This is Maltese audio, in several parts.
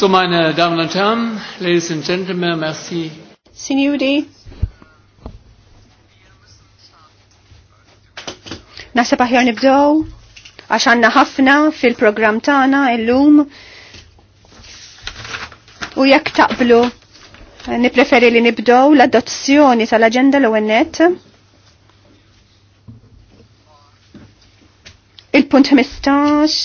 So, meine Damen und Herren, Ladies and Gentlemen, merci. Signori. Naħseb aħjar nibdow, għax għanna ħafna fil-program tagħna illum u jekk taqblu nipreferi li nibdow l-adozzjoni tal-aġenda l net Il-punt 15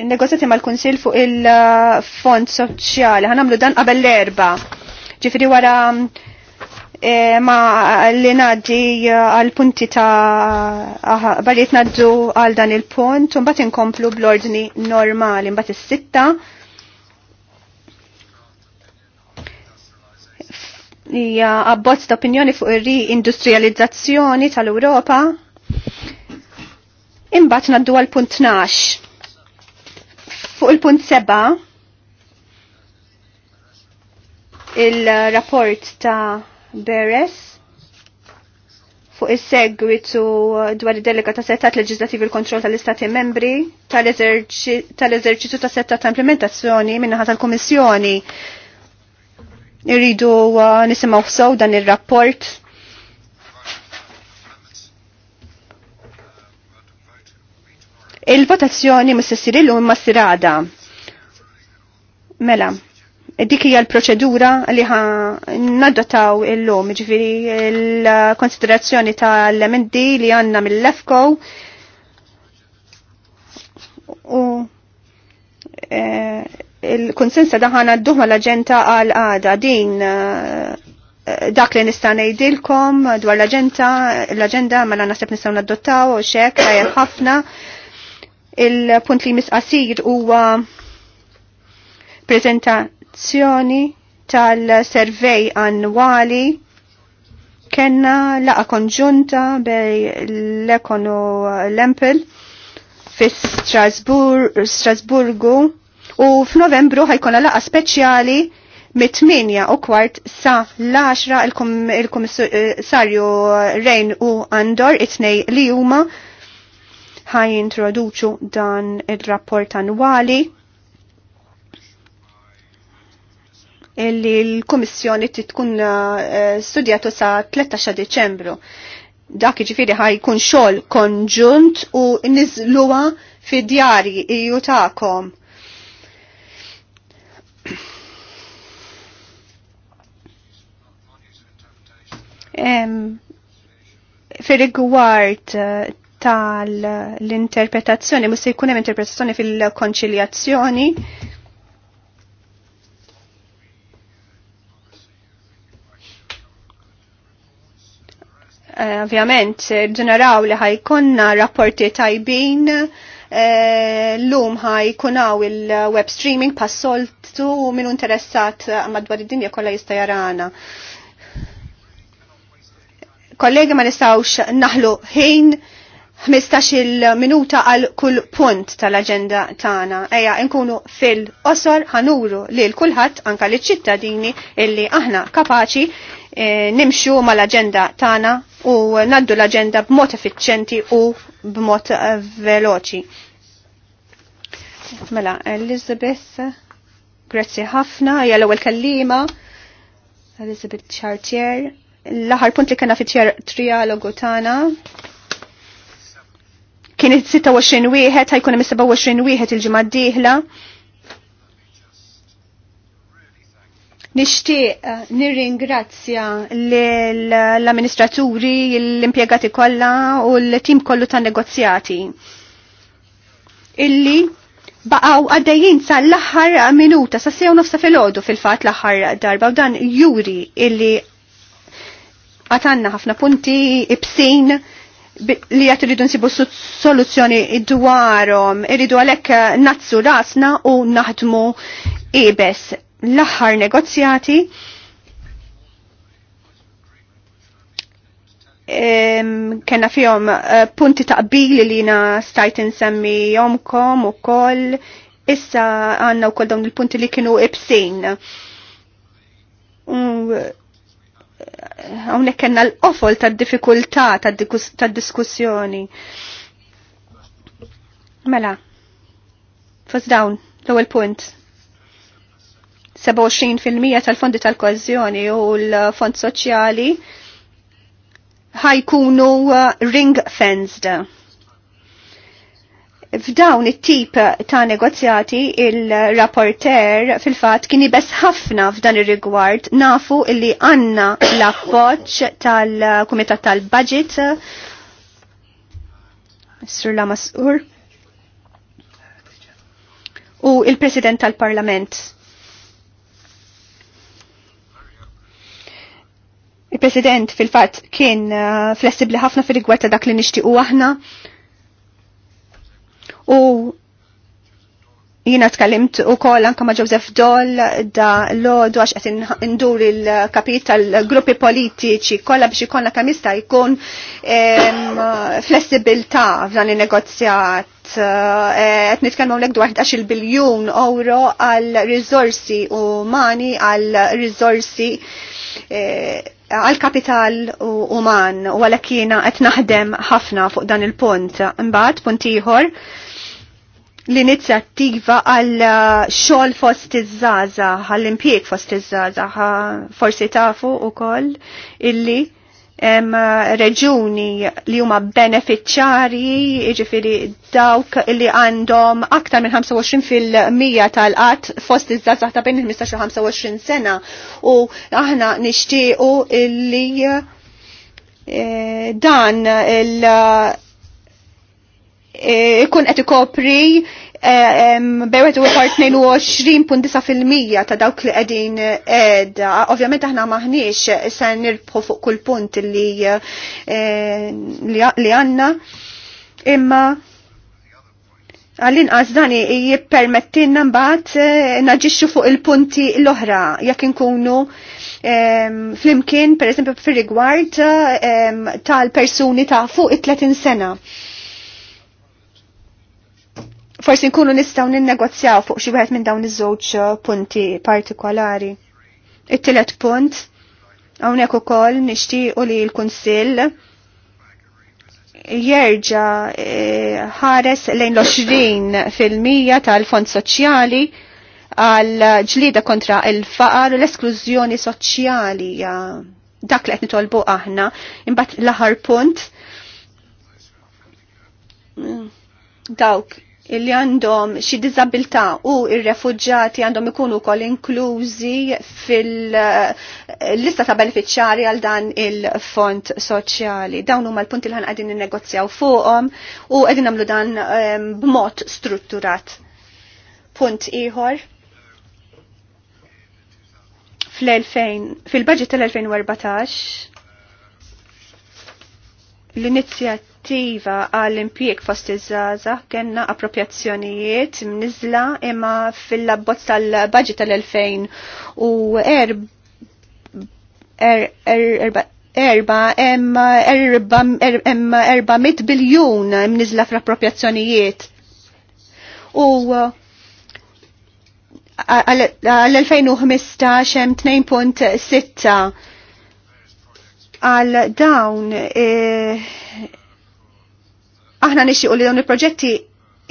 il-negozjati mal-Kunsil fuq il-Fond Soċjali. Ħanamlu dan qabel l-erba. Ġifri wara e, ma li naddi e, għal-punti ta' barriet naddu għal dan il-punt, un bat inkomplu bl-ordni normali, un bat il-sitta. Ija abbozz ta' opinjoni fuq ir industrializzazzjoni tal europa Imbagħad ngħaddu għal punt 12. Fuq il-punt 7 il-rapport ta' Beres fuq is-segwitu dwar id-delega ta' settat leġislativi l kontrol tal-Istati membri tal-eżerċitu ta' settat ta' implementazzjoni minnaħa tal-Kummissjoni. Irridu uh, nisimgħu f'sow dan ir-rapport Il-votazzjoni mis sessir illum sirada. Mela, dik hija l-proċedura li ħa nadotaw illum, ġifiri l-konsiderazzjoni tal-emendi li għanna mill-lefko u eh, il-konsensa daħana d-duħma l-agenda għal-għada din eh, dak li nista' ngħidilkom dwar l-aġenda, l-aġenda mela naħseb nistgħu naddottaw u xek tajjeb ħafna il-punt li misqasir huwa prezentazzjoni tal-servej annwali kena laqa konġunta bej l-ekonu l-Empel fi Strasburgu u f'Novembru ħajkonna laqa speċjali mit-8 u kwart sa l-10 il-Komissarju eh, Rejn u Andor it-nej li huma ħaj introduċu dan il-rapport annwali illi l-Komissjoni tkun eh, studjatu sa 13 Deċembru. Dak iġifiri ħaj kun xogħol konġunt u nizluwa fid-djari iju tagħkom. Fi riguard eh, tal-interpretazzjoni, mus se jkun hemm interpretazzjoni fil-konċiljazzjoni. Uh, Ovvjament, ġeneraw li ħajkonna rapporti tajbin, uh, l-lum ħajkunaw il-web streaming passoltu minn interessat madwar id-dinja kollha jista' kollegi ma nistawx naħlu ħin 15 minuta għal kull punt tal-agenda tagħna. Eja, nkunu fil-qosor ħanuru li l-kulħadd anka li ċittadini illi aħna kapaċi e, nimxu mal-agenda tagħna u naddu l-agenda b'mod effiċjenti u b'mod eh, veloċi. Mela, Elizabeth, grazie ħafna, hija l-ewwel kellima. Elizabeth Chartier, l-aħħar punt li kena fit trialogu tagħna kienet 26 wieħed ħajkun hemm 27 wieħed il-ġimgħa d-dieħla. Nixtieq eh, nirringrazzja l-amministraturi, l-impjegati kollha u l-tim kollu tan negozjati illi baqaw għaddejjin sa l-aħħar minuta, sa sew nofsa fil-ħodu fil-fat l-aħħar darba u dan juri illi għatanna ħafna punti ibsin li għat rridu nsibu soluzzjoni dwarom, rridu għalek eh, nazzu rasna u naħdmu ibes. L-aħħar negozjati kena fjom eh, punti taqbili li na stajt nsemmi jomkom u koll, issa għanna u koll dawn il-punti li kienu ibsin hawnhekk kellna l-qofol tad-diffikultà tad-diskussjoni. Mela, fost dawn, l-ewwel punt. 27% tal-fondi tal-kozzjoni u l-fond soċjali ħajkunu uh, ring fenced f'dawn it-tip ta' negozjati il-rapporter fil-fat kien jibess ħafna f'dan ir-rigward nafu illi għanna l-appoġġ tal-Kumitat tal-Budget Sur la Masur u il-President tal-Parlament. Il-President fil-fat kien eh, flessibli ħafna fil-rigward ta' dak li nixtiequ aħna U jina tkellimt u koll anka ma' Joseph Doll da l-ħodu għax għet ndur il-kapit tal-gruppi politiċi kolla biex ikonna kamista jkun flessibilta f'dan il-negozjat eh, qed nitkellmu lek dwar 11 biljun euro għal u umani għal rizorsi eh, għal kapital uman u għalhekk jiena qed naħdem ħafna fuq dan il-punt. Imbagħad punt ieħor l-inizjattiva għal uh, xol fost iż-żaza, għall impjieg fost iż-żaza, forsi tafu u koll illi em, uh, reġuni li huma beneficjari, iġifiri dawk illi għandhom aktar minn 25% fil-mija tal-qatt fost iż-żaza ta' bejn 15-25 sena u aħna nixtiequ illi eh, dan il- E, ikun qed ikopri e, bewet u part 22.9% ta' dawk li qegħdin edha. Ovvjament aħna maħniex se nirbħu fuq kull punt li e, li għandna. Imma għall-inqas dani jippermettilna mbagħad naġixxu fuq il-punti l-oħra jekk inkunu flimkien, per eżempju, fir-rigward tal-persuni ta' fuq it-30 sena forsi nkunu nistaw ninnegozjaw fuq xi wieħed minn dawn iż-żewġ uh, punti partikolari. It-tielet punt hawnhekk ukoll nixtiequ li l-Kunsill jerġa eh, ħares lejn l-20 fil-mija tal-fond soċjali għal ġlida kontra il-faqar u l-esklużjoni soċjali dak li qed nitolbu aħna. Imbagħad l aħħar punt dawk Illi għandhom xi diżabilità u ir-refuġġati għandhom ikunu wkoll inklużi fil-lista ta' beneficjari għal dan il-fond soċjali. Dawn huma l-punti li ħanqegħdin innegozjaw fuqhom u qegħdin nagħmlu dan ehm, b'mod strutturat. Punt ieħor fl-2000 fil-budget tal-2014 l-inizjat attiva għall impjieg fost iż-żaza kellna appropjazzjonijiet mniżla imma fil-labbozz tal-budget tal-2004 erba hemm erba hemm erba mit biljun mniżla fl-appropjazzjonijiet. U għal-2015 hemm 2.6 għal dawn Aħna nixtiequ li dawn il-proġetti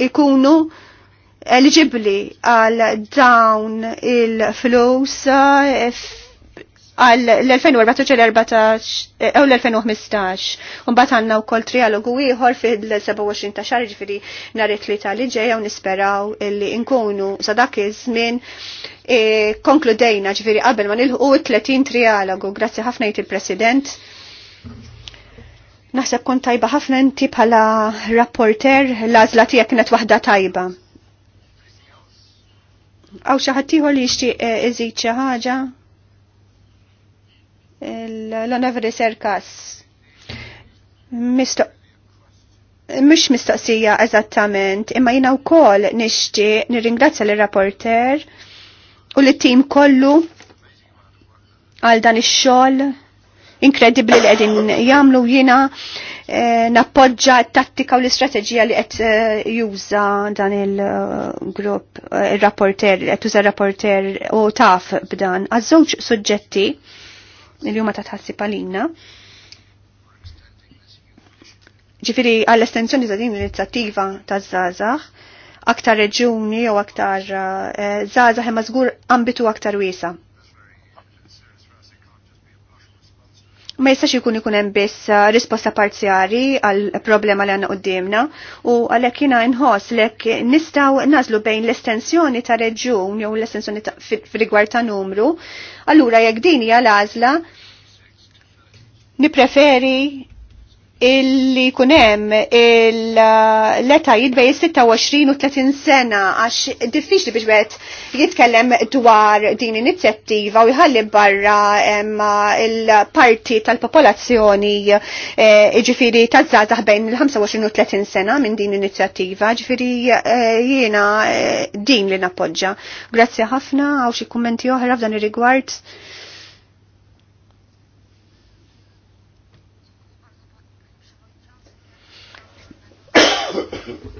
ikunu eligibli għal dawn il-flus eh, għal l-2014 14 u eh, l-2015. Unbat għanna u kol trialogu ieħor fil-27 ta' xar ġifiri narit li ta' ġeja u nisperaw li nkunu sa' dak iż-żmien eh, konkludejna ġifiri qabel ma nilħu 30 trialogu. Grazzi ħafna jt il-President. Naħseb kun tajba ħafna inti bħala rapporter l-għażla tiegħek kienet waħda tajba. Aw xi ħadd li jixtieq eh, iżid xi ħaġa? L-Onevri Serkas. Mistoq mux mistoqsija eżattament, imma jina u kol nirringrazzja l-rapporter u l-tim kollu għal dan ix-xogħol inkredibli li qegħdin jagħmlu jiena eh, nappoġġa t-tattika u l-istrateġija li qed eh, juża dan il-grupp eh, ir-rapporter qed tuża rapporter u taf b'dan. Għaż-żewġ suġġetti li huma ta' tħassib palinna, Ġifieri għall-estensjoni ta' din l-inizjattiva taż-żgħażagħ aktar reġuni jew aktar Zazax, imma żgur ambitu aktar wiesa' ma jistax ikun ikun hemm biss uh, risposta parzjali għal problema li għandna qudiemna u għalhekk jiena nħoss lek nistgħu nażlu bejn l-estensjoni ta' reġjun jew l-estensjoni f'rigward ta' numru. Allura jekk din hija l-għażla nippreferi illi kunem l-etajiet bej 26 u 30 sena għax diffiċli biex jitkellem dwar din inizjattiva u jħalli barra il-parti tal-popolazzjoni eh, ġifiri tazzazax bejn il-25 u 30 sena minn din inizjattiva ġifiri eh, jiena eh, din li nappoġġa. Grazzi ħafna għaw xie kummenti oħra f'dan ir-rigward.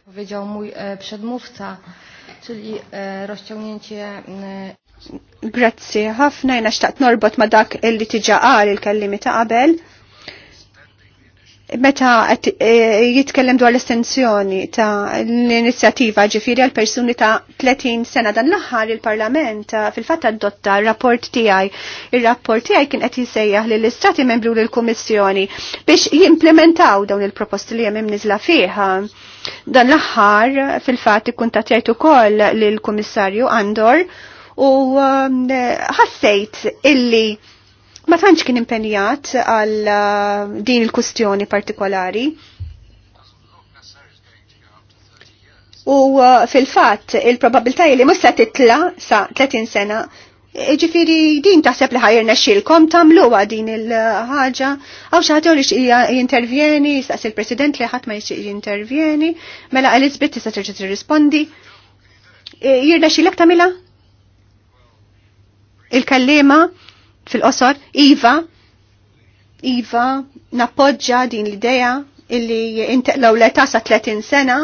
Powiedział mój e, przedmówca, czyli e, rozciągnięcie. E, Grazie, hafna, jena xtaqt norbot ma dak il-li tiġa qal il-kellimi ta' qabel meta e, jitkellem dwar l-estensjoni ta' l-inizjattiva ġifiri għal persuni ta' 30 sena dan l-aħħar il-Parlament e, fil-fatt adotta r-rapport tiegħi. Ir-rapport tiegħi kien qed jisejjaħ lill istati membru lill kummissjoni biex jimplementaw dawn il-proposti li hemm nizla fih. Dan l-aħħar fil-fatt ikkuntattjajt ukoll lill-Kummissarju Andor u e, ħassejt illi ma tantx kien impenjat għal uh, din il-kustjoni partikolari. U uh, fil-fatt il-probabilità li mhux se titla sa 30 sena Ġifiri din taħseb li ħajrna xilkom tamluwa din il-ħaġa, għaw xaħat li jintervjeni, staqs il-president li ħat ma jintervjeni, mela Elizabeth tista' terġa' tirrispondi. E, jirna xilek tamila? Il-kallima? fil-qosor, Iva, Iva, nappoġġa din l-ideja illi inteqlaw l-età sa 30 sena,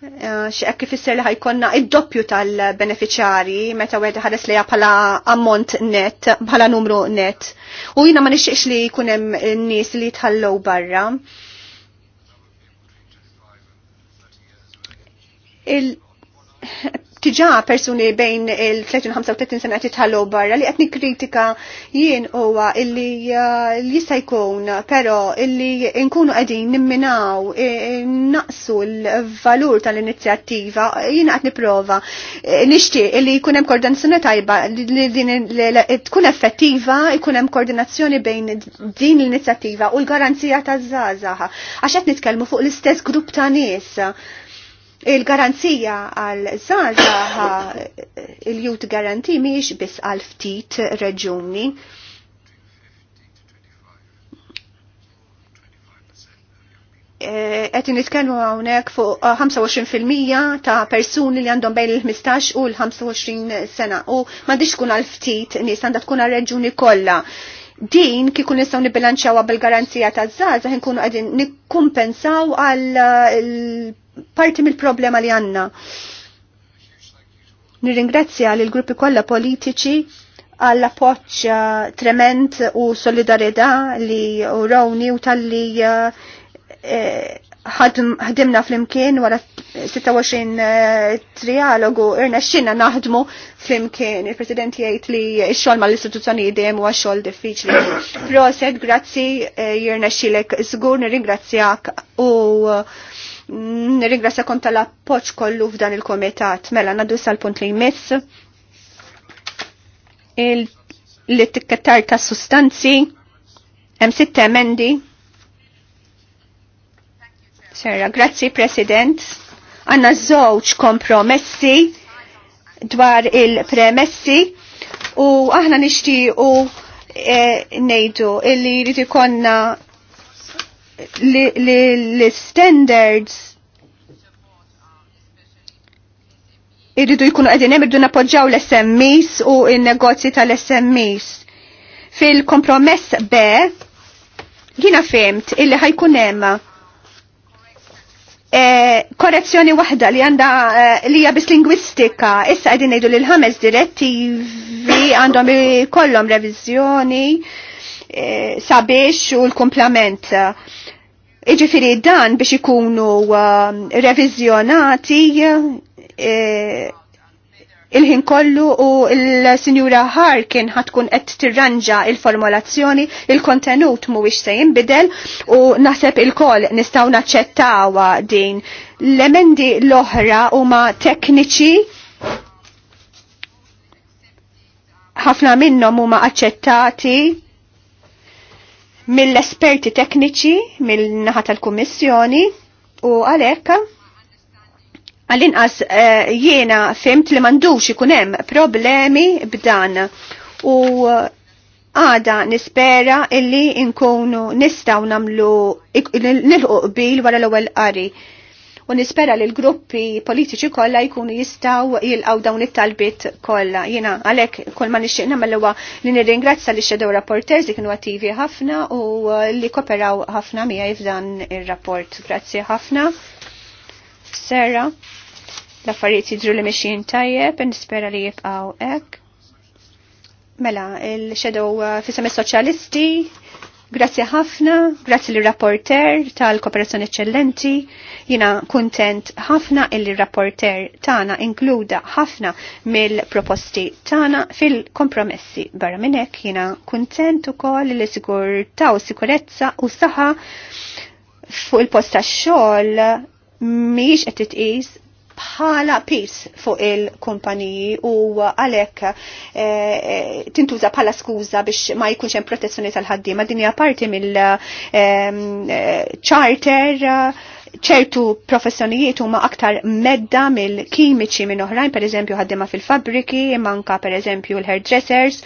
eh, kif ifisser li ħajkonna id-doppju tal-beneficjari meta wieħed ħares li bħala ammont net, bħala numru net. U jiena ma nixxieqx li jkun hemm nies li jitħallew barra. Il tiġa persuni bejn il-35 sena titħallu barra li għetni kritika jien huwa illi uh, jista' jkun, pero illi nkunu qegħdin nimminaw e, e, naqsu l-valur tal-inizjattiva jien qed nipprova e, nixtieq illi jkun hemm koordinazzjoni tajba li din tkun effettiva, jkun hemm koordinazzjoni bejn din l-inizjattiva u l-garanzija taż-żgħażagħ għax qed nitkellmu fuq l-istess grupp ta' nies Il-garanzija għal zaza il-jut garanti miex bis għal ftit reġuni. E, qed nitkellmu hawnhekk fuq 25% eh, ta' persuni li għandhom bejn il-15 u l-25 sena u m'għandix tkun għal ftit nies għandha tkun għal reġuni kollha din kikun nistaw nibilanċawa bil-garanzija ta' zaza, nkunu għadin nikkumpensaw għal eh, parti mill-problema li għanna. Nirringrazzja l gruppi kollha politiċi għall appoġġ uh, trement u solidarietà li u rawni u tal-li uh, eh, ħadimna fl-imkien wara 26 eh, trialogu irna xinna naħdmu fl-imkien. Il-President jgħid li x-xogħol mal-istituzzjoni dejjem huwa xogħol diffiċli. Proset, grazzi eh, jirna xilek żgur nirringrazzjak u Nirringrazzja kont tal-appoġġ kollu f'dan il-komitat. Mela nadu sal-punt li jmiss l-ittikettar ta' sustanzi hemm sitt emendi. Serra, grazzi President. Għanna żewġ kompromessi dwar il-premessi u aħna nixtiequ E, eh, nejdu illi jrid konna l-standards irridu jkunu għedin jemirdu napoġġaw l-SMEs u il-negozji tal-SMEs. Fil-kompromess B, jina fimt illi ħajkun hemm eh, korrezzjoni waħda li għanda eh, li hija bis lingwistika, issa qegħdin ngħidu lil ħames direttivi għandhom ikollhom reviżjoni eh, sabiex u l-komplement. Iġifiri dan biex ikunu um, revizjonati eh, il-ħin kollu u l-Sinjura Harkin ħatkun qed tirranġa il-formulazzjoni, il-kontenut mhuwiex se jinbidel u naħseb il-koll nistgħu naċċettawha din. L-emendi l-oħra huma tekniċi ħafna minnhom huma aċċettati mill-esperti tekniċi mill-naħa tal-Kummissjoni u għalhekk għall-inqas eh, jiena fimt li m'għandux ikun hemm problemi b'dan u eh, għada nispera illi nkunu nistaw namlu nilħu qbil wara l-ewwel qari u nispera li l-gruppi politiċi kollha jkunu jistgħu jilqgħu dawn it-talbiet kollha. Jina, għalek, kol ma nixtieq mal huwa li nirringrazza li xedew rapporters li kienu attivi ħafna u li koperaw ħafna mija f'dan ir-rapport. Grazzi ħafna. Sera, l-affarijiet jidru li mexjin tajjeb, nispera li jibqgħu hekk. Mela, il-xedow uh, fissam soċalisti, soċjalisti Grazzi ħafna, grazie l-rapporter tal-kooperazzjoni eccellenti, jina kontent ħafna il-rapporter tana inkluda ħafna mill-proposti tana fil-kompromessi. Barra minnek jina kontent u koll li sigur u sikurezza u saħa fuq il-posta xoll miex qed titqis bħala pis fuq il-kumpaniji u għalek e, eh, eh, tintuża bħala skuża biex ma jkunx hemm protezzjoni tal-ħaddiema din hija parti mill-charter eh, e, ċertu professjonijiet huma aktar medda mill-kimiċi minn oħrajn, per eżempju ħaddima fil-fabriki, manka per eżempju l-hairdressers,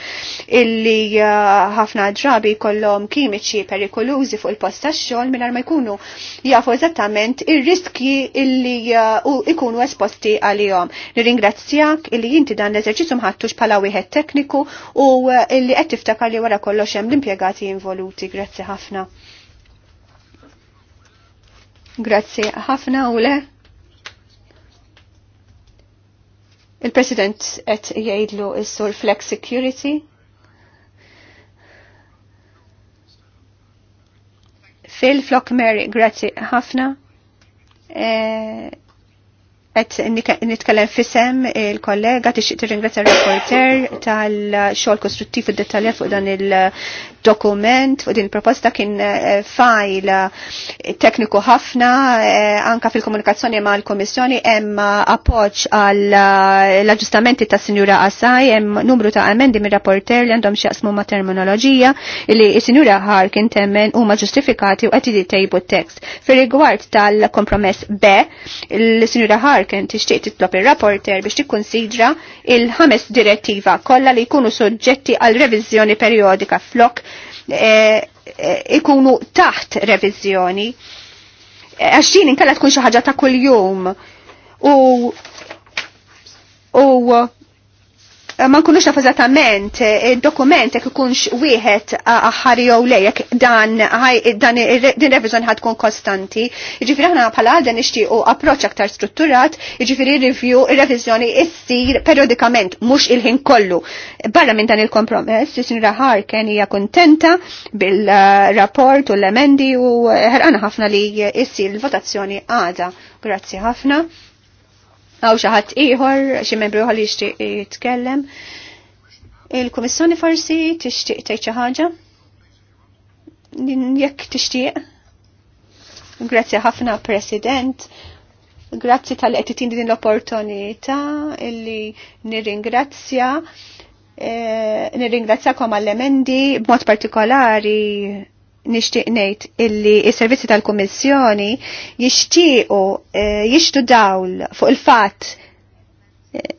illi uh, ħafna uh, drabi kollom kimiċi perikolużi fuq il-post tax-xogħol mingħajr ma jkunu jafu eżattament ir-riski illi uh, ikunu esposti għalihom. Nirringrazzjak illi jinti dan l-eżerċizzju mħattux bħala wieħed tekniku u uh, illi qed tiftakar li wara kollox hemm l-impjegati involuti. Grazzi ħafna. Grazzi ħafna u le. Il-President qed jgħidlu s-sur Flex Security. Phil Flock Mary, grazzi ħafna. Eh, E't nitkellem fisem il-kollega tixtieq tirringrazzja r-rapporter tal-xogħol kostruttiv id dettaljat fuq dan il-dokument fuq din il-proposta kien eh, fajl tekniku ħafna eh, anka fil-komunikazzjoni ma' l-Komissjoni hemm appoġġ għal eh, l-aġġustamenti ta' Sinjura Asaj hemm numru ta' emendi mir-rapporter li għandhom jaqsmu ma' terminoloġija li s-Sinjura Harkin temmen huma ġustifikati u qed tejbu t-tekst. Fir-rigward tal-kompromess B, l-Sinjura ħar McClarken tixtieq titlob ir-rapporter biex tikkunsidra il-ħames direttiva kollha li jkunu soġġetti għal reviżjoni perjodika flok eh, eh, ikunu taħt reviżjoni. Eh, għax din inkella tkun xi ħaġa ta' kuljum u u Eh, ma nkunux nafazzatament eh, id dokument jekk ikunx wieħed eh, aħħar jew lejek dan dan din reviżjoni ħad tkun kostanti. Jiġifieri aħna bħala dan nixtiequ approċċ aktar strutturat, jiġifieri review ir-reviżjoni issir periodikament mhux il-ħin kollu. Barra minn dan il-kompromess, Sinra Harken hija kuntenta bil-rapport u l-emendi u ħerqana ħafna li issir il-votazzjoni għada. Grazzi ħafna għaw xaħat iħor, xie membri uħal jishtiq jitkellem. Il-Komissjoni forsi tixtieq tgħid xi ħaġa? Jekk tixtieq. Grazzi ħafna President. Grazzi tal-qed din l-opportunità illi nirringrazzja. E, nirringrazzjakom għall-emendi b'mod partikolari nishtiq ngħid illi s-servizzi tal-Kummissjoni jixtiequ eh, jishtu dawl fuq il-fatt eh,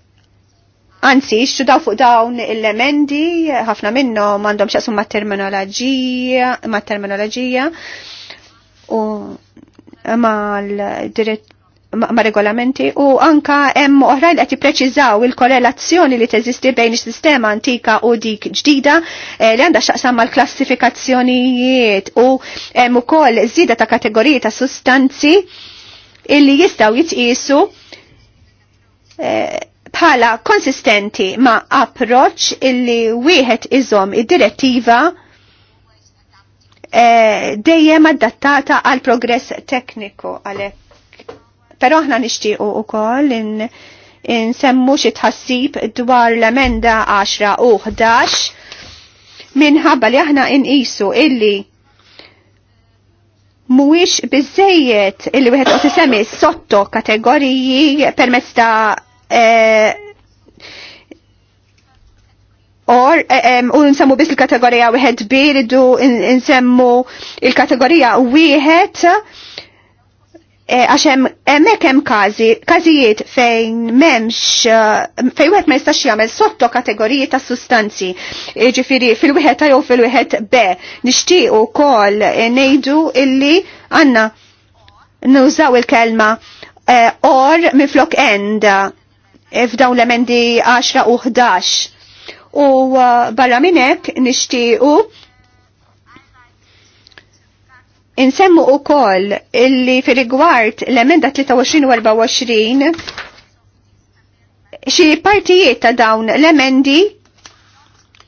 Anzi, jixtu daw fuq dawn il-lemendi, ħafna minnhom mandom xaqsu ma' terminoloġija, ma' terminoloġija u ma' l-direttiva ma' regolamenti u anka hemm oħrajn qed jippreċiżaw il-korrelazzjoni li teżisti bejn is-sistema antika u dik ġdida eh, li għandha x'aqsam mal-klassifikazzjonijiet u hemm ukoll żieda ta' kategoriji ta' sustanzi illi jistgħu jitqisu eh, bħala konsistenti ma' approċ illi wieħed iżom id-direttiva eh, dejjem adattata għal progress tekniku għalhekk Pero aħna nixtiequ ukoll in nsemmu xi tħassib dwar l-emenda 10 u 11 minħabba li aħna inqisu illi mhuwiex biżejjed illi wieħed qed isemi sotto kategoriji permezz ta' eh, Or, eh, u nsemmu biss il-kategorija wieħed B, nsemmu il-kategorija wieħed Eh, għaxem hemmhekk hemm każi każijiet fejn m'hemmx eh, fejn wieħed ma jistax jagħmel sotto kategoriji ta' sustanzi. Jiġifieri fil-wieħed jew fil-wieħed B. Nixtieq ukoll eh, ngħidu illi għandna nużaw il-kelma or minflok end f'dawn l-emendi 10 u 11. U barra minnek nixtiequ Insemmu u koll illi fi rigward l-emenda 23-24 xie partijiet ta' dawn l-emendi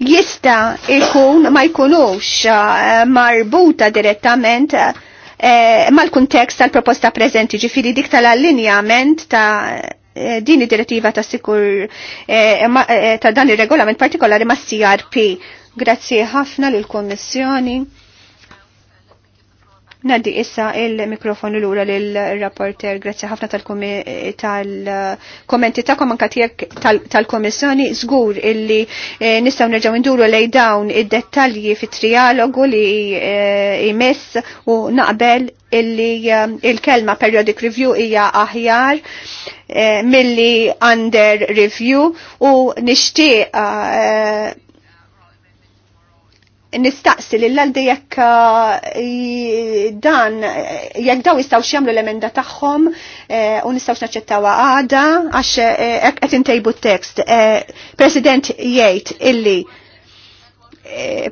jista ikun ma jkunux eh, marbuta direttament eh, mal-kontekst tal-proposta prezenti ġifiri dik tal-allinjament ta' eh, dini direttiva ta' sikur ta' dan il-regolament partikolari ma' CRP. Grazie ħafna l komissjoni Naddi issa il mikrofonu l-ura l-rapporter, grazzi ħafna tal-kommenti ta' komanka tijek tal-komissjoni, zgur illi eh, nistaw nerġaw induru lej dawn id-dettalji fit trialogu li eh, imess u naqbel illi eh, il-kelma periodic review hija aħjar milli under review u nishtiq nistaqsi li l-għaldi jekk eh, dan, jekk daw jistaw xiamlu l-emenda taħħom eh, u nistaw xnaċċettawa għada għax eh, qed intejbu t-tekst. President jgħid illi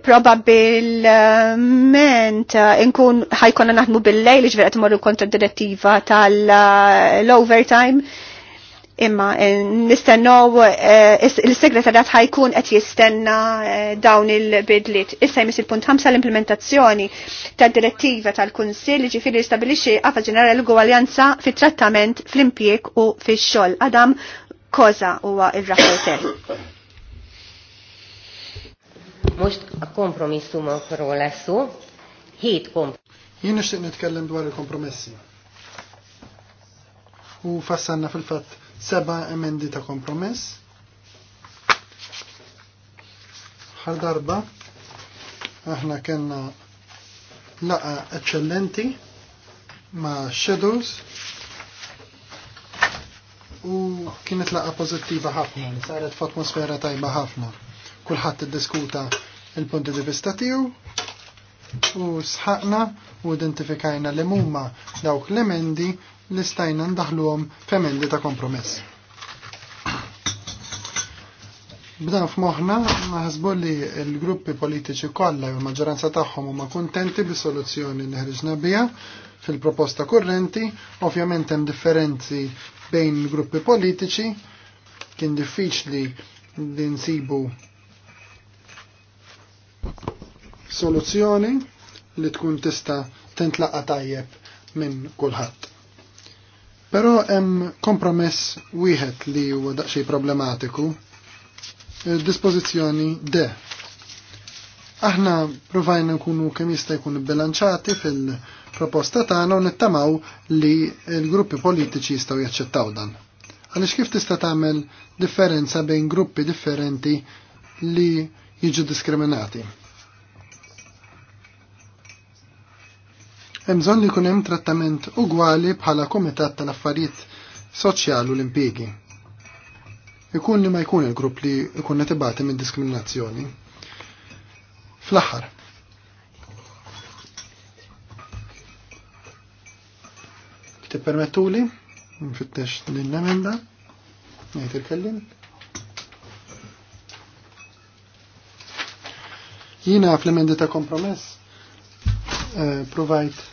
probabilment inkun ħajkonna naħdmu bil-lejl iġvera t-morru kontra direttiva tal-overtime imma eh, nistennow eh, il-segretarjat ħajkun qed jistenna eh, dawn il-bidliet. Issa jmiss il-punt 5 l-implementazzjoni tad direttiva tal-Kunsill ġifieri jistabilixxi qafa ġenerali l-gwaljanza fit-trattament fl-impjieg u fix-xogħol. Adam Koza huwa r rapporter Most a huma lesz szó, hét Jien nixtieq nitkellem dwar il-kompromessi. U fassanna fil-fatt seba' emendi ta' kompromess. Ħar darba aħna kellna laqa eccellenti ma' Shadows u kienet laqa pozittiva ħafna, li saret f'atmosfera tajba ħafna. Kulħadd iddiskuta il-punti di vista tiegħu u sħaqna u identifikajna li huma dawk l-emendi li stajna ndaħluhom f'emendi ta' kompromess. B'dan f'moħħna naħsbu li l-gruppi politiċi kollha jew maġġoranza tagħhom huma kuntenti bis-soluzzjoni li ħriġna biha fil-proposta kurrenti, ovvjament hemm differenzi bejn gruppi politiċi, kien diffiċli li nsibu soluzzjoni li tkun tista' tintlaqa tajjeb minn kulħadd. Però hemm kompromess wieħed li huwa daqsxej problematiku. E, dispożizzjoni D. Aħna provajna nkunu kemm jista' jkun bilanċati fil-proposta tagħna u nittamaw li l-gruppi politiċi jistgħu jaċċettaw dan. Għaliex kif tista' tagħmel differenza bejn gruppi differenti li jiġu diskriminati? hemm bżonn li jkun hemm trattament ugwali bħala komitat tal-Affarijiet Soċjali u l-Impjiegi. Ikun li ma jkun il-grupp li ikun netibati minn diskriminazzjoni. Fl-aħħar. Tippermettuli? Nfittex l-emenda? Ngħid il-kellim? Jina fl-emendi ta' kompromess eh, provajt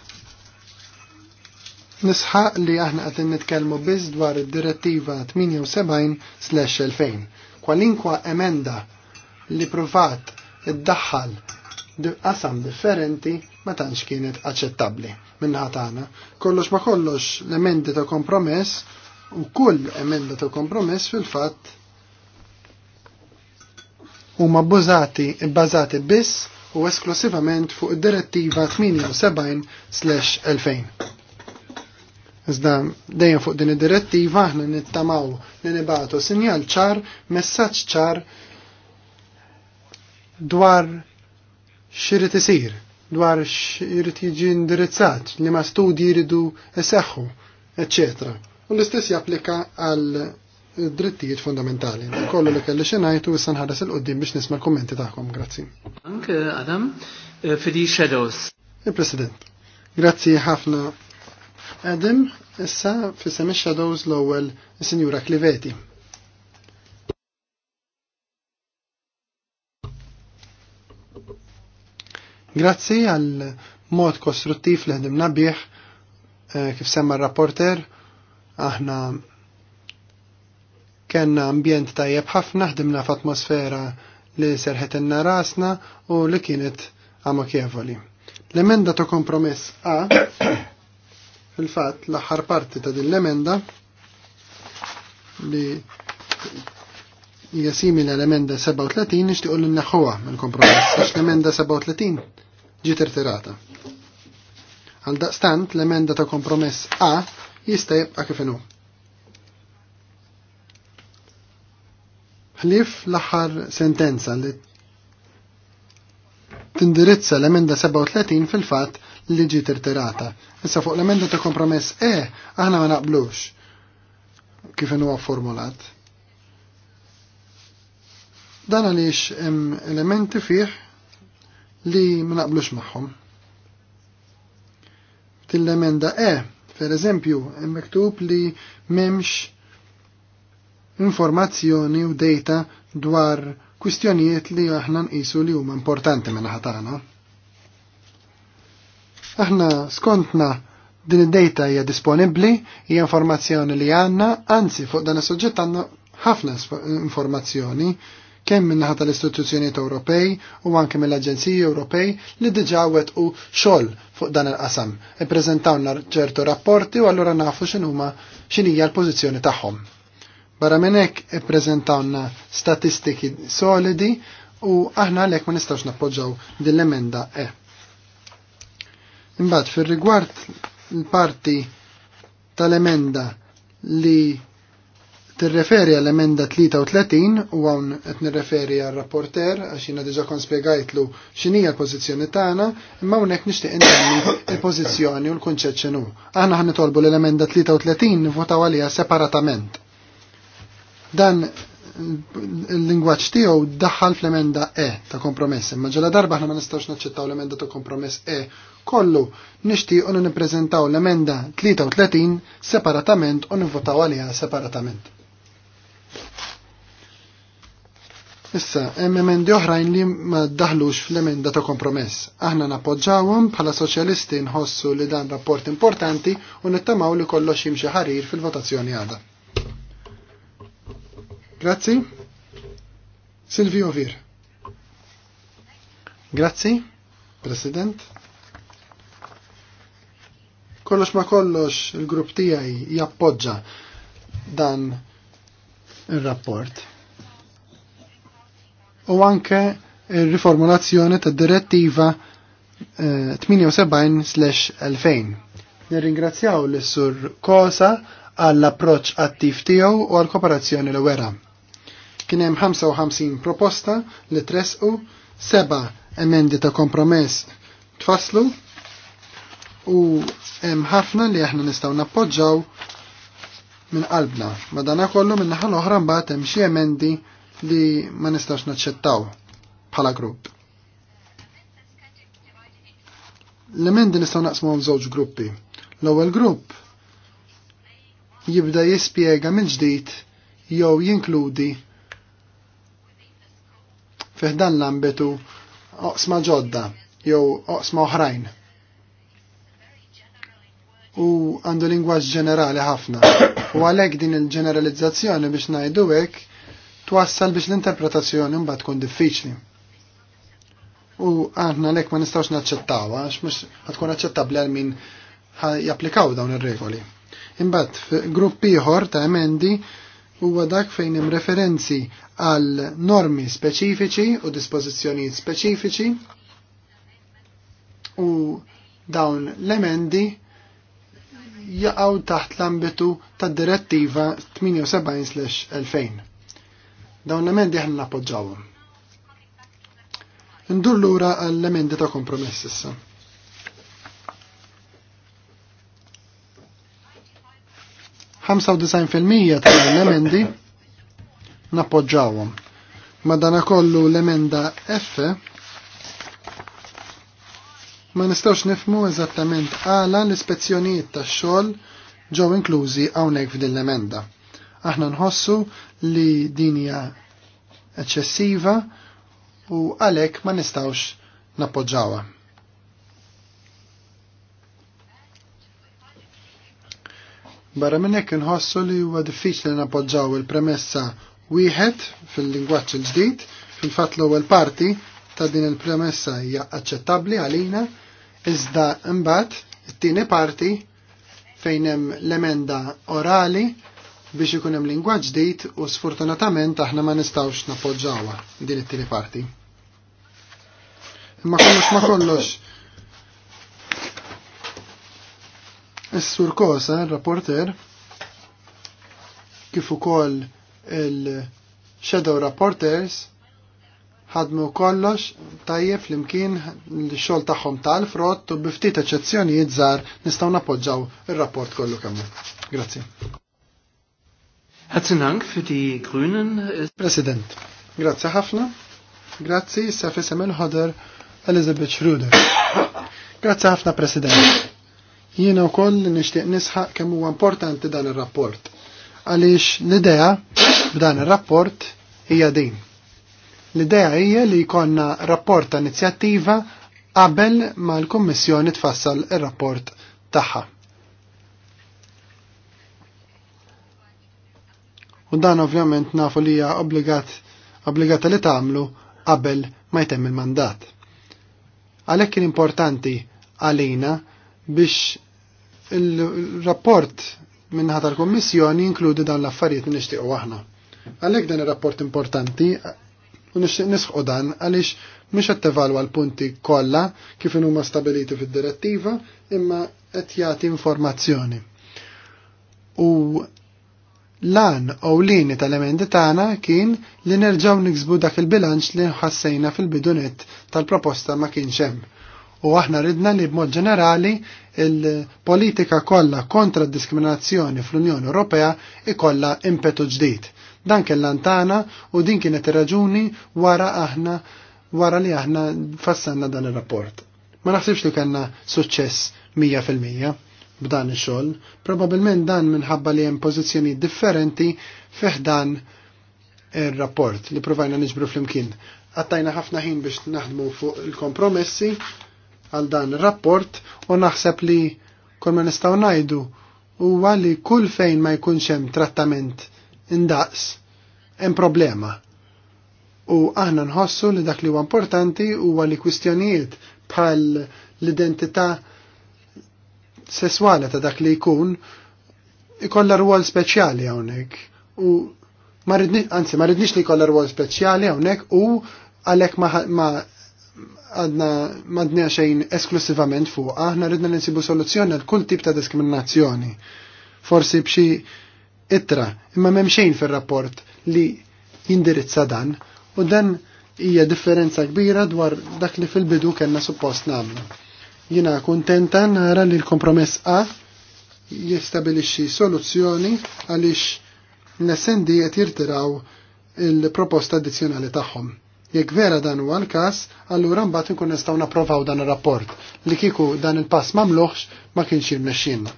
Nisħaq li aħna qed nitkelmu biss dwar id-direttiva 78/2000. Kwalinkwa emenda li provat iddaħħal qasam differenti ma tantx kienet aċċettabbli minnaħa tagħna. Kollox ma kollox l-emendi ta' kompromess u kull emenda ta' kompromess fil-fatt huma bbużati bbażati biss u esklusivament fuq id-direttiva 78/2000. Iżda dejjem fuq din id-direttiva aħna nittamaw li nibatu sinjal ċar, messaġġ ċar dwar xirrit isir, dwar xirrit jiġi indirizzat, li ma studji jridu iseħħu, eccetera. U l-istess japplika għal drittijiet fundamentali. Kollu li kelli xinajtu issa nħares il-qoddim biex nisma' l-kommenti tagħkom. Grazzi. Anke Adam, äh, fidi shadows. Il-President, grazzi ħafna Adam, issa fissem shadows l-ewwel is-Sinjura Kliveti. Grazzi għal mod kostruttiv li ħdimna bih eh, kif semma r-rapporter aħna kenna ambjent tajjeb ħafna ħdimna f'atmosfera li inna rasna u li kienet amokevoli. L-emenda ta' kompromess A Fil-fatt, l-aħħar parti ta' din l-emenda li hija simili l-emenda 37 nixtiequ li naħħuha mill-kompromess għax l-emenda 37 ġiet irtirata. Għal daqstant l-emenda ta' kompromess A jista' jibqa' kif inhu. Ħlif l-aħħar sentenza li tindirizza l-emenda 37 fil-fatt li ġiet irtirata. Issa fuq l-emenda ta' kompromess E aħna ma naqblux kif huwa formulat. Dan għaliex hemm elementi fih li ma naqblux magħhom. Til-emenda E, per eżempju, hemm miktub li m'hemmx informazzjoni u data dwar kwistjonijiet li aħna nqisu li huma importanti minn ħatana Aħna skontna din id-data hija disponibbli, hija informazzjoni li għandna, anzi fuq dan is-suġġett għandna ħafna informazzjoni kemm min-naħa tal-istituzzjonijiet Ewropej u anke mill-Aġenziji Ewropej li diġà wettqu xogħol fuq dan il-qasam. Ippreżentawna ċertu rapporti u allura nafu x'inhuma hija l-pożizzjoni tagħhom. Barra minn hekk ippreżentawna statistiki solidi u aħna għalhekk ma nistgħux nappoġġaw din l-emenda E. Imbagħad fir-rigward l-parti tal-emenda li tirreferi għall-emenda 33 u hawn qed nirreferi għal-rapporter għax jiena diġà kon spjegajtlu x'inhi l-pożizzjoni tagħna, imma hawnhekk nixtieq intenni l-pożizzjoni u l-kunċett x'inhu. Aħna ħan nitolbu l-emenda 33 nivvotaw għaliha separatament. Dan il-lingwaċ tiegħu daħħal fl-emenda E ta' kompromess, imma ġela darba aħna ma nistgħux naċċettaw l-emenda ta' kompromess E kollu nixtiequ u nippreżentaw l-emenda 33 separatament u nivvotaw għalija separatament. Issa, hemm emendi oħrajn li ma daħlux fl-emenda ta' kompromess. Aħna nappoġġawhom bħala soċjalisti nħossu li dan rapport importanti u nittamaw li kollox jimxi ħarir fil-votazzjoni għada. Grazzi. Silvio Vir. Grazzi, President. Kollox ma kollox il-grupp tiegħi jappoġġa dan ir-rapport. U anke riformulazzjoni tad direttiva 78-2000. Eh, Nirringrazzjaw l sur Kosa għall-approċ attiv tiegħu u għall-kooperazzjoni l wera. Kien hemm 55 proposta li tresqu, seba' emendi ta' kompromess tfasslu u hemm ħafna li aħna nistgħu nappoġġaw minn qalbna. Madana kollu minn naħa l-oħra mbagħad hemm xi emendi li ma nistax naċċettaw bħala grupp. L-emendi nistgħu naqsmuhom żewġ gruppi. L-ewwel grupp jibda jispjega minn ġdid jew jinkludi dan l-ambitu oqsma ġodda jew oqsma oħrajn u għandu lingwaġġ ġenerali ħafna. U għalhekk din il-ġeneralizzazzjoni biex ngħidu hekk twassal biex l-interpretazzjoni mbagħad tkun diffiċli. U aħna lek ma nistgħux naċċettawha għax mhux tkun aċċettabbli għal min japplikaw dawn ir-regoli. Imbagħad grupp ieħor ta' emendi huwa dak fejn hemm referenzi għal normi speċifiċi u dispożizzjonijiet speċifiċi u dawn l-emendi jaqgħu taħt l-ambitu tad-direttiva 78/2000. Dawn l-emendi ħan nappoġġawhom. Ndur lura l emendi ta' kompromess issa. fil-mija ta' l emendi nappoġġawhom. Madana kollu l-emenda F Ma nistawx nifmu eżattament għala l-ispezzjonijiet tax-xogħol ġew inklużi hawnhekk f'din l-emenda. Aħna nħossu li dinja eċċessiva u għalhekk ma nistawx nappoġġawha. Barra minn hekk inħossu li huwa diffiċli nappoġġaw il-premessa wieħed fil-lingwaġġ il-ġdid, fil-fatt l-ewwel parti ta' din il-premessa hija aċċettabbli għalina, iżda mbagħad it-tieni parti fejn hemm l-emenda orali biex ikun hemm lingwa ġdid u sfortunatament aħna ma nistgħux nappoġġawha din it-tieni parti. Imma kollox ma kollox. Is-sur Kosa, rapporter, kif ukoll il-Shadow Rapporters ħadmu kollox tajjeb flimkien l-xogħol tagħhom tal-frott u biftit eċezzjonijiet żgħar nistgħu nappoġġaw ir-rapport kollu kemmu. Grazzi. Herzlichen Dank für die Grünen. President, grazzi ħafna. Grazzi, Safi Semel Hodder, Elizabeth Schröder. Grazzi ħafna, President. Jiena wkoll nixtieq nisħaq kemm huwa importanti dan ir-rapport. Għaliex l-idea b'dan ir-rapport hija din L-idea hija li jkollna rapport ta' inizjattiva qabel ma l-Kummissjoni tfassal ir-rapport tagħha. U dan ovvjament nafu li hija obbligat obbligata li tagħmlu qabel ma jtemm il-mandat. Għalhekk kien importanti għalina biex il-rapport minnaħa tal-Kommissjoni inkludi dan l-affarijiet li nixtiequ aħna. Għalhekk dan ir-rapport importanti u nixtieq nisħu dan għaliex mhux qed tevalwa l-punti kollha kif huma stabiliti fid-direttiva imma qed jagħti informazzjoni. U lan u lini tal-emendi tagħna kien li nerġgħu niksbu dak il-bilanċ li ħassejna fil-bidunet tal-proposta ma kienx hemm. U aħna ridna li b'mod ġenerali il-politika kollha kontra d-diskriminazzjoni fl-Unjoni Ewropea ikollha impetu ġdid Dan kellha tagħna u din kienet ir-raġuni wara aħna wara li aħna fassanna dan ir-rapport. Ma naħsibx li kellna suċċess 100% b'dan ix-xogħol, probabbilment dan minħabba li hemm pożizzjoni differenti fiħdan ir-rapport li provajna niġbru flimkien. Għattajna ħafna ħin biex naħdmu fuq il-kompromessi għal dan ir-rapport u naħseb li kol ma nistgħu ngħidu huwa li kull fejn ma jkunx hemm trattament indaqs, hemm problema. U aħna nħossu li dak li huwa importanti huwa li kwistjonijiet bħal l-identità sesswali ta' dak li jkun ikollha rwol speċjali hawnhekk u ma ridniex anzi ma ridniex li jkollha rwol speċjali hawnhekk u għalhekk ma għadna madnija xejn esklusivament fuq, aħna ridna l-insibu soluzzjoni għal kull tip ta' diskriminazzjoni. Forsi b'xi ittra imma memxejn fil-rapport li jindirizza dan u dan hija differenza kbira dwar dak li fil-bidu kena suppost namlu. Jina kontenta nara li l-kompromess A jistabilixxi soluzzjoni għaliex l qed jirtiraw il-proposta addizzjonali tagħhom. Jekk vera dan huwa l-każ, allura mbagħad inkun nistgħu napprovaw dan ir-rapport li kieku dan il-pass mamluħx ma kienx jirnexxielna.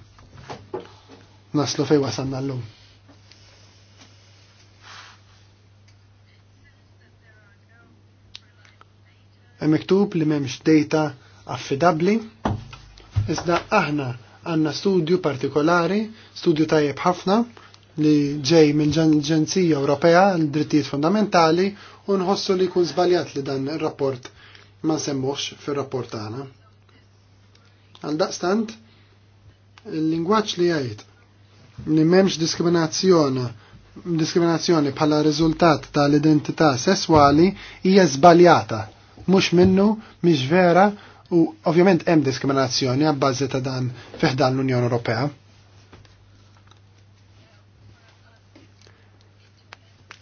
Naslu fejn wasalna llum. hemm miktub li m'hemmx data affidabbli, iżda aħna għandna studju partikolari, studju tajjeb ħafna li ġej mill-Ġenzija Ewropea l-Drittijiet Fundamentali u nħossu li jkun żbaljat li dan ir-rapport ma nsemmuhx fir-rapport tagħna. Għal daqstant, il-lingwaġġ li jgħid li m'hemmx diskriminazzjoni diskriminazzjoni bħala riżultat tal-identità sesswali hija żbaljata mhux minnu mhix vera u ovvjament hemm diskriminazzjoni għabbażi ta' dan feħdan l-Unjoni Ewropea.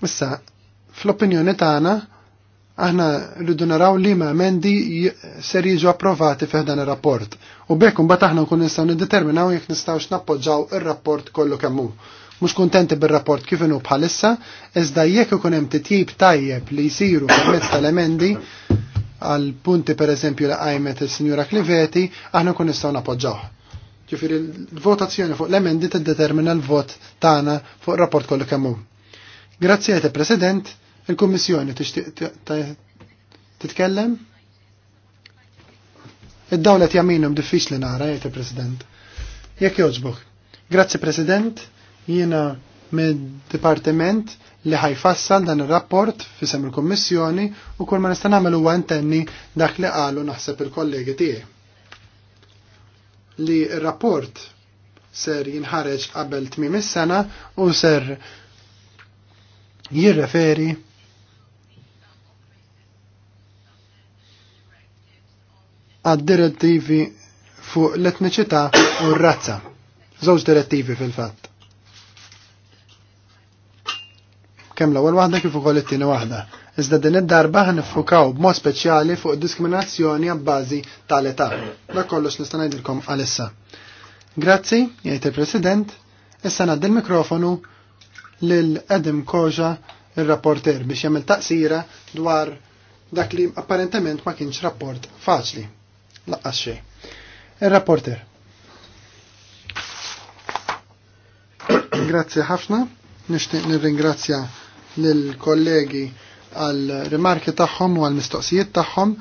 Issa, fl-opinjoni tagħna aħna rridu naraw li ma emendi ser jiġu approvati feħdan ir-rapport. U bekk imbagħad aħna nkun nistgħu niddeterminaw jekk nistgħux nappoġġaw ir-rapport kollu kemm hu. Mhux kuntenti bir-rapport kif inhu bħalissa, iżda jekk ikun hemm titjib tajjeb li jsiru permezz tal-emendi, għal punti per eżempju li għajmet il-Sinjura Kliveti, aħna kun nistgħu napoġġaw. Ġifiri, l-votazzjoni fuq l-emendi tiddetermina l-vot tagħna fuq rapport kollu kemm hu. Grazzi għajte President, il-Kummissjoni titkellem? Id-dawla diffiċ diffiċli nara, jgħid president Jekk joġbuk. Grazzi President, jiena mid-Dipartiment li ħajfassal dan ir-rapport fisem il-Kummissjoni u kull ma nista' nagħmel huwa intenni dak li qalu naħseb il-kollegi tiegħi. Li r-rapport ser jinħareġ qabel tmiem is-sena u ser jirreferi għad-direttivi fuq l-etniċità u r-razza. Żewġ direttivi fil-fatt. kemm l-ewwel waħda kif ukoll it-tieni waħda. Iżda din id-darba nifukaw b'mod speċjali fuq diskriminazzjoni għabbażi tal-età. Dak kollox nista' ngħidilkom għalissa. Grazzi, jgħid il-President, issa ngħaddi l-mikrofonu lil Edim Koja ir-rapporter biex jagħmel taqsira dwar dak li apparentement ma kienx rapport faċli. Laqqas xejn. Ir-rapporter. Grazzi ħafna, nixtieq nirringrazzja lill-kollegi għal rimarki tagħhom u għal mistoqsijiet tagħhom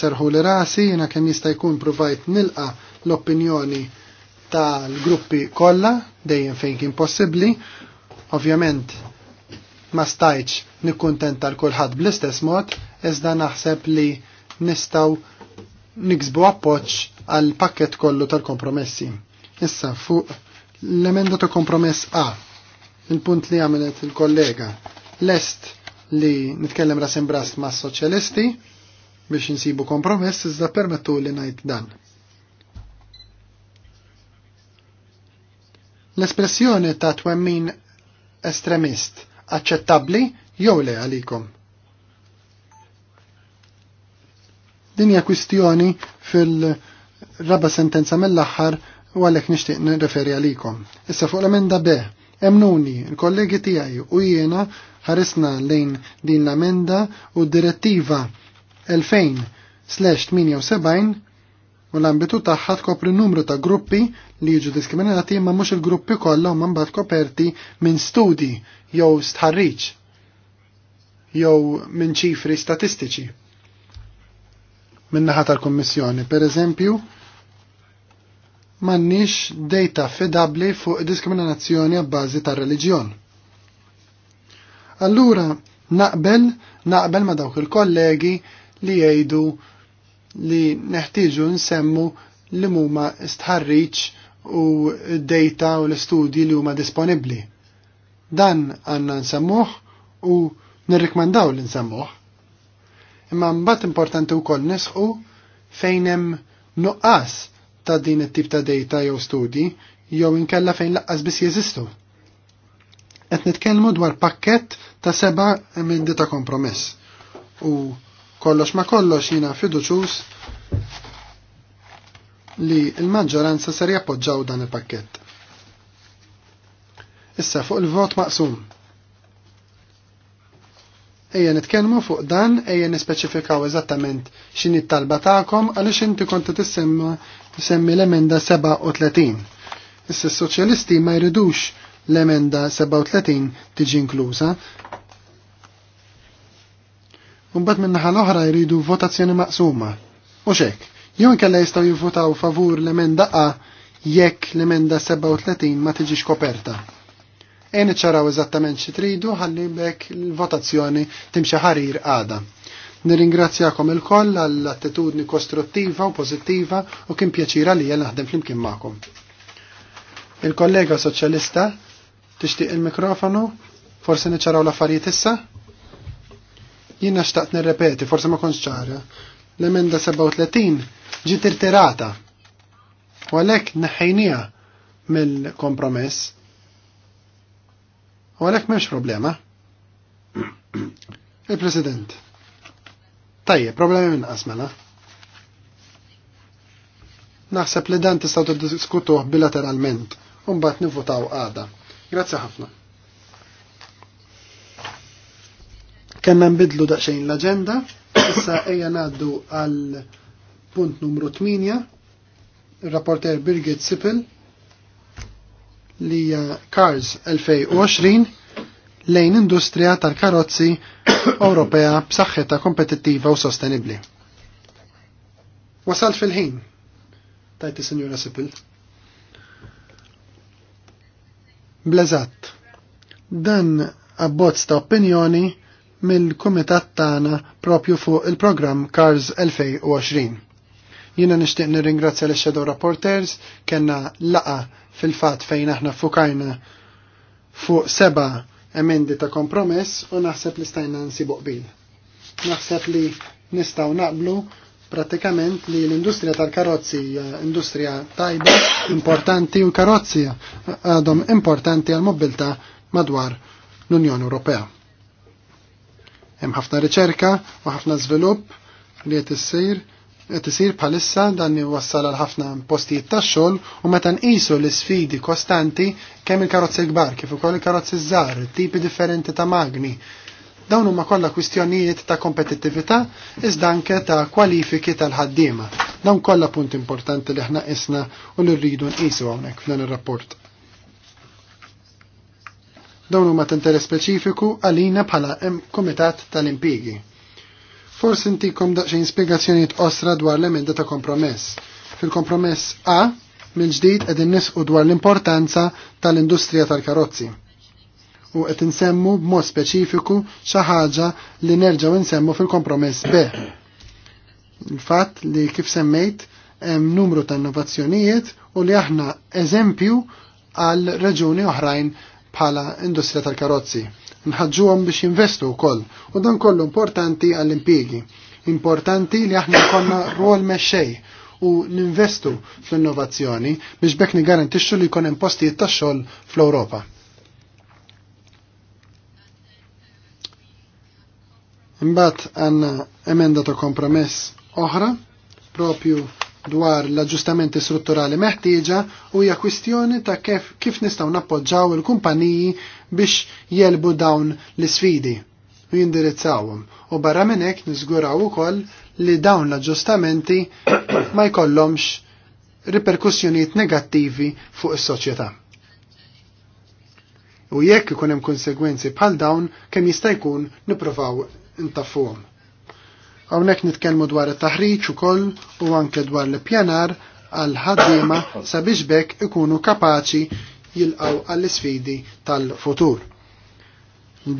serħu li rasi jiena kemm jista' jkun provajt nilqa l-opinjoni tal-gruppi kollha dejjem fejn kien possibbli. Ovvjament ma stajċ nikkuntenta l kulħadd bl-istess mod, iżda naħseb li nistaw niksbu appoċ għal pakket kollu tal-kompromessi. Issa fuq l-emenda ta' kompromess A, il-punt li għamilet il-kollega Lest li nitkellem rasim brast ma' soċjalisti biex nsibu kompromess iżda permettu li ngħid dan. L-espressjoni ta' twemmin estremist aċċettabbli jew le għalikom. Dinja kwistjoni fil-raba sentenza mill-aħħar u għalek nishtiq nirreferi għalikom. Issa fuq l-emenda B, Emnuni, il-kollegi tiegħi u jiena ħarisna lejn din l-amenda u direttiva 2000/78 u l-ambitu tagħha tkopri numru ta' gruppi li jiġu diskriminati imma mhux il-gruppi kollha huma mbagħad koperti minn studi jew stħarriġ jew minn ċifri statistiċi. Minnaħat naħa tal-Kummissjoni, pereżempju, m'għandniex data fedabli fuq diskriminazzjoni għabbażi tar-reliġjon. Allura naqbel naqbel ma dawk il-kollegi li jgħidu li neħtieġu nsemmu li huma stħarriċ u d-data u l-istudji li huma disponibbli. Dan għandna nsemmuh u nirrikmandaw li nsemmuh. Imma mbagħad importanti wkoll nisħu fejn hemm nuqqas ta' din it-tip ta' data jew studji jew inkella fejn laqqas biss jeżistu. Qed nitkellmu dwar pakkett ta' seba' emendi ta' kompromess. U kollox ma kollox jina fiduċus li il-maġġoranza ser jappoġġaw dan il-pakkett. Issa fuq il-vot maqsum. Ejja nitkellmu fuq dan, ejja nispeċifikaw eżattament x'inhi t-talba tagħkom għaliex inti kont tissemma semmi l-emenda 37. Issa s-soċjalisti ma jridux l-emenda 37 tiġi inklusa. Umbat naħa l-oħra jridu votazzjoni maqsuma. U xek, jew kella jistaw jivvotaw favur l-emenda A jekk l-emenda 37 ma tiġix koperta. Eni ċaraw eżattament xi tridu ħalli bekk l-votazzjoni timxi ħarir għada. Nirringrazzjakom il-koll għall-attitudni kostruttiva u pozittiva u kien pjaċira li jgħal naħdem flimkien magħkom. Il-kollega soċjalista tixtieq il-mikrofonu, forsi niċċaraw l-affarijiet issa? Jien xtaqt nirrepeti, forsi ma kontx ċara. L-emenda 37 ġiet irtirata. U għalhekk neħejnija mill-kompromess. U għalhekk m'hemmx problema. Il-President. Tajje, problemi minn qasmela. Naħseb li dan tistaw tiddiskutuh bilateralment, u mbagħad nivvotaw għada. Grazzi ħafna. Kenna nbidlu daqsxejn l-aġenda, issa ejja ngħaddu għal punt numru 8, il-rapporter Birgit Sipil, li Cars 2020 lejn industrija tal-karozzi Ewropea b'saħħitha kompetittiva u sostenibbli. Wasalt fil-ħin, tajti Sinjura Sipil. Blezat, dan abbozz ta' opinjoni mill-kumitat tagħna propju fuq il-programm Cars 2020. Jiena nixtieq nirringrazzja l shadow Rapporters, kellna laqa fil-fatt fejn aħna fukajna fuq seba' emendi ta' kompromess u naħseb li stajna nsibu qbil. Naħseb li nistaw naqblu pratikament li l-industrija tal-karozzi industrija tajba, importanti u karozzi għadhom importanti għal mobilta madwar l-Unjoni Ewropea. Hemm ħafna riċerka u ħafna żvilupp li qed issir qed isir bħalissa dan jwassal għal ħafna postijiet tax-xogħol u meta nqisu l-isfidi kostanti kemm il-karozzi kbar kif ukoll il-karozzi żgħar, tipi differenti ta' magni. Dawn huma kollha kwistjonijiet ta' kompetittività iżda anke ta' kwalifiki tal-ħaddiema. Dawn kollha punt importanti li aħna qisna u li rridu nqisu hawnhekk f'dan ir-rapport. Dawn huma t interess speċifiku għalina bħala Kumitat tal-Impjigi Forsi ntikom daqsxejn spjegazzjonijiet osra dwar l-emenda ta' kompromess. Fil-kompromess A, mill-ġdid qegħdin nisqu dwar l-importanza tal-industrija tal-karozzi. U qed insemmu b'mod speċifiku xi ħaġa li nerġgħu nsemmu fil-kompromess B. Il-fatt li kif semmejt hemm numru ta' innovazzjonijiet u li aħna eżempju għal reġuni oħrajn bħala industrija tal-karozzi nħadġuhom biex jinvestu wkoll u dan kollu importanti għall-impjiegi. Importanti li aħna jkollna rol meċċej u ninvestu fl-innovazzjoni biex bekk garantixxu li jkun hemm postijiet tax-xogħol fl-Ewropa. Imbagħad għandna emenda ta' kompromess oħra propju dwar l-aġġustamenti strutturali meħtieġa u hija kwistjoni ta' kif, kif nistgħu nappoġġaw il-kumpaniji biex jelbu dawn l-sfidi u jindirizzawhom. U barra minn hekk niżguraw ukoll li dawn l-aġġustamenti ma jkollhomx riperkussjonijiet negattivi fuq is-soċjetà. U jekk ikun hemm konsegwenzi bħal dawn kemm jista' jkun nippruvaw intaffuhom. Hawnhekk nitkellmu dwar it-taħriġ ukoll u anke dwar l-pjanar għal ħaddiema sabiex bekk ikunu kapaċi jilqaw għall-isfidi tal-futur.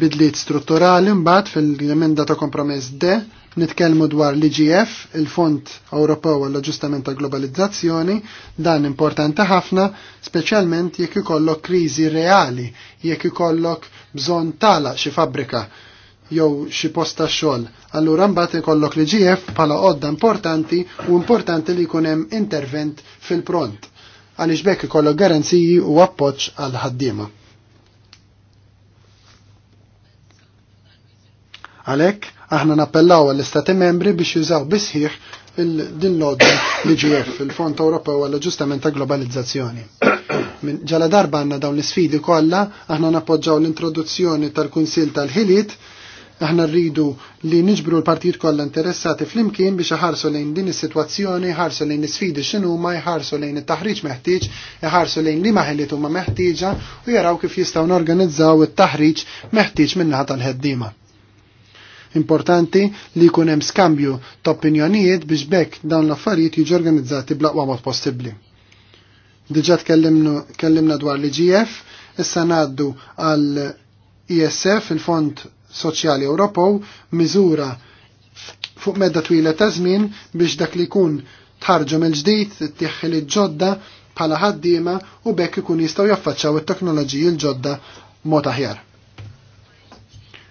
Bidliet strutturali mbagħad fil-emenda ta' kompromess D nitkellmu dwar l-IGF, il-Fond Ewropew għall aġġustament ta' Globalizzazzjoni, dan importanti ħafna, speċjalment jekk ikollok kriżi reali, jekk ikollok bżonn tala xi fabbrika jew xi post ta' xogħol. Allura mbagħad ikollok l-IGF bħala għodda importanti u importanti li jkun hemm intervent fil-pront għaliex bekk ikollok garanziji u appoġġ għal ħaddiema. Għalhekk aħna nappellaw għall-Istati membri biex jużaw bisħiħ din l-odda l-IGF, il-Fond Ewropew għall ġustament ta' globalizzazzjoni. Ġala darba għanna dawn l-sfidi kollha, aħna nappoġġaw l-introduzzjoni tal-Kunsil tal-Ħiliet Aħna rridu li niġbru l-partijiet kollha interessati flimkien biex iħarsu lejn din is-sitwazzjoni, ħarsu lejn is-sfidi x'inhuma, jħarsu lejn it-taħriġ meħtieġ, iħarsu lejn li maħiliet huma meħtieġa u jaraw kif jistgħu norganizzaw it-taħriġ meħtieġ min-naħa tal-ħeddiema. Importanti li jkun hemm skambju ta' opinjonijiet biex bekk dawn l-affarijiet jiġu organizzati bl-aqwa mod possibbli. Diġà kellimna dwar l-IGF, issa ngħaddu għal ISF, il-Fond Soċjali Ewropew miżura fuq medda twila ta' żmien biex dak li jkun tħarġu mill-ġdid, tieħħel il-ġodda bħala ħaddiema u bekk ikun jistgħu jaffaċċaw it-teknoloġiji l-ġodda mod aħjar.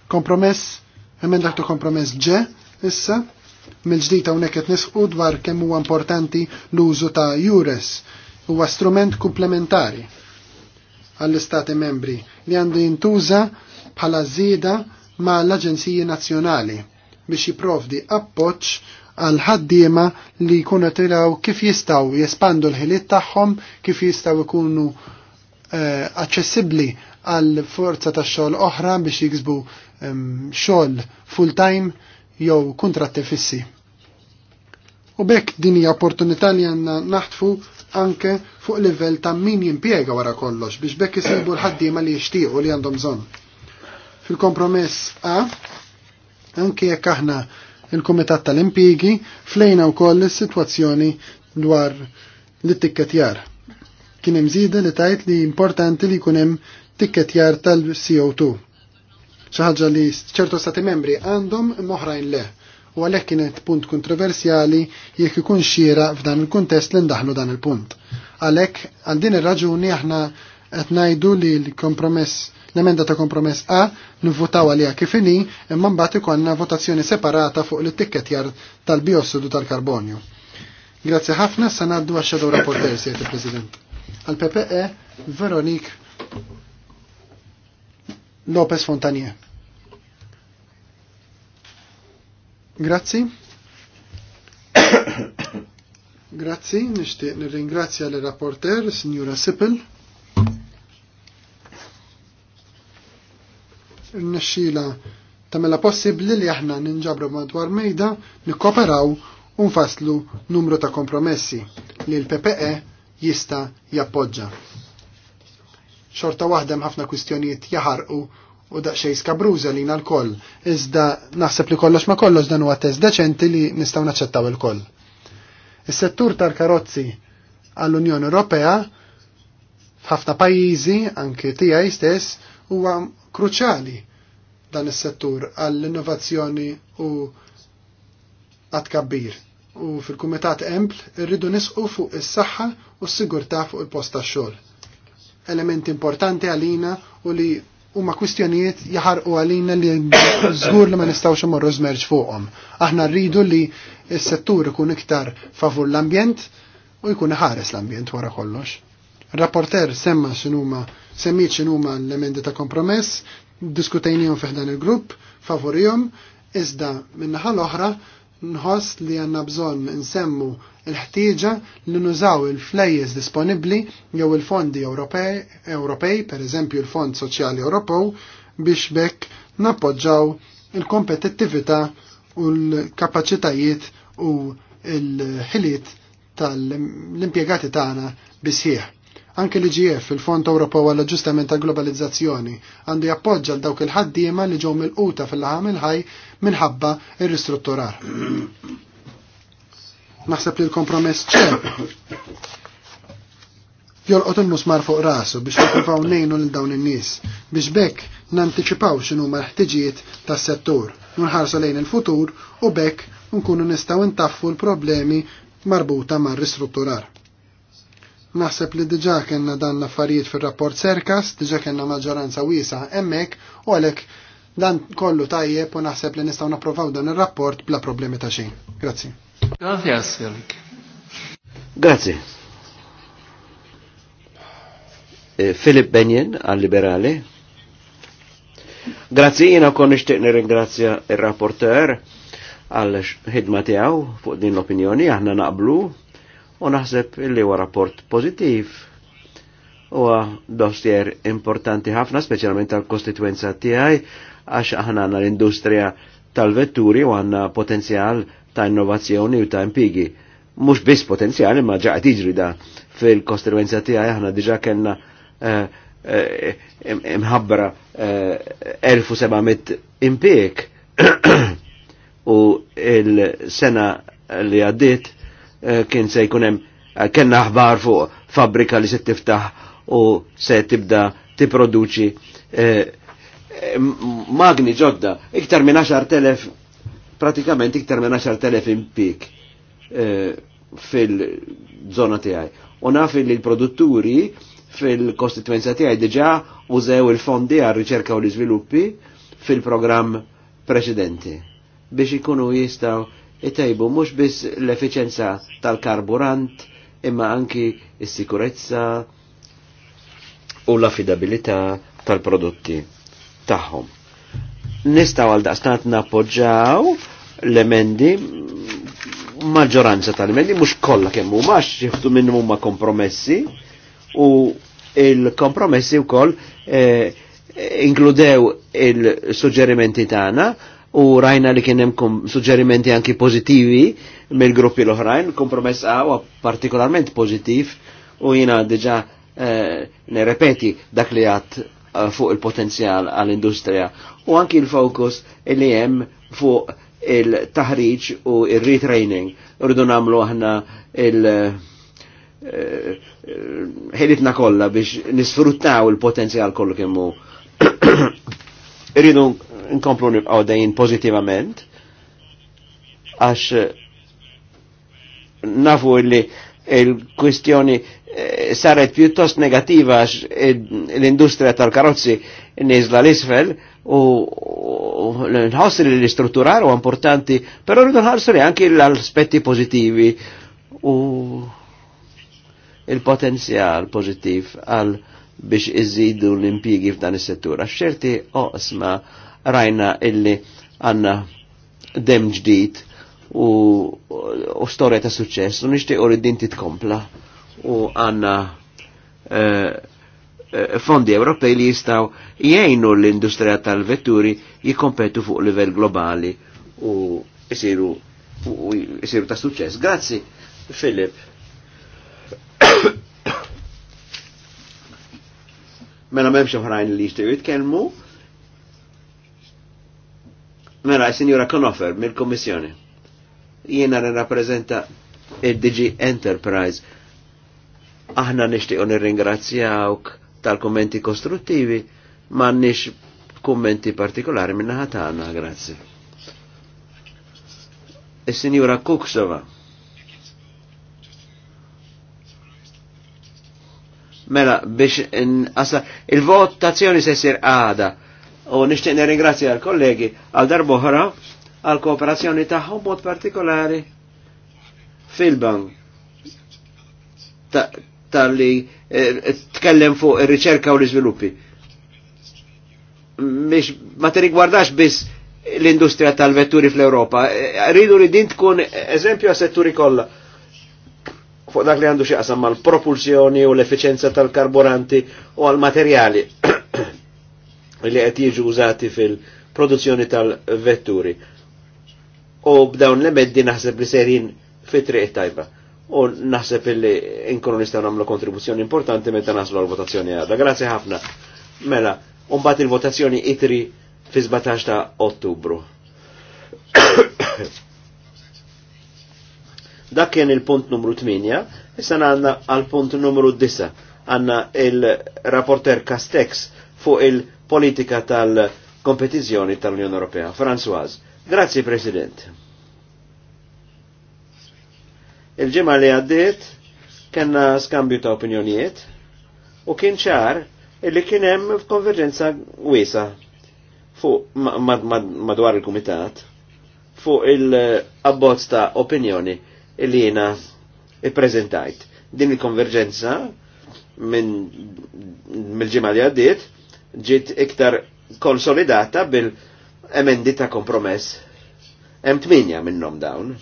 Kompromess, emendak ta' kompromess ġe issa, mill-ġdid hawnhekk qed nisqu dwar kemm huwa importanti l-użu ta' jures huwa strument komplementari għall-istati membri li għandu jintuża bħala żieda ma' l-Aġenziji Nazzjonali biex jiprovdi appoġġ għal ħaddiema li jkunu tilaw kif jistaw jespandu l-ħiliet tagħhom, kif jistaw ikunu eh, aċċessibbli għal forza ta' xogħol oħra biex jiksbu ehm, xogħol full-time jew kuntratti fissi. U bekk din hija opportunità li għandna naħtfu anke fuq livell ta' min jimpjega wara kollox biex bekk isibu l-ħaddiema li jixtiequ li għandhom bżonn. Fil-kompromess A, anke jekk aħna il-Kumitat tal-Impigi flejna wkoll is-sitwazzjoni dwar l-tikketjar. Kien hemm li tajt li importanti li jkun hemm tikketjar tal-CO2. ċaħġa ħaġa li ċertu stati membri għandhom moħrajn le u għalhekk kienet punt kontroversjali jekk ikun xiera f'dan il-kuntest li ndaħlu dan il-punt. Għalhekk għal din ir-raġuni aħna qed ngħidu li l-kompromess L-emenda ta' kompromess A nivvotaw għalija kifini imma mbagħad ikollna votazzjoni separata fuq l jar tal-biossidu tal-karbonju. Grazie ħafna, sanaddu għaxa għax-Shadow Rapporter, sejt president al ppe Veronique Lopez Fontanier. Grazzi. Grazzi, nishtiq nirringrazzja l-rapporter, signora Sippel. ta' tamela possibbli li aħna ninġabru madwar mejda, nikkoperaw u nfasslu numru ta' kompromessi li l-PPE jista' jappoġġa. Xorta waħda ħafna kwistjonijiet jaħarqu u daqxej skabruża lina l-koll, iżda naħseb li kollox ma kollox dan huwa test deċenti li nistgħu naċċettaw il-koll. Is-settur tal-karozzi għall-Unjoni Ewropea f'ħafna pajjiżi, anke tiegħi stess, huwa kruċali dan is-settur għall-innovazzjoni u għat-kabbir. U fil-Kumitat Empl irridu nisqu fuq is-saħħa u s-sigurtà fuq il-post tax-xogħol. Elementi importanti għalina u li huma kwistjonijiet jaħarqu għalina li żgur li ma nistgħux imorru żmerġ fuqhom. Aħna rridu li s-settur ikun iktar favur l-ambjent u jkun ħares l-ambjent wara kollox. Rapporter semma x'inhuma semmiċ x'inhuma l-emendi ta' kompromess, diskutajnijom fiħdan il-grupp, favorijom, iżda min-naħa l-oħra nħoss li għanna bżonn nsemmu l-ħtieġa li nużaw il-flejjes disponibbli jew il-fondi Ewropej, per eżempju il-Fond Soċjali Ewropew, biex bekk nappoġġaw il-kompetittività u l-kapaċitajiet u l-ħiliet tal-impjegati tagħna bisħieħ. Anke l-IGF, il-Fond Ewropew għall aġġustament tal globalizzazzjoni, għandu jappoġġa l dawk il-ħaddiema li ġew mill-quta fil-laħam il-ħaj minħabba ir-ristrutturar. Naħseb li l-kompromess ċer jolqot il-musmar fuq rasu biex jipprovaw nejnu l dawn in-nies biex bekk nantiċipaw x'inhu l-ħtiġijiet tas-settur, nħarsu lejn il-futur u bekk nkunu nistgħu ntaffu l-problemi marbuta mar-ristrutturar. Naħseb li diġa kena dan l-affarijiet fil-rapport Serkas, diġa kena maġġoranza wisa emmek, u għalek dan kollu tajjeb u naħseb li nistaw napprovaw dan il-rapport bla problemi ta' xejn. Grazzi. Grazzi, Asjelik. Grazzi. Filip eh, Benjen, għal-liberali. Grazzi, jina kon nishtiq nirringrazzja il-rapporter għal ħidma tiegħu fuq din l-opinjoni, aħna naqblu u naħseb illi huwa rapport pożittiv Huwa dossier importanti ħafna, speċjalment tal-kostituenza tiegħi għax aħna għandna l-industrija tal-vetturi u għandna potenzjal ta' innovazzjoni u ta' impigi. Mhux biss potenzjali ma ġaqgħet jiġri da fil-kostituenza tiegħi aħna diġà kellna eh, eh, imħabbra 1700 eh, impiek u il-sena li għaddit Eh, kien se jkunem hemm eh, ħbar fuq fabrika li se tiftaħ u se tibda tiproduċi eh, magni ġodda iktar minn 10.000 pratikament iktar minn 10.000 impik fil zona tiegħi. U naf li l-produtturi fil-kostituenza tiegħi diġà użew il-fondi għal riċerka u l-iżviluppi fil-programm preċedenti biex ikunu jistaw itejbu mhux biss l-efficienza tal-karburant imma anki s-sikurezza u l-affidabilità tal-prodotti tagħhom. Nistaw għal daqstant nappoġġaw l-emendi maġġoranza tal-emendi mhux kollha kemm huma xiftu minn huma kompromessi u il-kompromessi wkoll eh, inkludew il-suġġerimenti tagħna u rajna li kienem suġġerimenti anki pozitivi mill-gruppi l-oħrajn, kompromess għawa partikolarment pozitiv u jina diġa eh, nerepeti dak li għat eh, fuq il-potenzjal għall-industrija u anki il-fokus li jem fuq il-taħriġ u il-retraining. Rridu namlu aħna il- eh, ħelitna kolla biex nisfruttaw il-potenzjal kollu kemmu. Rridu nkomplu nibqaw dejjin pozittivament għax eh, nafu li il-kwistjoni eh, saret pjuttost negativa għax l-industrija tal-karozzi nizla l-isfel u nħossi li l-istrutturar u importanti, pero rridu nħarsu li anki l-aspetti pozitivi u il-potenzjal pozitiv għal biex iżidu l-impjigi f'dan is-settur. Għax ċerti oqsma rajna illi għanna dem ġdid u, u storja ta' suċess u nixtieq u riddin titkompla u għanna eh, eh, fondi Ewropej li jistaw jgħinu l-industrija tal-vetturi jikompetu fuq livell globali u jisiru, u jisiru ta' suċess. Grazzi, Filip. mela memx oħrajn li jistgħu jitkellmu Mela, signora Conofer, mill-Kommissjoni. Jiena rappresenta il-DG Enterprise. Aħna nishtiqo nirringrazzjawk tal-kommenti kostruttivi, ma nix kommenti partikolari minna ħatana, grazzi. Il-Signora Kuksova. Mela, biex, asa, il-votazzjoni se sir għada u nishtiq nirringrazzja għal kollegi għal darboħra għal kooperazzjoni tagħhom mod partikolari fil-bank tal-li eh, tkellem fuq ir-riċerka u l-iżviluppi. Mhix ma tirrigwardax biss l-industrija tal-vetturi fl europa eh, Rridu li din tkun eżempju għas setturi kollha. Fuq dak li għandu xi mal-propulsjoni u l efficienza tal-karburanti u għal-materjali li qed jiġu użati fil-produzzjoni tal-vetturi. U b'dawn l emeddi naħseb li serin fit-triq tajba. U naħseb li inkunu nistaw nagħmlu kontribuzzjoni importanti meta naslu għal votazzjoni għadha. Grazie ħafna. Mela, Unbat il-votazzjoni itri fi 17 ta' Ottubru. Dak kien il-punt numru 8, issa għanna għal-punt numru 9 għanna il-rapporter Castex fuq il- politika tal-kompetizjoni tal-Unjoni Ewropea. Françoise, grazzi President. Il-ġimgħa li għaddiet kellna skambju ta' opinjonijiet u kien ċar illi kien hemm konverġenza wiesa fuq madwar il-kumitat fuq il-abbozz ta' opinjoni illi jiena ippreżentajt. Din il-konverġenza minn mill-ġimgħa li għaddiet ġiet iktar konsolidata bil-emendi ta' kompromess. Hemm tminja minnhom dawn.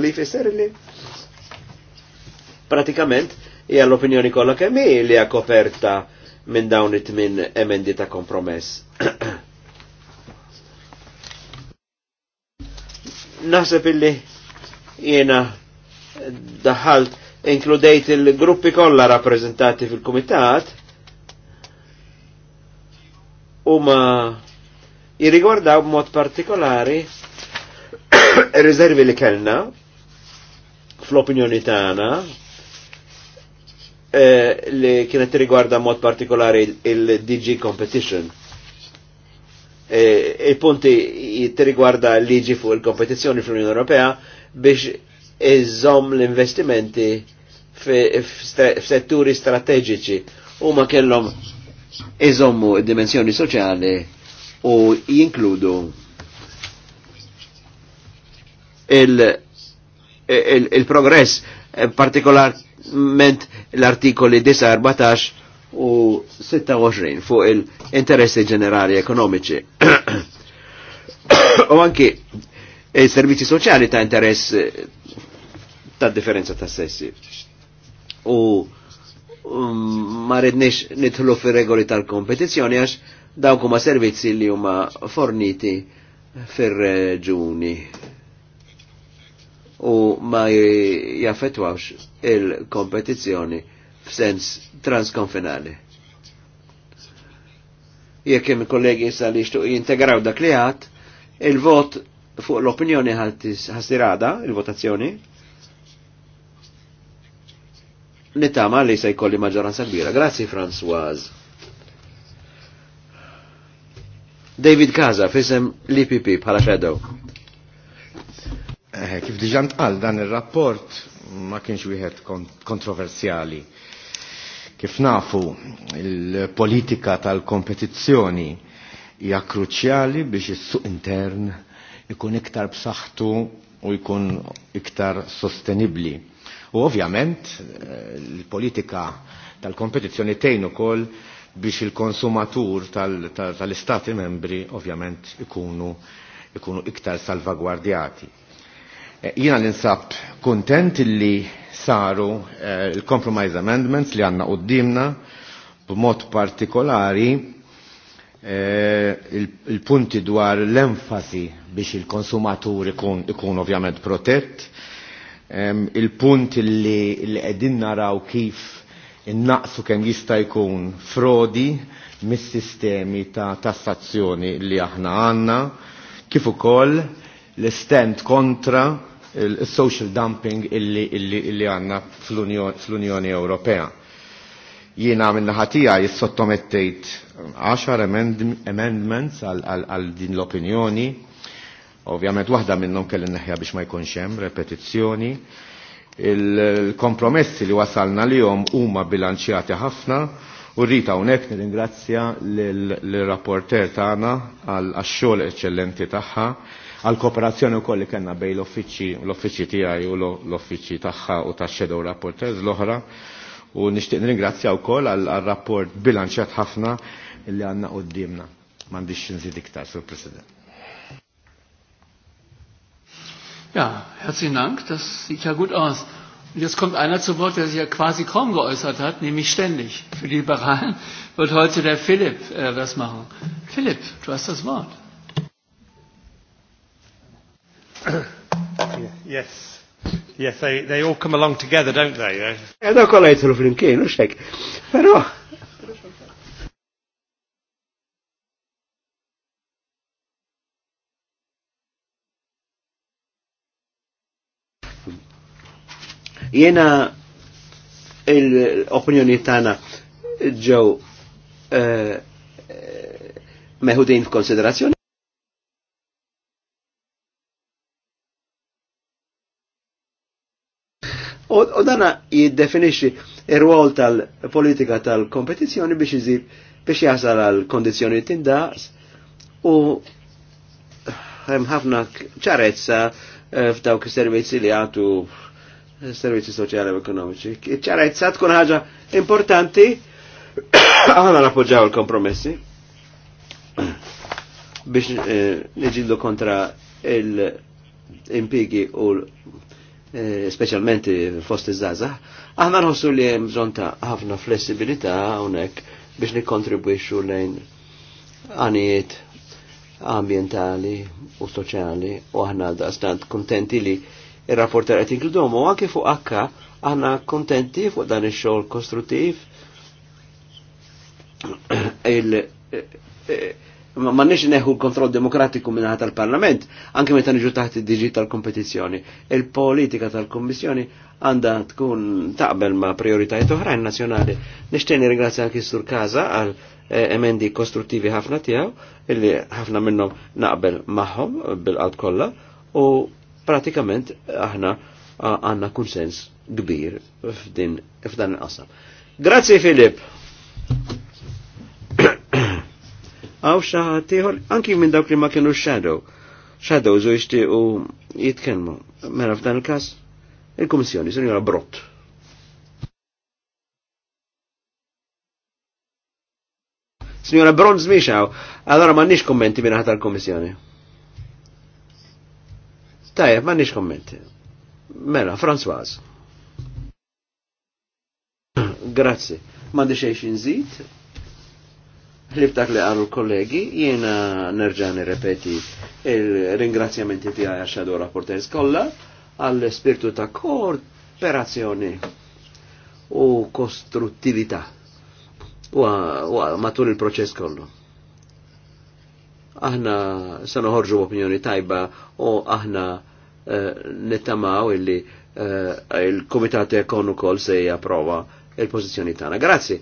Li fisser li pratikament hija l-opinjoni kollha kemm li hija koperta minn dawn it-tmin emendi ta' kompromess. Naħseb illi jiena daħalt inkludejt il-gruppi kollha rappreżentati fil-kumitat huma jirrigwardaw b'mod partikolari riservi li kellna fl-opinjoni tagħna li kienet rigwarda mod partikolari il-DG Competition. Il-punti l liġi fuq il-kompetizzjoni fl-Unjoni Ewropea biex iżom l-investimenti f-setturi strateġiċi u ma kellom iżommu id-dimensjoni soċjali u jinkludu il-progress il, il eh, partikolarment l-artikoli 14 u 26 fuq il-interessi ġenerali ekonomiċi. u anki il-servizzi soċjali ta' interess ta' differenza ta' sessi. U Um, ma rednex nitħlu fi regoli tal-kompetizjoni għax dawk huma servizzi li huma forniti fir-reġuni u ma jaffettwawx il kompetizzjoni f'sens transkonfinali. Jekk hemm kollegi issa li jixtuq jintegraw dak li il-vot fuq l-opinjoni ħassirada, il-votazzjoni, nitama li se jkolli maġġoranza kbira. Grazzi Françoise. David Kaza, fisem l-IPP bħala shadow. Eh, kif diġant għal dan il-rapport ma kienx wieħed kontroversjali. Kif nafu, il-politika tal-kompetizzjoni hija kruċjali biex is-suq intern ikun iktar b'saħħtu u jkun iktar sostenibli U ovvjament eh, l-politika tal-kompetizzjoni tejn ukoll biex il-konsumatur tal-istati tal membri ovvjament ikunu, ikunu iktar salvagwardjati. Eh, Jina l-insab kontent li saru eh, il-compromise amendments li għanna qoddimna b'mod partikolari eh, il-punti il dwar l-enfasi biex il-konsumatur ikun, ikun ovvjament protett, il-punt li qegħdin naraw kif innaqsu kemm jista' jkun frodi mis-sistemi ta' tassazzjoni li aħna għandna, kif ukoll l-istent kontra il-social dumping illi, illi, illi għanna fl-Unjoni Ewropea. Jiena minna ħatija jissottomettejt 10 amendments għal din l-opinjoni Ovvjament waħda minnhom kelli neħja biex ma jkunx hemm repetizzjoni. Il-kompromessi li wasalna li jom huma bilanċjati ħafna u rrita hawnhekk nirringrazzja l-rapporter tagħna għall-xogħol eċċellenti tagħha għal kooperazzjoni wkoll li kellna bejn l-offiċċji l-offiċċji tiegħi u l-offiċċji tagħha u tax-shadow rapporters l-oħra u nixtieq nirringrazzja wkoll għal rapport bilanċjat ħafna li għandna qudiemna. M'għandix nżid iktar, Sur President. Ja, herzlichen Dank. Das sieht ja gut aus. Und jetzt kommt einer zu Wort, der sich ja quasi kaum geäußert hat, nämlich ständig. Für die Liberalen wird heute der Philipp äh, das machen. Philipp, du hast das Wort. Yes. Yes, they, they all come along together, don't they? Edha kolla jitlu fl-imkien, u xek. Pero, Jena l-opinjoni tana ġew eh, eh meħudin f'konsiderazzjoni. U dana jiddefinixi ir-rwol tal-politika tal kompetizjoni biex iżib biex jasal għal kondizjoni tindars u hemm ħafna ċarezza eh, f'dawk is-servizzi li għatu servizzi soċjali u ekonomiċi. ċara Ċarajza tkun ħaġa importanti, aħna nappoġġaw il-kompromessi biex eh, neġillu kontra il-impigi u eh, specialment fost iż-żaza. Aħna nħossu li hemm bżonn ta' ħafna flessibilità hawnhekk biex nikkontribwixxu lejn għanijiet ambientali u soċjali u aħna da' stant kontenti li il-rapporter għet inkludom u għanki fuq akka għanna kontenti fuq dan il-xol kostruttiv ma nix neħu l-kontroll demokratiku minna tal-parlament, anke meta niġu taħt id digital tal-kompetizjoni. Il-politika tal-kommissjoni għanda tkun taqbel ma prioritajiet oħrajn nazjonali. Nixtieni ringrazzja anki sur kaza għal eh, emendi kostruttivi ħafna tiegħu illi ħafna minnhom naqbel magħhom bil-qalb kollha u pratikament aħna għanna kunsens kbir f'dan il-qasam. Grazzi Filip. Għaw xaħatiħor, anki minn dawk li ma kienu shadow. Shadow zu ixti u jitkenmu. Mela f'dan il-kas, il-Komissjoni, Sinjora Brott. Sinjora Bronz Mishaw, allora ma nix kommenti minn ħatar komissjoni Tajja, ma nix kommenti. Mela, François. Grazzi. Mandi xejx inżid. Ħlibtak li għalu kollegi, jiena nerġani repeti il-ringrazzjamenti ti għaj għaxħadu rapporters kolla għall-spirtu ta' kooperazzjoni u kostruttività u matul il-proċess kollu aħna se noħorġu opinjoni tajba u aħna eh, nittamaw illi eh, il-Komitat Ekon ukoll se japprova il-pożizzjoni tagħna. Grazzi.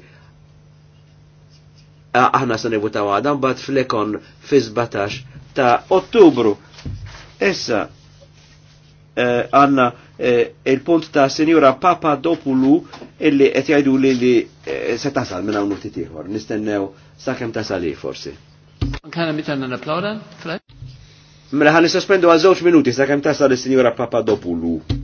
Aħna se nivutaw għadha mbagħad fl-Ekon fi ta' Ottubru. Essa eh, għanna il-punt ta' Senjura Papa Dopulu illi qed jgħidu li se tasal minn hawn ieħor. Nistennew sakemm tasal forsi. Kana mitan mitenan applaudan? Mela ħan nisospendu għal żewġ minuti sa' kemm tasal is-Sinjura Papadopoulou.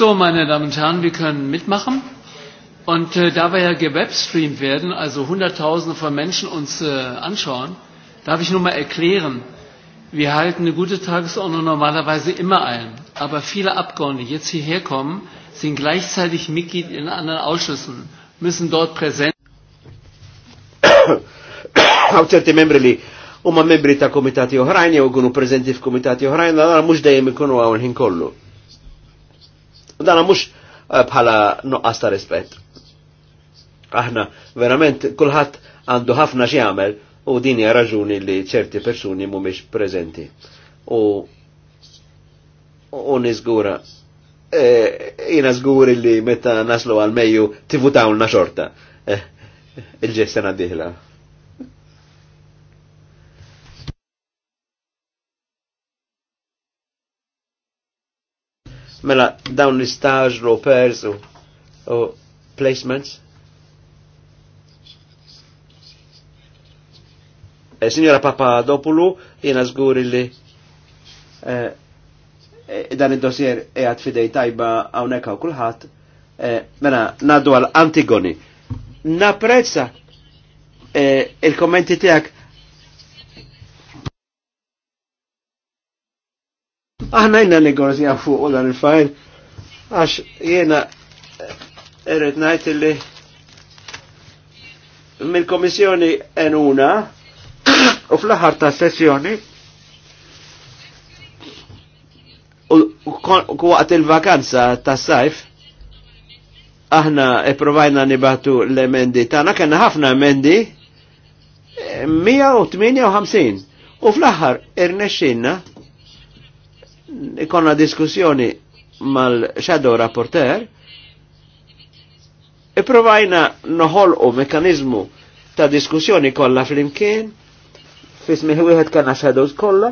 So, meine Damen und Herren, wir können mitmachen. Und äh, da wir ja gewebstreamt werden, also Hunderttausende von Menschen uns äh, anschauen, darf ich nur mal erklären, wir halten eine gute Tagesordnung normalerweise immer ein. Aber viele Abgeordnete, die jetzt hierher kommen, sind gleichzeitig Mitglied in anderen Ausschüssen, müssen dort präsent Għaw ċerti membri li membri ta' komitati oħrajn jew ikunu preżenti f'komitati oħrajn, għal mhux dejjem ikunu hawn ħin kollu dana mux eh, bħala nuqqas ta' rispet. Aħna verament kulħadd għandu ħafna xi jagħmel u din hija raġuni li ċerti persuni mhumiex preżenti. U u niżgura eh, jina żgur li meta naslu għal mejju tivutawna xorta. Eh, Il-ġessena diħla. Mela, dawn l-istaġ, l u, u placements. Eh, signora Papadopoulou, jena zgur li eh, eh, dan id-dossier għad fidej tajba għawnek għaw kullħat. mela, naddu għal Antigoni. Naprezza il-kommenti tijak Aħna jina negozja fuq u dan il-fajl, għax jena erret najt li mill-komissjoni enuna u fl-ħar ta' sessjoni u waqt il-vakanza ta' sajf aħna provajna nibatu l-emendi tana kena ħafna emendi 158 eh, u fl-ħar irnexxinna ikonna diskussjoni mal-shadow rapporter, Iprovajna noħolqu mekanizmu ta' diskussjoni kollha fl-imkien, fismiħ wieħed kanna shadows kolla,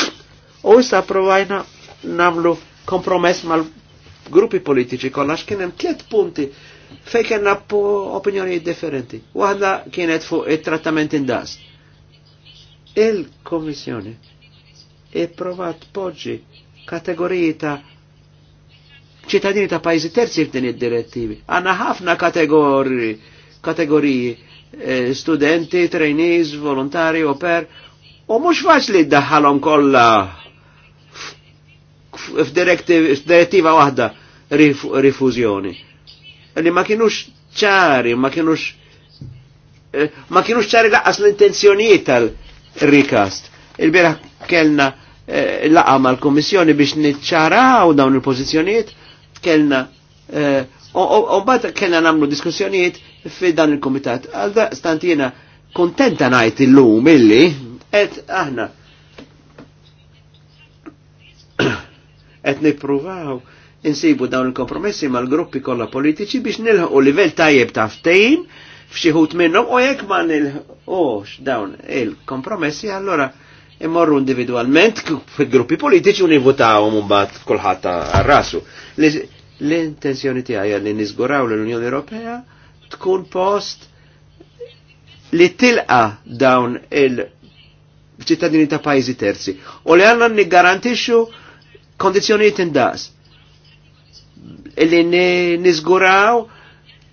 u issa provajna namlu kompromess mal-gruppi politiċi kolla, xkienem hemm tliet punti fejn kellna opinjoni differenti. Waħda kienet fuq it-trattament indas. il komissjoni ipprova tpoġġi kategoriji ta' ċittadini ta' pajzi terzi f'din id-direttivi. Għanna ħafna kategori, kategoriji, eh, studenti, trainees, volontari, oper, u mux faċli id-daħħalom kolla f'direttiva wahda rif rifużjoni. Li ma kienux ċari, ma kienux eh, ma kienux ċari laqqas l-intenzjonijiet tal-rikast. Il-bira kellna eh, laqa mal-Komissjoni biex niċċaraw dawn il-pożizzjonijiet, kellna u eh, mbagħad kellna nagħmlu diskussjonijiet fi dan il-Kumitat. Għalda stantina kontenta ngħid illum illi et aħna qed nippruvaw insibu dawn il-kompromessi mal-gruppi kollha politiċi biex nilħu livell tajjeb ta' ftehim minnhom u jekk ma nilħux dawn il-kompromessi allora imorru individualment fi gruppi politiċi u nivutaw mbagħad kulħadd rasu. L-intenzjoni tijaj li nizguraw l-Unjoni Ewropea tkun post li tilqa dawn il-ċittadini ta' pajzi terzi u li għanna nigarantixu kondizzjonijiet indaqs li nizguraw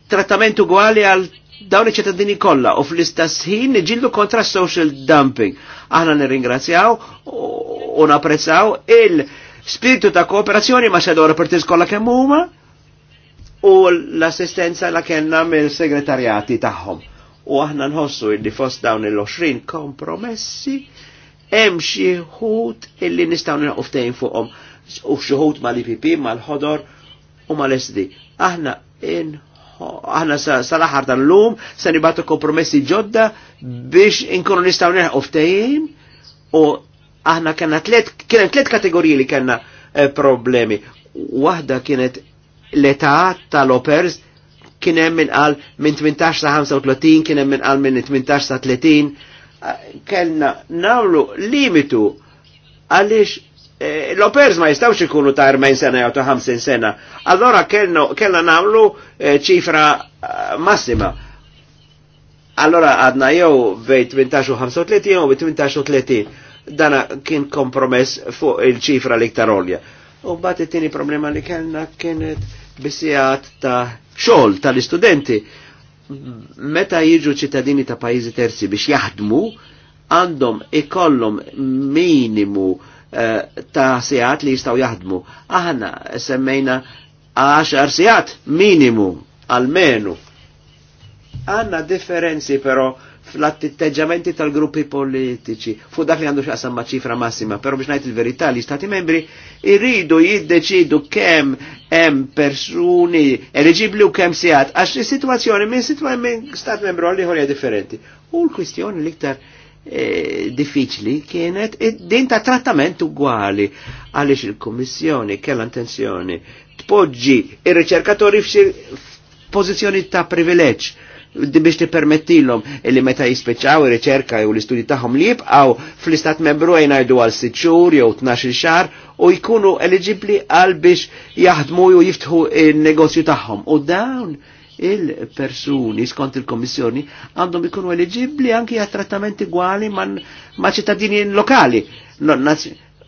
trattamentu għali għal dawn iċ-ċittadini kollha u fl-istess ħin niġillu kontra social dumping. Aħna nirringrazzjaw u napprezzaw il-spiritu ta' kooperazzjoni ma' xedaw rapportiż kollha kemm huma u l-assistenza la kellna mill-segretarjati tagħhom. U aħna nħossu li fost dawn il-20 kompromessi hemm xi ħut illi nistgħu nilqu ftehim fuqhom u xi ħut mal-IPP, mal-ħodor u mal-SD. Aħna in aħna sal-aħħar tal-lum se nibatu kompromessi ġodda biex inkunu nistgħu nilħqu ftehim u aħna kena tlet, kena tlet kategoriji li kena eh, problemi. Wahda kienet l-età tal-opers kienem minn għal minn 18 sa 35, kienem minn għal minn 18 sa 30. Eh, kena nagħmlu limitu għalix E, L-opers ma jistawx ikunu ta' 40 sena jew ta' 50 sena. Allora kellna namlu eh, ċifra eh, massima. Allora għadna jew bej 18 u 35 jew bej 18 Dana kien kompromess fuq il-ċifra li iktar olja. U bat it tini problema li kellna kienet bisijat ta' xogħol tal-istudenti. Meta jiġu ċittadini ta' pajizi terzi biex jaħdmu, għandhom ikollhom minimu Eh, ta' sijat li jistaw jaħdmu. Aħna semmejna 10 sijat minimu għalmenu. Għanna differenzi però fl-atteggiamenti tal-gruppi politiċi, fu dak li għandu xaqsam ma' ċifra massima, però biex najt il-verità li stati membri irridu jiddeċidu kem hemm persuni eligibli u kem sijat, għax situazzjoni minn situazzjoni minn stat membru għalli ħolja differenti. U l-kwistjoni liktar E, diffiċli kienet e din ta' trattament ugwali għaliex il-Kommissjoni kellha intenzjoni tpoġġi il riċerkatori fxi f'pożizzjoni ta' privileġġ biex tippermettilhom li meta jispeċaw ir-riċerka jew l-istudji tagħhom li jibqgħu fl-istat membru jgħidu għal sitt xhur jew tnax-il xahar u jkunu eliġibbli għal biex jaħdmu u jiftħu il-negozju tagħhom. U dawn il-persuni skont il-Kommissjoni għandhom ikunu eligibli anki għat trattamenti gwali ma' ċittadini lokali.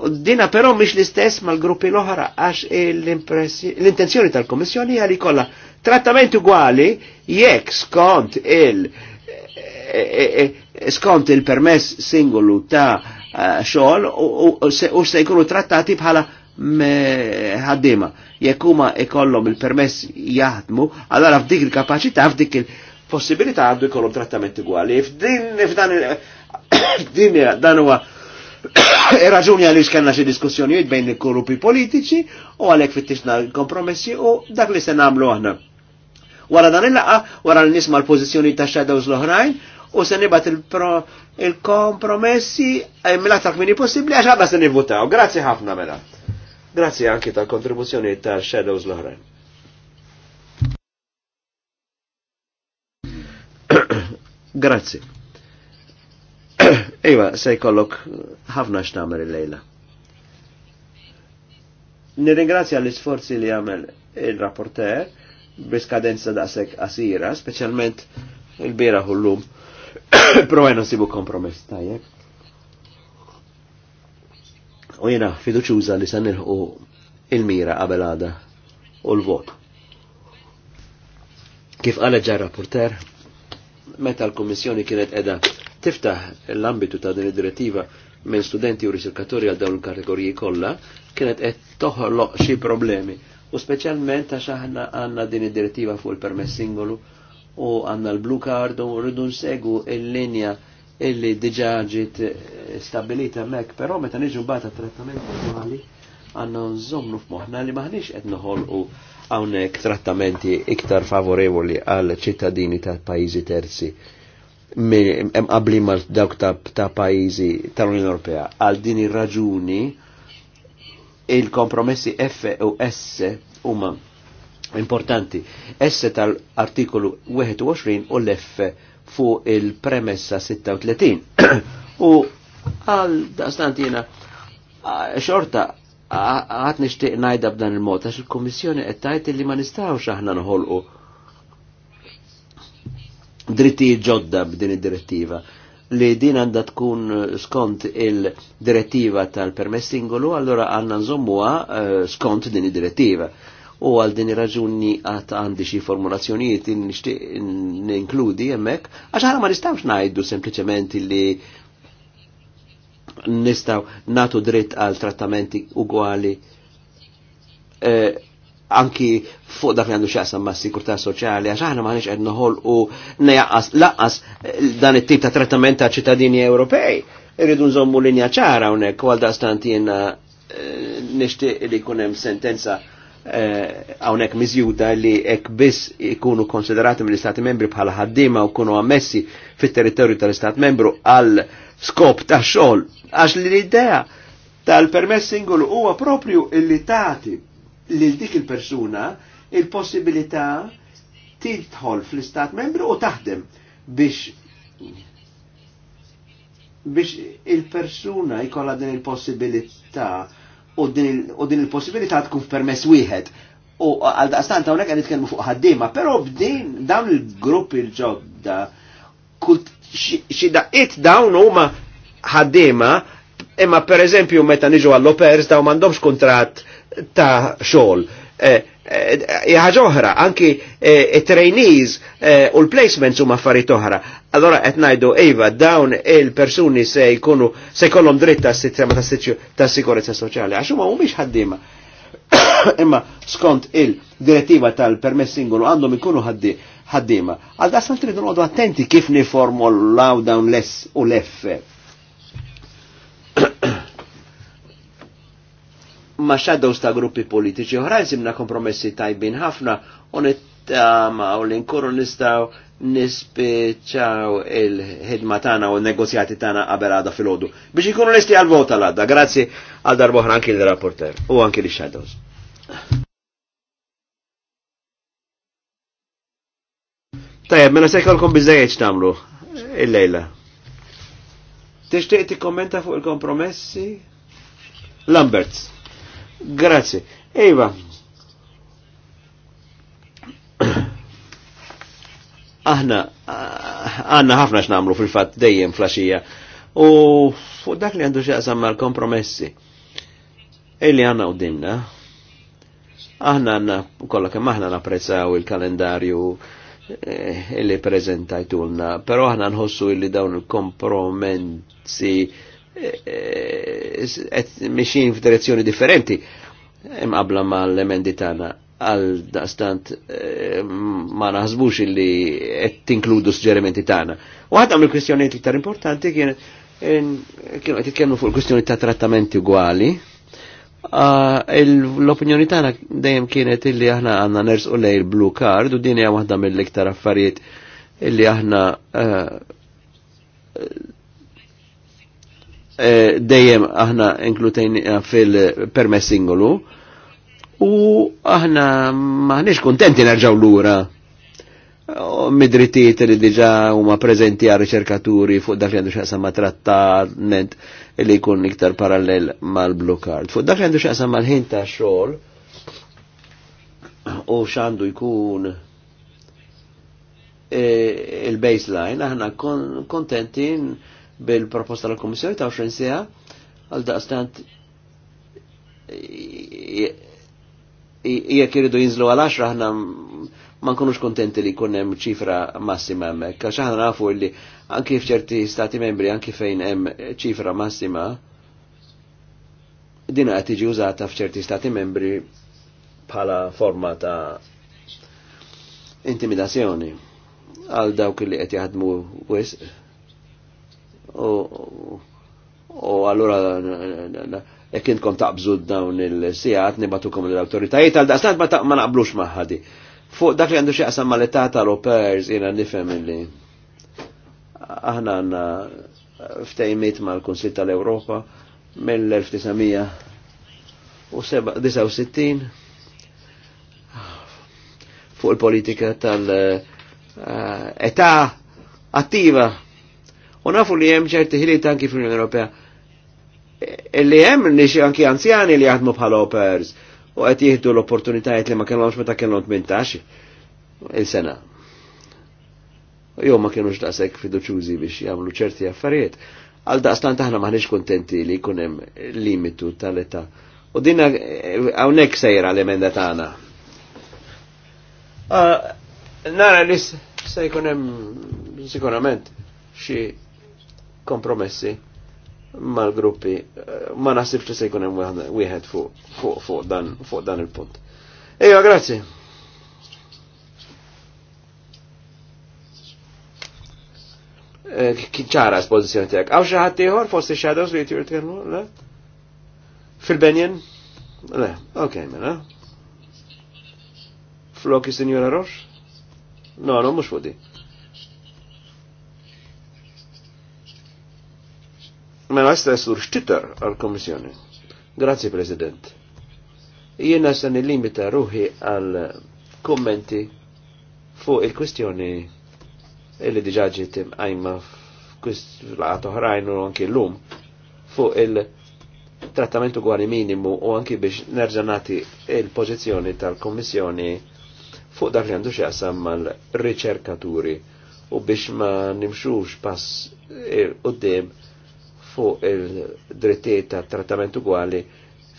Dina però mhix l-istess mal-gruppi l-oħra għax l-intenzjoni tal-Kommissjoni għal ikolla trattamenti gwali jekk skont il- e- e- e- skont il-permess singolu ta' eh, xogħol u se jkunu trattati bħala ħaddiema jekk huma ikollhom il-permess jaħdmu, allora f'dik il-kapaċità f'dik il-possibilità għandu jkollhom trattament igwali. F'din f'dan dan huwa raġuni għaliex kellna xi diskussjonijiet bejn il-gruppi politiċi u għalhekk fittixna kompromessi u dak li se nagħmlu aħna. Wara dan il-laqa, wara li nisma' l-pożizzjoni ta' shadows l-oħrajn, u se nibat il-kompromessi il kompromessi eh, mill aktar kmini possibli għax għabba se nivvutaw. Grazzi ħafna mela. Grazzi anki tal-kontribuzzjoni tal-Shadows l-oħrajn. Grazzi. Iva, se jkollok ħafna x'tagħmel il-lejla. Nirringrazzja l-isforzi li għamel il-rapporter b'iskadenza daqshekk qasira, speċjalment il-bira hullum. Provajna sibu kompromess tajjeb u jena fiduċuża li san nilħu il-mira qabelada għada u l-vot. Kif għala ġar rapporter, meta l komissjoni kienet edha tiftaħ l-ambitu ta' din id-direttiva minn studenti u riserkaturi għal dawn il-kategoriji kollha, kienet qed toħloq xi problemi. U speċjalment għax aħna għandna din id-direttiva fuq il-permess singolu u għandna l-blue card u rridu nsegu il-linja il linja illi diġa ġiet eh, stabilita mek, però meta niġu bata trattament normali għanna nżomnu f'moħna li maħniex qed u hawnhekk trattamenti iktar favorevoli għal ċittadini ta' pajjiżi terzi hemm qabli ma dawk ta' pajjiżi tal-Unjoni Ewropea. Għal din ir-raġuni il-kompromessi F u S huma importanti. S tal-artikolu 21 u l-F fuq il-premessa 36. U għal jena xorta għat nishtiq najda b'dan il-mod, għax il-Komissjoni qed tajt li ma nistgħux aħna nħolqu dritti ġodda b'din id-direttiva li din għanda tkun skont il-direttiva tal-permess singolu, allora għanna nżommuha eh, skont din id-direttiva u għal din raġuni għat għandi xi formulazzjonijiet ninkludi hemmhekk għax ma nistgħux ngħidu sempliċement li nistaw natu dritt għal trattamenti uguali eh, anki fuq dak li għandu xaqsa ma' sikurta soċjali, għax aħna nix qed noħol u nejaqqas laqqas eh, dan it-tip ta' trattament ta' ċittadini Ewropej. Irridu nżommu linja ċara hawnhekk għal da' stantina eh, nixtieq li jkun hemm sentenza hawnhekk eh, miżjuda li hekk biss ikunu konsiderati mill-Istati membri bħala ħaddiema u kunu ammessi fit-territorju tal-Istat membru għal skop ta' xogħol għax li l-idea tal-permess singolu huwa propju illi tagħti lil dik il-persuna il-possibilità tidħol fl-istat membru u taħdem biex biex il-persuna jkollha din il-possibilità u din il-possibilità tkun f'permess wieħed. U għal daqstant hawnhekk għan nitkellmu fuq ħaddima, pero b'din dawn il-grupp il-ġodda kult xi daqqiet dawn ma ħaddima, imma per eżempju meta niġu għall-opers daw mandomx kontrat ta' xol. Eh, Eh, ħaġa oħra, anki eh, trainees eh, u l-placements huma affarijiet oħra. Allora qed ngħidu iva, dawn il-persuni se jkunu se jkollhom dritt tas-sistema tas-sikurezza soċjali għax huma mhumiex ħaddima. Imma skont il-direttiva tal-permess singolu għandhom ikunu ħaddima. Għal dasma tridu għadu attenti kif niformulaw dawn l-S u l-F ma xaddows ta' gruppi politiċi oħrajn simna kompromessi tajbin ħafna u nittama u l-inkuru nistaw nispiċaw il-ħidma tana u negozjati tana għaberada fil-ħodu. Biex ikunu listi għal-vota l-għadda, grazzi għal darboħra anki l-rapporter u anki l-shadows. Tajab, mela sekkolkom bizzajieċ tamlu il-lejla. Tishtiq ti kommenta fuq il-kompromessi? Lamberts. Grazie. Eva. Aħna għanna ħafna x'namlu fil-fatt dejjem flaxija. U fuq dak li għandu x'jaqsam mal-kompromessi. Illi għanna u dimna. Aħna għanna kollha kemm aħna napprezzaw il-kalendarju eh, illi prezentajtulna, però aħna nħossu illi dawn il-kompromessi Eh, eh, mixin f'direzzjoni differenti imqabla ma l-emendi tagħna għal daqstant eh, ma naħsbux illi qed tinkludu suġġerimenti tagħna. U għadha mill kwistjonijiet iktar importanti kien kienu qed jitkellmu fuq kwistjoni ta' trattamenti ugwali. Ah, l-opinjoni tagħna dejjem kienet illi aħna għandna nersqu lej il-blue card u din hija waħda mill-iktar affarijiet illi aħna Eh, dejjem aħna inklutejna eh, fil-permess singolu u aħna maħniex kontenti nerġaw lura eh, midritiet li diġa huma prezenti għal riċerkaturi fuq dak li għandu xaqsam ma' trattament li jkun iktar parallel mal-blue card. Fuq dak li għandu xaqsam mal-ħin ta' xogħol u xandu jkun il-baseline aħna kontenti kon bil-proposta tal komissjoni ta' 20 sija għal daqstant jekk iridu jinżlu għal 10 aħna ma nkunux kontenti li jkun hemm ċifra massima hemmhekk għax aħna nafu li anki f'ċerti stati membri anki fejn hemm ċifra massima din qed tiġi użata f'ċerti stati membri bħala forma ta' intimidazzjoni għal dawk li qed jaħdmu wisq u allura jekk intkom taqbżu dawn il-sijat nibatukom l-autoritajiet għal daqstant ma naqblux maħħadi. Fuq dak li għandu xie qasam mal-età tal-opers jena nifem li aħna għanna ftejmiet mal-Konsil tal-Europa mill-1969 fuq il-politika tal-età eh, attiva U nafu li jem ċerti ħiliet anki fl-Unjoni Ewropea. E, li jem nix anki anzjani li jgħadmu bħal opers u qed jieħdu l-opportunitajiet li ma kellhomx meta kellhom 18 il-sena. Jo ma kienux daqshekk fiduċuzi biex jagħmlu ċerti affarijiet. Għal daqstant aħna maħniex kontenti li jkun hemm limitu tal-età. U dinna e, hawnhekk sejra l-emenda tagħna. Ah, nara li se jkun hemm sikurament xi kompromessi mal-gruppi ma nasibx li se jkun hemm wieħed fuq dan fuq dan il-punt. Ejja, grazzi. Eh, ċara esposizjoni tiegħek. Għaw xi ħadd ieħor fost shadows li jtjur tkellmu, le? Fil-Benjen? Le, ok, mela. Floki Sinjora Roche? No, no, mhux fuq Mela jista' jsur xtitar għal-Komissjoni. Grazzi, President. Jiena se nillimita ruħi għal kommenti fuq il-kwistjoni illi diġa ġiet imqajma f'laqat oħrajn u anki llum fuq il-trattament ugwali minimu u anki biex nerġa' nagħti il-pożizzjoni tal-Kommissjoni fuq dak li għandu x'jaqsam mal-riċerkaturi u biex ma nimxux pass eh, qudiem fuq il-drittijiet ta' trattament ugwali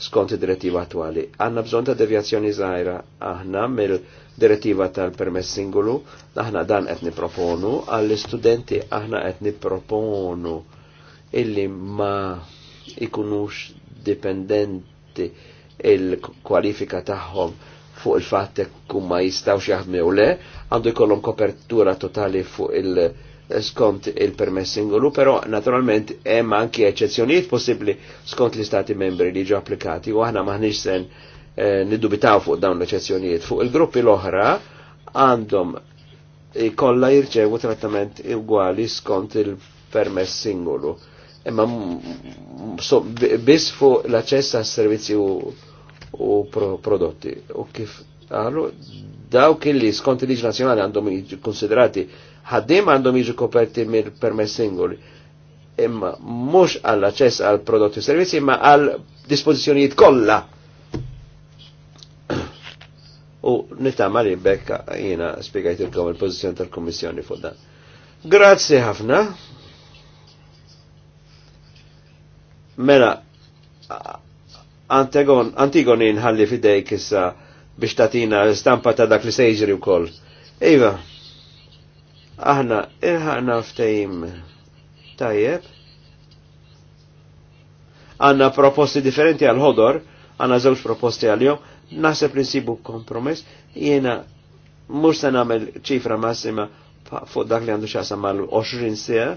skont id-direttiva attuali. Għanna bżon ta' devjazzjoni zaħira aħna mill-direttiva tal-permess singolu, aħna dan qed niproponu, għall-istudenti aħna qed niproponu illi ma ikunux dipendenti il-kwalifika tagħhom fuq il-fatt kumma jistgħu jistawx jaħdmu le, għandu jkollhom kopertura totali fuq il- skont il-permess singolu, pero naturalment hemm anki eċezzjonijiet possibbli skont l-istati membri li ġo applikati u aħna maħniex sen eh, niddubitaw fuq dawn l eċezzjonijiet Fuq il-gruppi l-oħra għandhom kollha jirċevu trattament ugwali skont il-permess singolu. Imma so, biss fuq l-aċċess għas servizzi u, u pro prodotti. U kif għalu dawk illi skont il-liġi nazjonali għandhom jiġu konsiderati ħaddim għandhom jiġu koperti mill permess singoli imma mhux għall aċċess għal prodotti u servizzi imma għal dispożizzjonijiet kollha. u nittama li bekka jiena spiegajt ilkom il-pożizzjoni tal-Kummissjoni fuq dan. Grazzi ħafna. Mela, Antigon, Antigoni nħalli fidejk issa biex tatina l stampa ta' dak li sejġri u koll. Iva, aħna irħana ftejim tajjeb, għanna proposti differenti għal-ħodor, għanna zewġ proposti għal-jom, naħseb li nsibu kompromess, jena mux se namel ċifra massima fuq dak li għandu xasa mal-20 sija.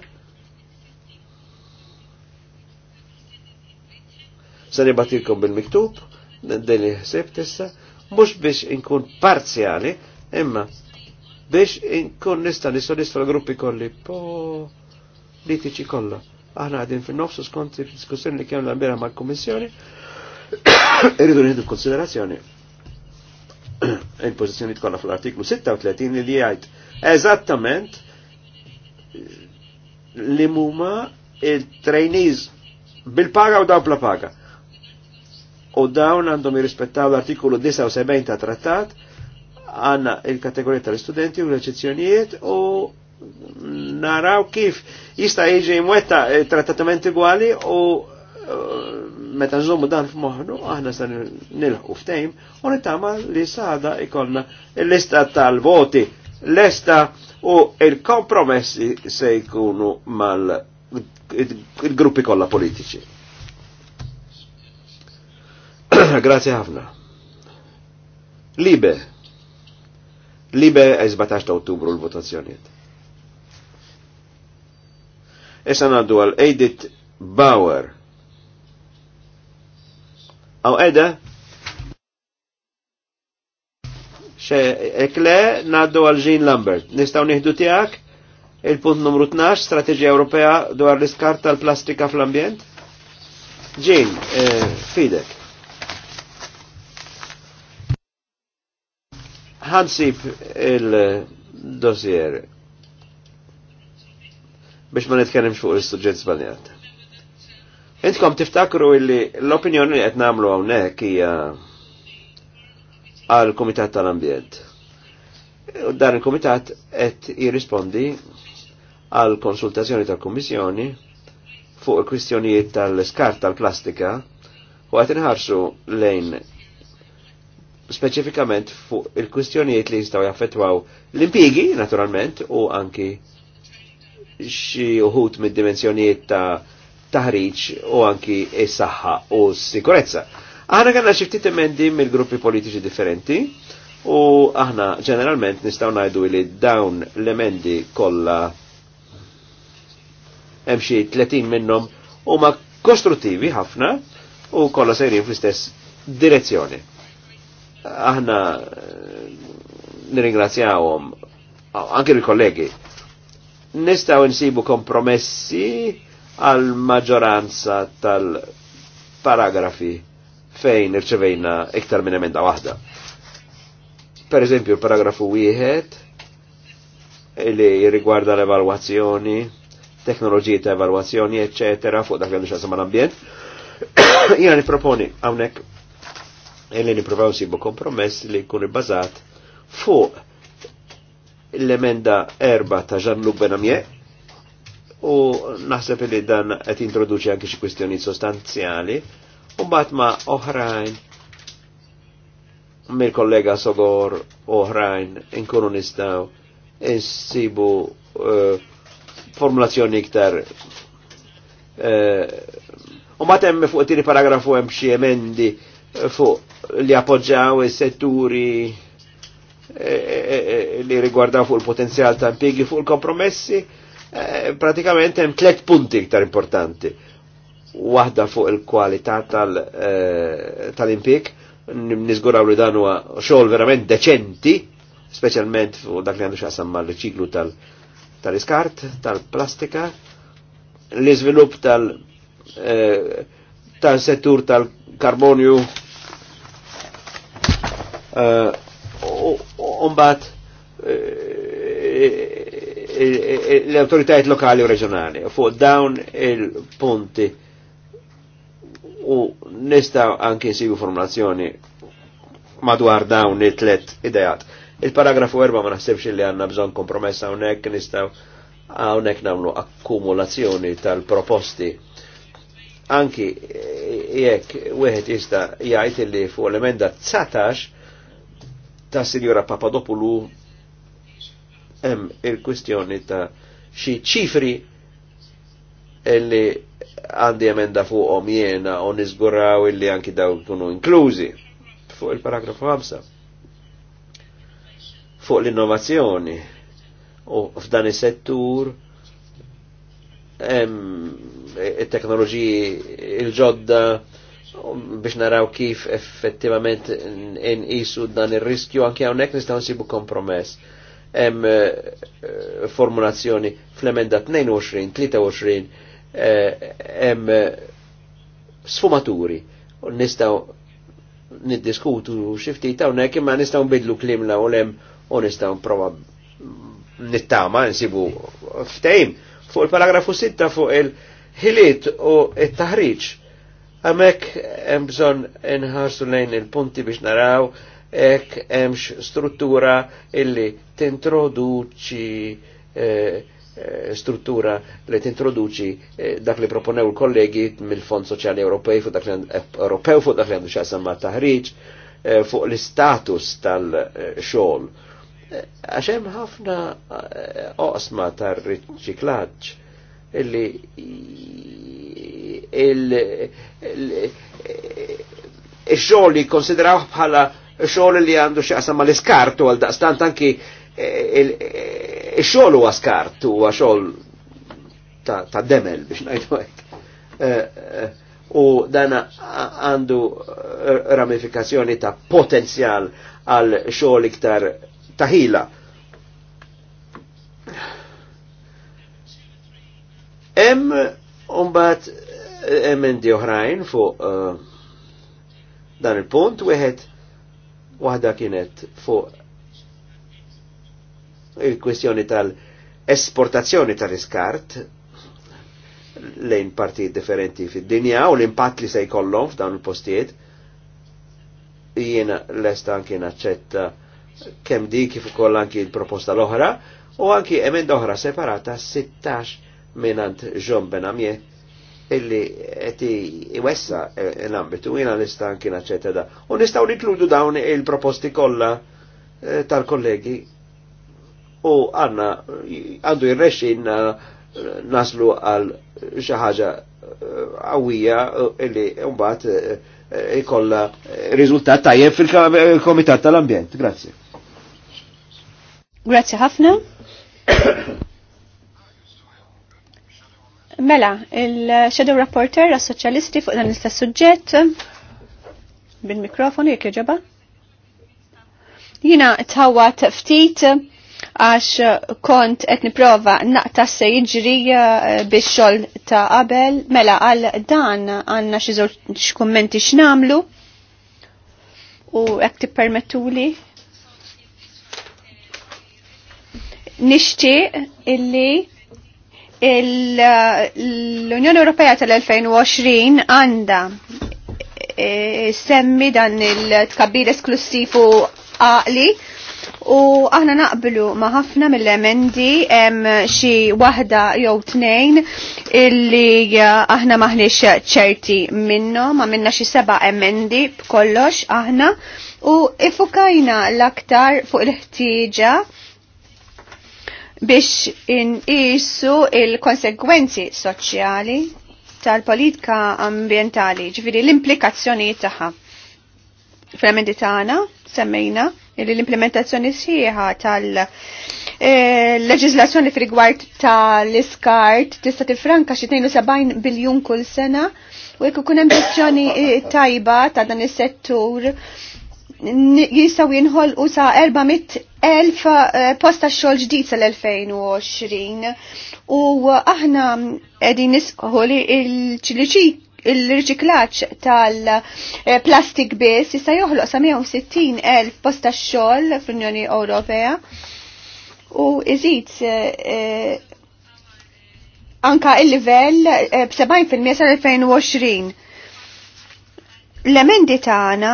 Se nibatilkom bil-miktub, d-deli ħsib tista' mhux biex inkun parziali, imma biex inkun nista' nisodisfa l-gruppi kolli politiċi kolla. Aħna għadin fin-nofsu skonti il-diskussjoni li kemm l mal komissjoni irridu nħidu konsiderazzjoni il-pozizjoni tkolla fl-artiklu 36 li jgħid eżattament li muma il-trainees bil-paga u daw bla paga u dawn għandhom jirrispettaw l-artikolu 79 ta' trattat għanna il-kategorija tal-istudenti u l-eċezzjonijiet u naraw kif jista' jiġi mwetta eh, trattatament igwali u eh, meta nżommu dan f'moħħnu aħna san nilħu ftejm u nittama li sada ikonna l-lista tal-voti, l-lista u il-kompromessi se jkunu mal-gruppi kollha politiċi. Grazie ħafna. Libe. Libe 17 ta' ottubru l-votazzjoniet. E Issa għaddu għal Edith Bauer. Aw edha? Xe, ekle naddu għal Jean Lambert. Nistaw nieħdu tijak e il-punt numru 12, Strategija Ewropea dwar l-iskart tal-plastika fl-ambjent. Jean, eh, fidek. ħansib il-dossier biex ma nitkellimx fuq l suġġett sbaljat. Intkom tiftakru illi l-opinjoni li qed nagħmlu hawnhekk hija għal Kumitat tal-Ambjent. U dan il-Kumitat qed jirrispondi għal konsultazzjoni tal-Kummissjoni fuq il-kwistjonijiet tal-skart tal-plastika u qed inħarsu lejn speċifikament fuq il-kwistjonijiet li jistaw jaffetwaw l-impigi, naturalment, u anki xi uħut mid-dimensjonijiet ta' taħriġ u anki s saħħa u s-sikurezza. Aħna għanna xifti emendi mill-gruppi politiċi differenti u aħna ġeneralment nistaw najdu li dawn l-emendi kollha hemm xi 30 minnhom huma kostruttivi ħafna u kollha sejrin fl-istess direzzjoni aħna eh, nirringrazzjawhom anke l-kollegi. Nistgħu nsibu kompromessi għal maġġoranza tal-paragrafi fejn irċevejna iktar minn emenda waħda. Per eżempju, paragrafu wieħed li rigwarda l-evalwazzjoni, teknoloġiji ta' evalwazzjoni, eccetera, fuq dak li għandu l-ambjent. Jena niproponi hawnhekk Illi niprofaw sibu kompromess li jkun bazat fuq l-emenda erba ta' Jean-Luc Benamie u naħseb li dan għet introduċi anke xie kwestjoni sostanziali u bat ma' oħrajn mill-kollega Sogor oħrajn inkunu nistaw insibu uh, formulazzjoni iktar uh, u bat temmi fuq tiri paragrafu emxie xi emendi fuq li appoġġaw is-setturi e, e, e, li riguardaw fuq il-potenzjal ta' impjegi fuq il-kompromessi, pratikament hemm tliet punti iktar importanti. Waħda fuq il-kwalità tal-impjeg, nizguraw li dan huwa xogħol verament deċenti, speċjalment fuq dak li għandu x'għasam mal-riċiklu tal-iskart, tal iskart tal l-iżvilupp tal-, tal, tal, tal, tal settur tal-karbonju Eh, umbat eh, eh, l-autoritajiet lokali u reġjonali fuq dawn il-punti u nistaw anki nsibu formulazzjoni madwar dawn it-tlet idejat. Il-paragrafu 4 ma naħsibx li għanna bżon kompromessa hawnhekk nistgħu hawnhekk nagħmlu akkumulazzjoni tal-proposti. Anki jekk wieħed jista' jgħid li fuq l-emenda 19 ta' Sinjora Papadopoulou hemm il-kwistjoni ta' xi ċifri illi għandi emenda fuqhom jiena u niżguraw illi anki daw kunu inklużi fuq il-paragrafu 5 fuq l-innovazzjoni u f'dan is-settur hemm it-teknoloġiji il-ġodda il ġodda biex naraw kif effettivament n-isu dan ir-riskju anke hawnhekk nistgħu nsibu kompromess. Hemm eh, formulazzjoni fl-emenda 22, 23 eh, hemm eh, sfumaturi nistgħu niddiskutu xi ftit hawnhekk imma nistgħu nbidlu klimla u lem u nistgħu nprova nittama nsibu ftejn fuq il-paragrafu 6 fuq il-ħiliet u it-taħriġ Għamek hemm bżonn inħarsu lejn il-punti biex naraw hekk hemmx struttura illi tintroduċi eh, eh, struttura li tintroduċi eh, dak li proponew il-kollegi mill-Fond Soċjali Ewropej fuq dak li Ewropew fuq dak li għandu xasam ma' taħriġ fuq l-istatus tal-xogħol. Għax hemm ħafna oqsma tar-riċiklaġġ illi il-xogħol li konsideraw bħala xogħol li għandu x'aqsam mal-iskartu għal daqstant anki eh, eh, il-xogħol huwa skart huwa xogħol ta' demel biex ngħidu hekk. Eh, u dan għandu ramifikazzjoni ta' potenzjal għal xogħol iktar taħila. ħila Hemm umbat eh, emendi oħrajn fuq uh, dan il-punt, wieħed waħda kienet fuq il-kwestjoni tal-esportazzjoni tal-iskart lejn partijiet differenti fid-dinja u l-impatt li se jkollhom f'dawn il-postijiet. Jiena lesta anki naċċetta kemm di kif ukoll anki l-proposta l-oħra u anki emenda oħra separata 16 minant John Benamie illi qed iwessa e, e, l-ambitu jiena nista' anki naċċetta da. U nistgħu nikludu dawn il-proposti kollha e, tal-kollegi u għanna għandu jirrexin naslu għal xaħġa għawija illi umbat ikolla rizultat tajjeb fil-Komitat tal-Ambjent. Grazie. Grazie ħafna. Mela, il-Shadow Rapporter għas soċjalisti fuq dan istess suġġett bil-mikrofonu jekk jġeba. Jina tħawat ftit għax kont qed niprova naqta se jiġri eh, biex xogħol ta' qabel. Mela għal dan għandna xi żewġ kummenti x'namlu u hekk tippermettuli. Nixtieq illi l-Unjoni Ewropea tal-2020 għanda e, semmi dan il-tkabbir esklusivu għaqli u aħna naqblu ma' ħafna mill-emendi hemm xi waħda jew tnejn illi aħna maħniex ċerti minnhom ma minna xi seba' emendi b'kollox aħna u ifukajna l-aktar fuq il-ħtieġa biex inqisu il-konsegwenzi soċjali tal-politika ambientali, ġifiri l-implikazzjoni tagħha. Fremendi emendi tagħna semmejna li l-implementazzjoni sħiħa tal- eh, leġislazzjoni fi rigward tal-iskart tista' tifranka xi 72 biljun kull sena u jekk ikun hemm eh, tajba ta' dan is-settur jistgħu jinħolqu sa 400 elf eh, posta xogħol ġdid sal-2020 u aħna qegħdin nisqħu li l-ċiliċik il-riċiklaċ tal-plastik bis jista' joħloq 160,000 posta xogħol fl-Unjoni Ewropea u iżid eh, anka il-livell eh, b'70% sal-2020. L-emendi tagħna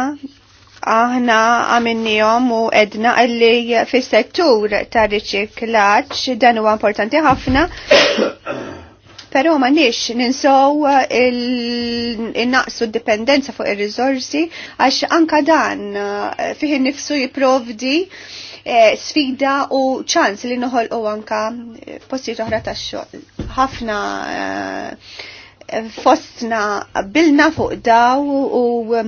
aħna għaminnijom u edna illi fis settur ta' riċiklaċ dan huwa importanti ħafna. Pero ma nix ninsow il-naqsu dipendenza fuq il-rizorsi għax anka dan eh, fih nifsu jiprovdi eh, sfida u ċans li nħol u anka postijiet oħra ta' xogħol. Ħafna eh, fostna bilna fuq daw u, u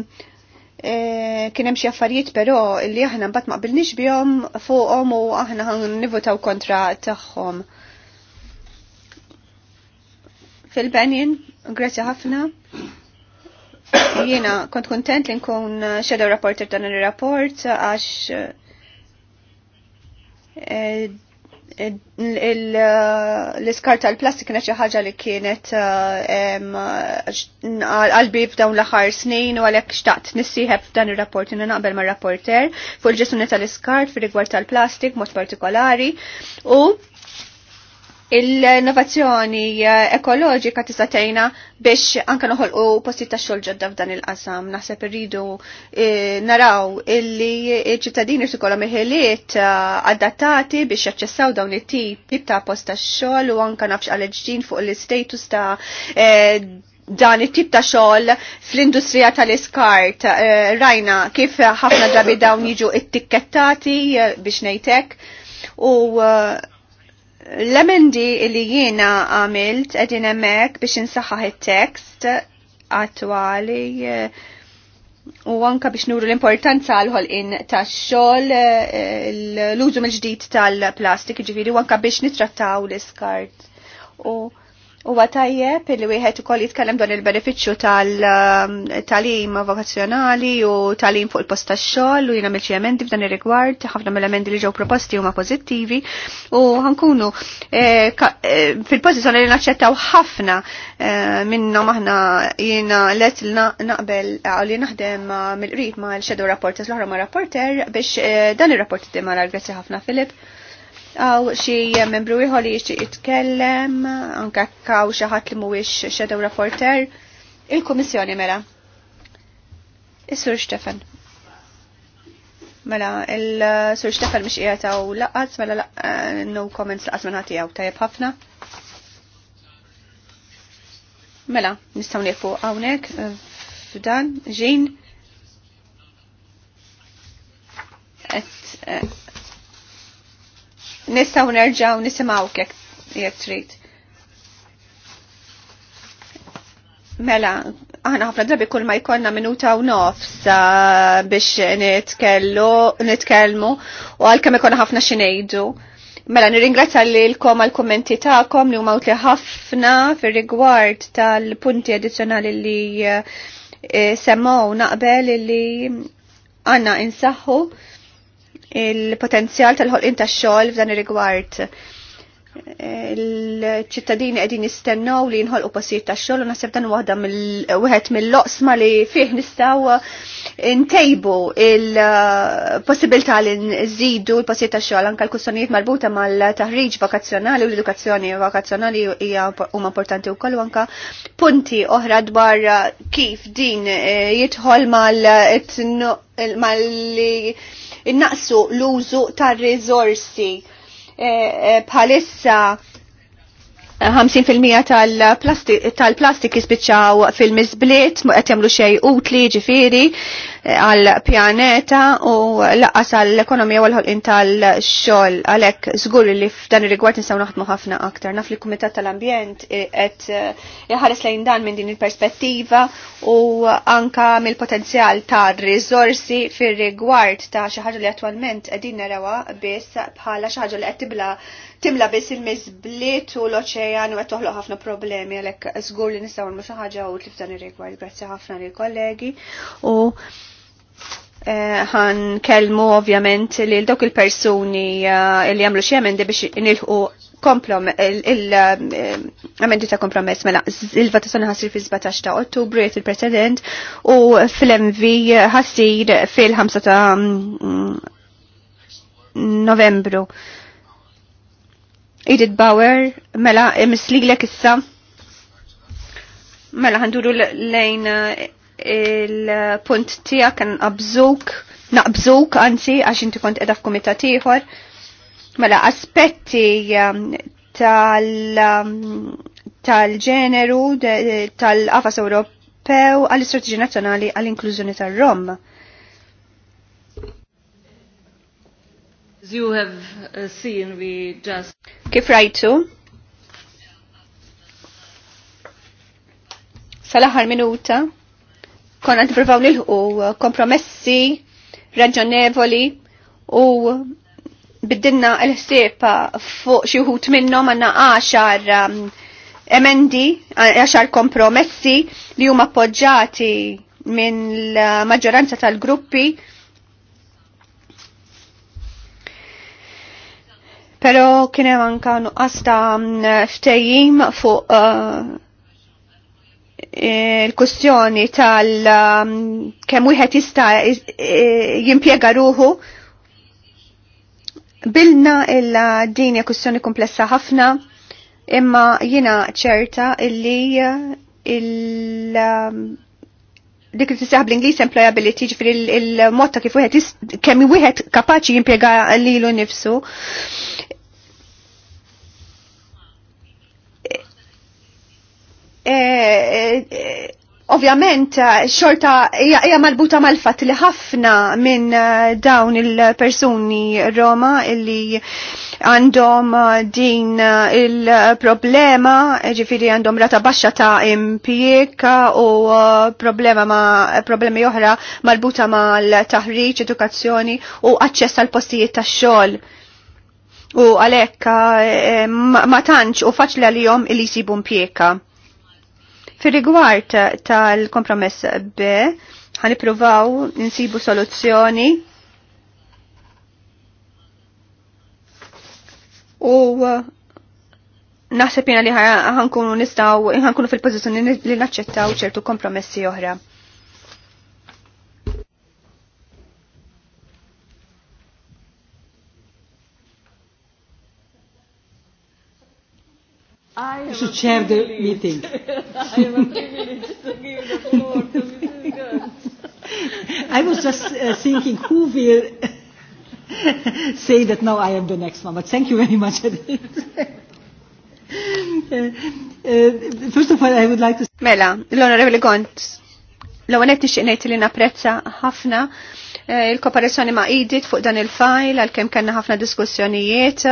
Eh, kien hemm xi affarijiet però li aħna mbagħad ma qbilniex bihom fuqhom u aħna nivutaw kontra tagħhom. Fil-Benin, grazzi ħafna. Jiena kont kontent li nkun shadow rapporter dan ir-rapport għax eh, Eh, l-iskar tal-plastik kienet xi ħaġa li kienet eh, eh, qalbi f'dawn l-aħħar snin u għalhekk xtaqt nissieħeb f'dan ir-rapport inna naqbel mar-rapporter fuq il-ġisuni tal-iskart fir rigward tal-plastik mod partikolari u Il-innovazzjoni eh, ekoloġika tista' tgħinna biex anke noħolqu postijiet ta' xogħol ġodda f'dan il-qasam. Naħseb irridu eh, naraw illi ċ-ċittadini ikollhom il-ħiliet eh, adattati biex jaċċessaw dawn it-tip ta' post ta' xogħol u anke nafx għal fuq l-istatus ta' dan it-tip ta' xogħol fl-industrija tal-iskart. rajna kif ħafna drabi dawn jiġu ittikkettati biex ngħidlek u L-emendi li jiena għamilt edin emmek biex insaħħaħ il-tekst attuali eh, u anka biex nuru l-importanza għal in tax xol eh, l-użu mill-ġdid tal-plastik ġifiri u anka biex nitrattaw l-iskart. U Huwa tajjeb li wieħed ukoll jitkellem dwar il-benefiċċju tal-talim um, vokazzjonali u talim fuq il-post tax-xogħol u jagħmel xi emendi f'dan ir-rigward, ħafna mill-emendi li ġew proposti huma pożittivi u ħankunu eh, eh, fil-pożizzjoni li naċċettaw ħafna eh, minnhom aħna jiena let naqbel li naħdem mill-qrib ma' l-shadow rapporters l-oħra ma' rapporter biex dan ir-rapport għal grazzi ħafna Filip. Għaw xie membru iħor li jitkellem, anke kaw xi ħadd li mhuwiex shadow rapporter. Il-Kummissjoni mela. Is-Sur Stefan. Mela, il-Sur Stefan mhix qiegħed hawn laqqas, mela eh, no comments laqas minn ħadd tajjeb ħafna. Mela, nistgħu nieqfu hawnhekk eh, f'dan ġin. Et, eh, Nistaw nerġaw nisimaw kek jettrit. trid. Mela, aħna ħafna drabi kull ma jkollna minuta u nofs ah, biex nitkellmu u għalkemm ikollna ħafna xi ngħidu. Mela, nirringrazzja lilkom għal kommenti tagħkom li huma li ħafna fir-rigward tal-punti addizzjonali li eh, semmaw naqbel li għanna insaħħu il-potenzjal tal-ħolqin tax-xogħol f'dan ir-rigward il-ċittadini qegħdin jistennew li jinħolqu postijiet tax-xogħol u naħseb dan waħda wieħed mill-loqsma li fih nistgħu ntejbu il-possibilità li nżidu l-postijiet tax-xogħol anke l kussjonijiet marbuta mal-taħriġ vakazzjonali u l-edukazzjoni vakazzjonali hija huma importanti wkoll u anke punti oħra dwar kif din jidħol mal-li innaqsu l-użu tar rizorsi eh, eh, bħalissa 50% eh, tal-plastik jispiċċaw fil-mizbliet, qed jagħmlu xej utli ġifiri, għal-pjaneta u laqas għal ekonomija u l-ħolqin tal-xol għalek zgur li f'dan ir-rigward nistaw naħdmu ħafna aktar. Naf li kumitat tal-ambjent qed jħares eh, lejn dan minn din il-perspettiva u anka mill-potenzjal ta' riżorsi fir-rigward ta' xi ħaġa li attwalment qegħdin narawha biss bħala xi ħaġa li qed tibla timla biss il-miżbliet u l-oċean u qed toħloq ħafna problemi għalhekk żgur li nistgħu nagħmlu xi ħaġa u tlif dan ir-rigward. Grazzi ħafna li kollegi u Eh, ħan eh, kelmu ovvjament li l-dok il-persuni uh, li għamlu xie emendi biex nilħu il-emendi eh, ta' kompromess mela il-votazzjoni ħasir fi 17 ta' ottubru jt il-president u fil-MV ħassir fil-5 ta' mm, novembru. Edith Bauer, mela mislilek issa. Mela ħanduru lejn il-punt tija kan abżuk, naqbżuk anzi, għax inti kont edha f'kumitat ieħor. Mela aspetti um, um, tal-ġeneru, tal-qafas Ewropew għall-Istrateġi Nazzjonali għall-Inklużjoni tar-Rom. you have uh, seen, we just... Kif rajtu? Salaħar minuta konna nipprovaw nilħu uh, kompromessi raġonevoli u biddinna l-ħsieb fuq xi wħud minnhom għandna għaxar um, emendi, għaxar kompromessi li huma appoġġati minn l-maġġoranza tal-gruppi. Pero kien hemm anke nuqqas ta' ftehim fuq uh, il-kustjoni tal um, kemm wieħed jista' jimpjega ruħu bilna il din hija kustjoni komplessa ħafna imma jiena ċerta illi il um, dik li tisaħ bl-Inglis employability ġifir il-motta kif wieħed kemm wieħed kapaċi jimpjega lilu nifsu Eh, eh, ovvjament, xorta hija marbuta mal-fatt li ħafna minn eh, dawn il-persuni Roma illi għandhom din il-problema, ġifiri għandhom rata baxxa ta' impjek u problema ma' problemi oħra marbuta mal-taħriġ, edukazzjoni u aċċess tal postijiet tax-xogħol. U għalhekk ma tantx u faċla li jom il-li jsibu impjeka. Fir-rigward tal-kompromess B, ħanipruvaw insibu soluzzjoni u naħseb jena li ħankunu nistaw, ħankunu fil-pozizjoni li naċċettaw ċertu kompromessi oħra. I you should chair the meeting. I am privilege to give the floor to Mrs. I was just uh, thinking who will say that now I am the next one, but thank you very much. Uh, uh, first of all, I would like to... Mela, l-Onorevoli Gont, l-għonet nixinajt li naprezza ħafna eh, il-kooperazzjoni ma' idit fuq dan il-fajl, għal-kem kanna ħafna diskussjonijiet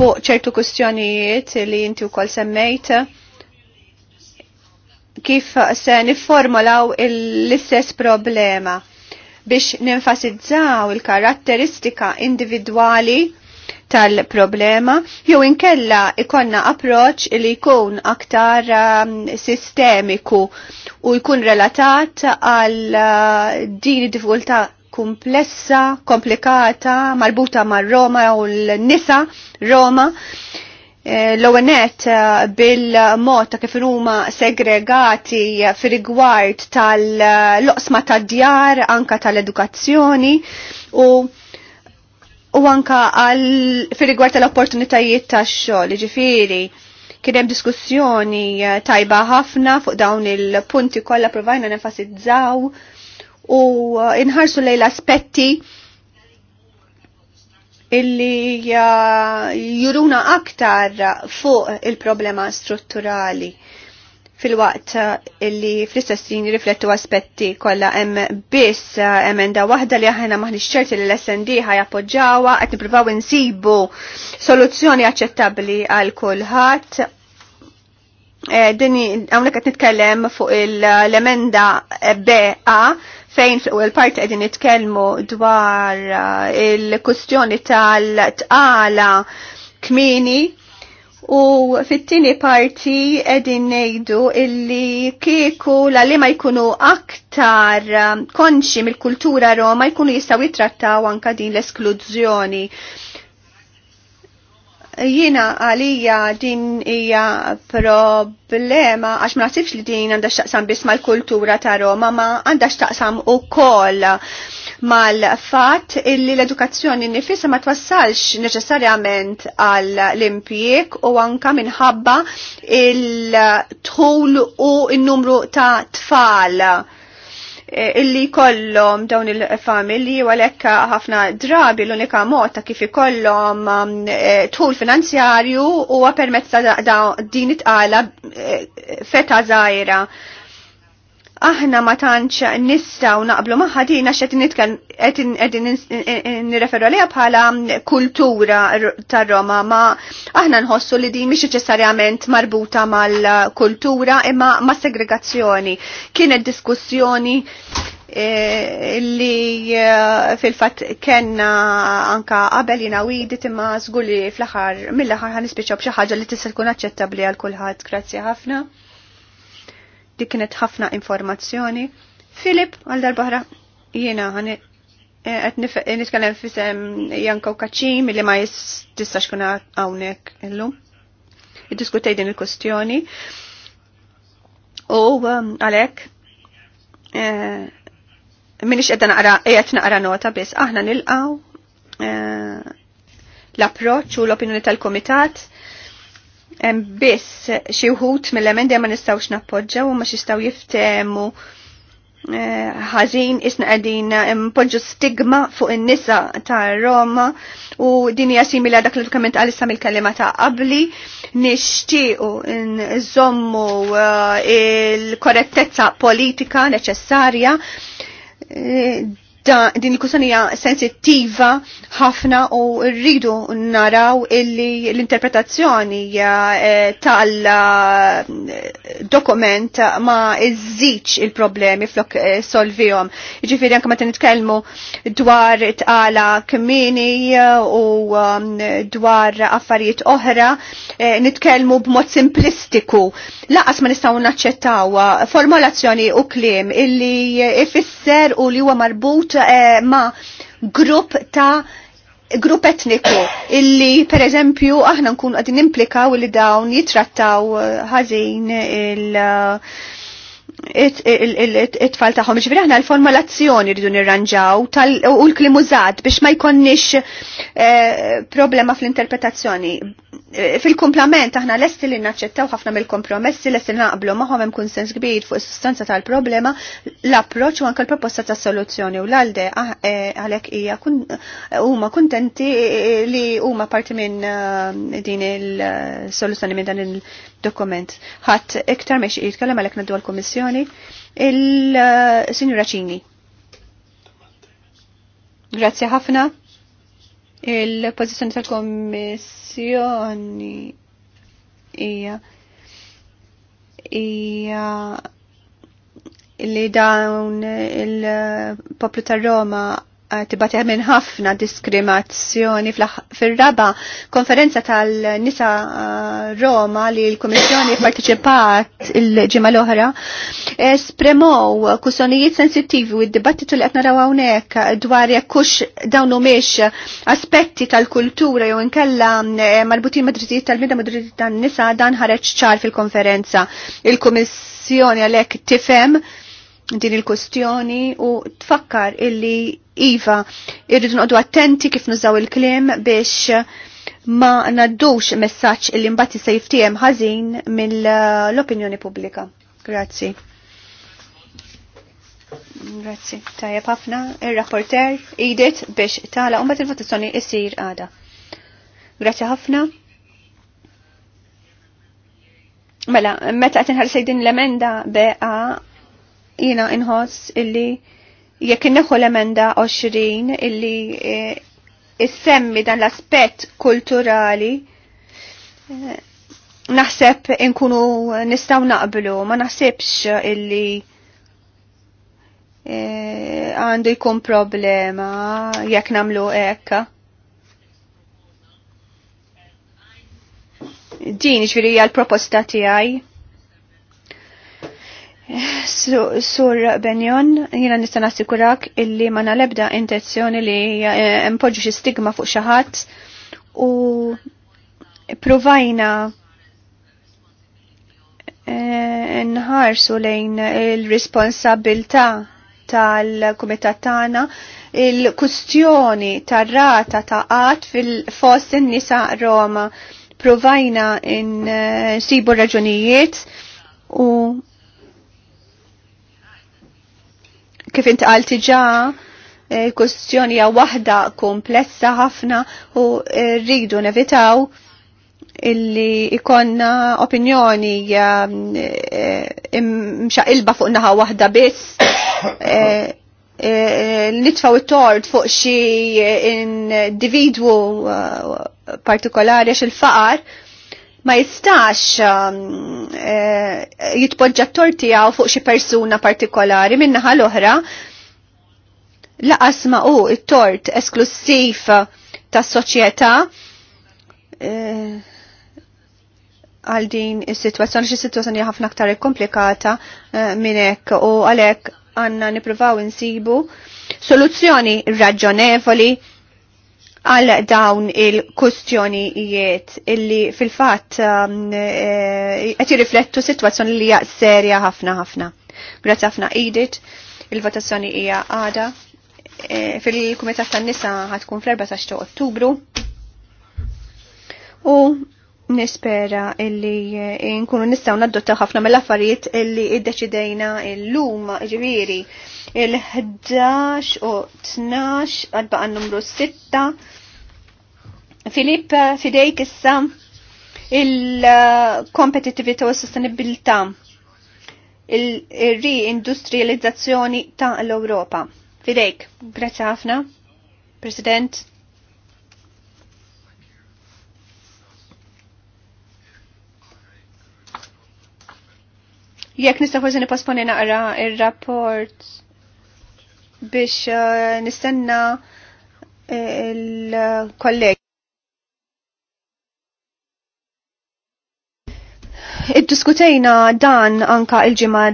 fuq ċertu kustjonijiet li inti wkoll semmejt kif se niformulaw l-istess problema biex ninfasizzaw il-karatteristika individwali tal-problema, jew inkella ikonna approċ li jkun aktar um, sistemiku u jkun relatat għal uh, din id-diffikultà komplessa, komplikata, marbuta ma' Roma u l-nisa Roma. Eh, L-ONET eh, bil-mod ta' kif huma segregati fil rigward tal-loqsma tad-djar, anka tal-edukazzjoni u u anka għal rigward tal-opportunitajiet tax-xogħol, ġifiri kien hemm diskussjoni eh, tajba ħafna fuq dawn il-punti kollha provajna nenfasizzaw u uh, inħarsu lejl aspetti illi juruna aktar fuq il-problema strutturali fil-waqt uh, illi fl-istess riflettu aspetti kollha hemm biss uh, emenda waħda li aħna maħniex ċerti li l-SND ħajappoġġawha qed nippruvaw insibu soluzzjoni aċċettabbli għal kulħadd. Eh, dini hawnhekk qed nitkellem fuq l-emenda BA fejn fuq il-part qegħdin nitkellmu dwar eh, il-kustjoni tal-tqala kmini U fit-tieni parti qegħdin ngħidu illi kieku l ma jkunu aktar eh, konxi mill-kultura Roma jkunu jistgħu jittrattaw anka din l-esklużjoni. Jiena għalija din hija problema għax ma nasibx li din għandha x'taqsam biss mal-kultura ta' Roma, ma għandha x'taqsam ukoll mal-fatt illi l-edukazzjoni nifisa ma twassalx neċessarjament għal l u anka minħabba il-tħul u n-numru ta' tfal Eh, illi kollom dawn il-familji u għalhekk ħafna drabi l-unika mod ta' kif ikollhom um, eh, tħul finanzjarju huwa għapermetta ta' din it eh, feta żgħira aħna ma tantx nistgħu naqblu magħha din għax qed nirreferu għaliha bħala kultura tar-Roma ma aħna nħossu li din mhix neċessarjament marbuta mal-kultura imma ma' segregazzjoni. Kienet diskussjoni e, li e, fil-fat kenna anka qabel jina widit imma żgulli fl-aħħar mill-aħħar ħanispiċċaw b'xi ħaġa li tista' tkun aċċettabbli għal kulħadd. Grazzi ħafna dik kienet ħafna informazzjoni. Filip, għal darbaħra, jiena għani eh, għet eh, nitkellem fisem Janko Kaċim li ma jististax kuna għawnek illum. Id-diskutej din il-kustjoni. U um, għalek, eh, minix edda naqra, ejet naqra nota bis, aħna nilqaw l-approċ u l-opinjoni tal-komitat biss xi wħud mill-emendi ma nistgħux nappoġġaw u ma xistgħu jiftemu eh, ħażin isna qegħdin eh, impoġġu stigma fuq in-nisa ta' Roma u din hija simili dak li kament għalissa mill-kelima ta' qabli nixtiequ nżommu eh, il-korrettezza politika neċessarja da, din il kusanija sensittiva ħafna u rridu naraw illi l-interpretazzjoni eh, tal-dokument eh, ma iżżidx il-problemi flok eh, solvijom. Ġifiri anka ma t-nitkelmu dwar tqala kmini u um, dwar affarijiet oħra, nitkelmu b'mod simplistiku. Laqas ma nistaw naċċettaw formulazzjoni u klim illi ifisser u li huwa marbut Eh, ma' grupp ta' grupp etniku illi per eżempju aħna nkun għadin implikaw li dawn jitrattaw eh, ħażin il- uh, it-tfal taħħom. Ġifiri ħna l-formulazzjoni rridu nirranġaw u l-klim biex ma jkonnix eh, problema fl-interpretazzjoni. Eh, fil-kumplament aħna l-esti li naċċettaw ħafna mill-kompromessi, l-esti li naqblu maħom hemm kunsens kbir fuq is-sustanza tal-problema, l-approċċ u anke l-proposta ta' soluzzjoni u l-għalde ah, eh, għalhekk hija huma kuntenti li huma parti minn din il-soluzzjoni minn dan il-dokument. Ħadd iktar mexqi jitkellem għalhekk naddu għall-Kummissjoni l-Kummissjoni, il-Sinjura Ċini. Grazie ħafna. Il-pozizjoni tal-Kommissjoni hija hija li dawn il-poplu tar-Roma tibati minn ħafna diskriminazzjoni fil-raba konferenza tal-nisa uh, Roma li l-Komissjoni partiċipat il-ġimma l-oħra espremow kussonijiet sensittivi u id-dibattitu li qed naraw hawnhekk dwar jekkux dawn mhumiex aspetti tal-kultura jew inkella eh, marbutin madrizijiet tal-bnedem u tal tan-nisa dan ħareġ ċar fil-konferenza. Il-Kummissjoni għalhekk tifhem din il-kustjoni u tfakkar illi Iva irridu noqdu attenti kif nużaw il-klim biex ma naddux messaċ illi mbatti se jiftiehem ħażin mill-opinjoni pubblika. Grazzi. Grazzi. Tajja ħafna ir-rapporter idet biex tala u mbagħad il-votazzjoni issir għada. Grazzi ħafna. Mela, meta qed inħarsej din l-emenda beqa' jina inħoss illi jekk inneħu l-emenda 20 illi e, issemmi dan l-aspett kulturali e, naħseb inkunu nistaw naqblu, ma naħsebx illi e, għandu jkun problema jekk namlu ekka. Din ġviri għal proposta tijaj. Sur Benjon, jina nistan assikurak illi ma nalebda intenzjoni li eh, mpoġu xi stigma fuq xi ħadd u provajna eh, nħarsu lejn il-responsabilta tal-kumitat tagħna il-kustjoni tar-rata ta' qatt fil-fost in-nisa Roma provajna in eh, sibu raġunijiet u kif inti qalti ġa e, kustjoni hija waħda komplessa ħafna u e, rridu nevitaw illi ikonna opinjoni e, ilba fuq naħa waħda biss nitfaw it-tort fuq xi individwu partikolari xil faqar ma jistax um, eh, jitpoġġa t għaw fuq xi persuna partikolari minnaħa l-oħra laqas ma u it-tort esklusiv tas soċjetà eh, għal din is-sitwazzjoni xi sitwazzjoni ħafna aktar komplikata minnek eh, minn hekk u għalhekk għandna nippruvaw insibu soluzzjoni raġonevoli għal dawn il-kustjonijiet illi fil-fat um, eh, qed riflettu sitwazzjoni li hija serja ħafna ħafna. Grazie ħafna Edith, il-votazzjoni hija għada. Eh, Fil-Kumitat tan-nisa ħatkun fl-14 ta' Ottubru. U nispera illi eh, nkunu nistgħu naddotta ħafna mill-affarijiet illi iddeċidejna illum ġifieri il-11 u 12 għadba għan numru 6. Filip, eh, fidejk issa il-kompetitivita u sostenibilità il-reindustrializzazzjoni ta' l-Europa. Fidejk, grazie ħafna, President. Jek nista' forsi nipposponi naqra il rapport biex uh, nistenna eh, il-kollegi. Id-diskutejna dan anka il-ġimgħa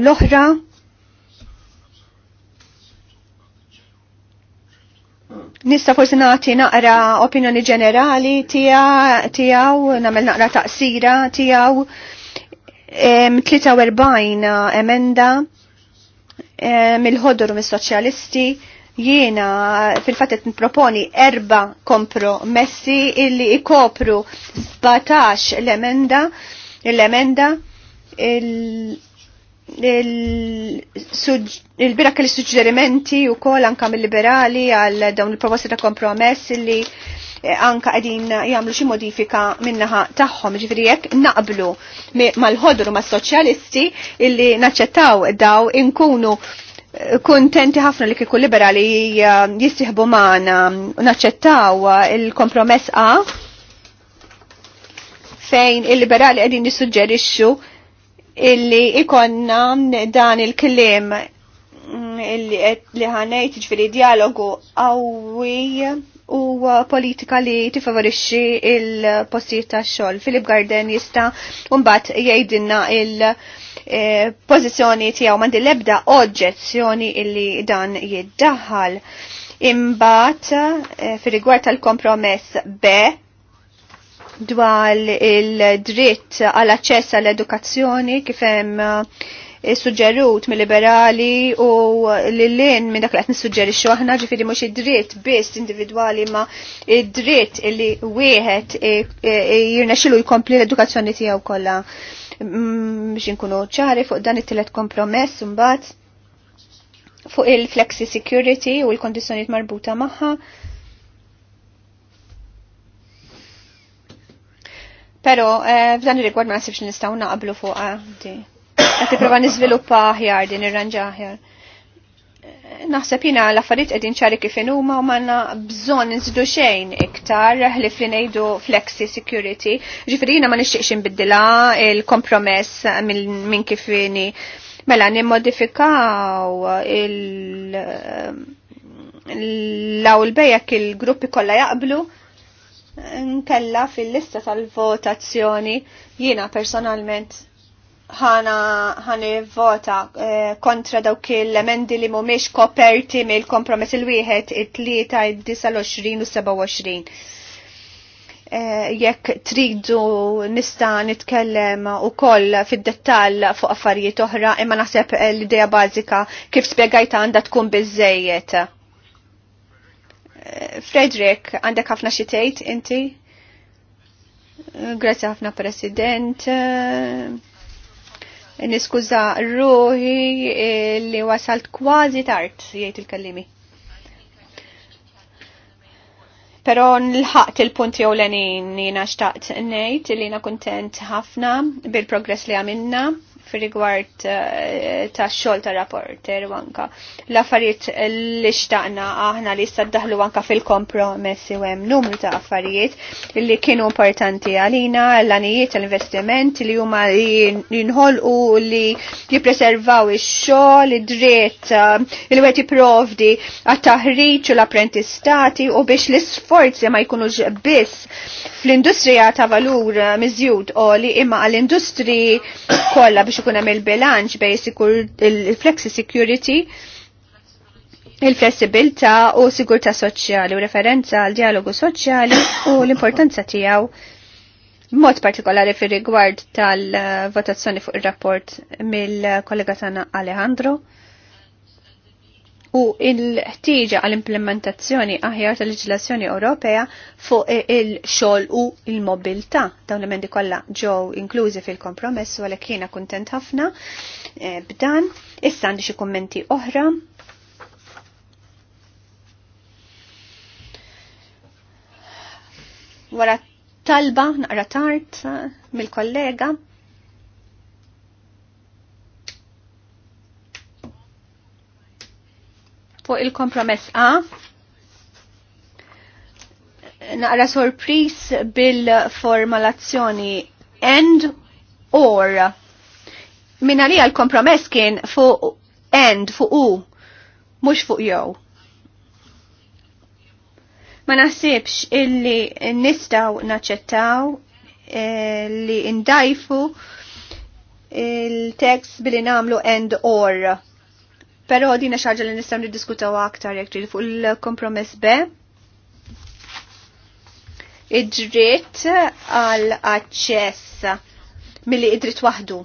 l-oħra. Nista forsi nagħti naqra opinjoni ġenerali tiegħu nagħmel naqra taqsira tiegħu 43 emenda Eh, mill-ħodur u mis-soċjalisti jiena fil-fatet proponi erba kompromessi illi ikopru 17 l-emenda l-emenda il-birak il-suġġerimenti u kol anka mill-liberali għal dawn il-proposti ta' kompromess illi Eh, anka għedin jamlu xi modifika minnaħa tagħhom, ġifieri jekk naqblu mal-ħodru mas-soċjalisti illi naċċettaw daw inkunu eh, kontenti ħafna li kiku liberali eh, jistihbu maħna naċċettaw il-kompromess A fejn il-liberali qegħdin jissuġġerixxu illi ikonna dan il kliem mm, illi li ħanajt ġifiri dialogu qawwi u politika li tifavorixxi il-postijiet ta' xogħol. Philip Garden jista' mbagħad jgħidilna il- eh, pożizzjoni tiegħu mandi lebda oġġezzjoni illi dan jiddaħħal. Imbagħad eh, fir-rigward tal-kompromess B dwar il-dritt għall aċċess għall edukazzjoni kif hemm eh, suġġerut mill-liberali u l-lin minn dak li qed suġġeri xoħna ġifiri mhux id-dritt biss individwali ma id-dritt li wieħed xilu jkompli l-edukazzjoni tiegħu kollha mm, biex inkunu ċari fuq dan it-tielet kompromess imbagħad fuq il-flexi security u l-kondizjoniet marbuta maħħa. Pero, eh, f'dan il-rigward ma nasibx nistaw naqblu fuq eh, di. Għati prova nizviluppa aħjar din ir-ranġa aħjar. Naħseb jina l-affarijiet qegħdin ċari kif huma u manna bżonn nizdu xejn iktar li ngħidu flexi security. Ġifri jina ma nixtieqx inbiddilha il-kompromess minn kif mela nimmodifikaw il- law l-bejek il-gruppi kolla jaqblu, nkella fil-lista tal-votazzjoni jiena personalment ħana ħani vota eh, kontra dawk il emendi li mhumiex koperti mill-kompromess il-wieħed it-tlieta id-29 u 27. Eh, jekk tridu nista nitkellem koll fid-dettall fuq affarijiet oħra, imma naħseb l-idea bażika kif spjegajta għandha tkun bizzejiet. Eh, Frederick, għandek ħafna xitejt inti? Grazie ħafna President niskuża ruħi eh, li wasalt kważi tard jgħid il-kallimi. Pero nlħaqt il-punt jew l-għanin jina xtaqt nejt li jina kontent ħafna bil-progress li għamilna fil-rigward eh, ta' xol ta' rapporter wanka. L-affarijiet li xtaqna aħna li s-saddaħlu wanka fil-kompromessi u hemm numru ta' affarijiet li kienu importanti għalina, l-anijiet l-investiment li huma jinħol u li jipreservaw ix-xol, id-dritt, eh, il-wet provdi għat-taħriġ u l-apprentistati u biex l-isforzi ma jkunux biss fl-industrija ta' valur miżjud oli imma għall-industri kollha biex ikun hemm il-bilanċ bej il-flexi security il-flessibilità u sigurtà soċjali u referenza għal dialogu soċjali u l-importanza tiegħu mod partikolari fir rigward tal-votazzjoni fuq ir-rapport mill-kollega Tana Alejandro u il-ħtieġa għall-implementazzjoni aħjar tal-leġislazzjoni Ewropea fuq il-xogħol u il-mobilità. Dawn l-emendi kollha ġew inklużi fil-kompromess u għalhekk jiena kuntent ħafna eh, b'dan. Issa għandi xi kummenti oħra. Wara talba naqra tard eh, mill-kollega Fuq il-kompromess A, naqra sorpris bil-formalazzjoni and or. Minna li għal-kompromess kien fuq and, fuq u, mux fuq jow. Ma naħsibx illi nistaw naċċettaw eh, li indajfu il-tekst billi namlu and or Pero dina xaġa li nistgħu niddiskutaw aktar jekk fuq il-kompromess B. Id-dritt għal aċċess milli id-dritt waħdu.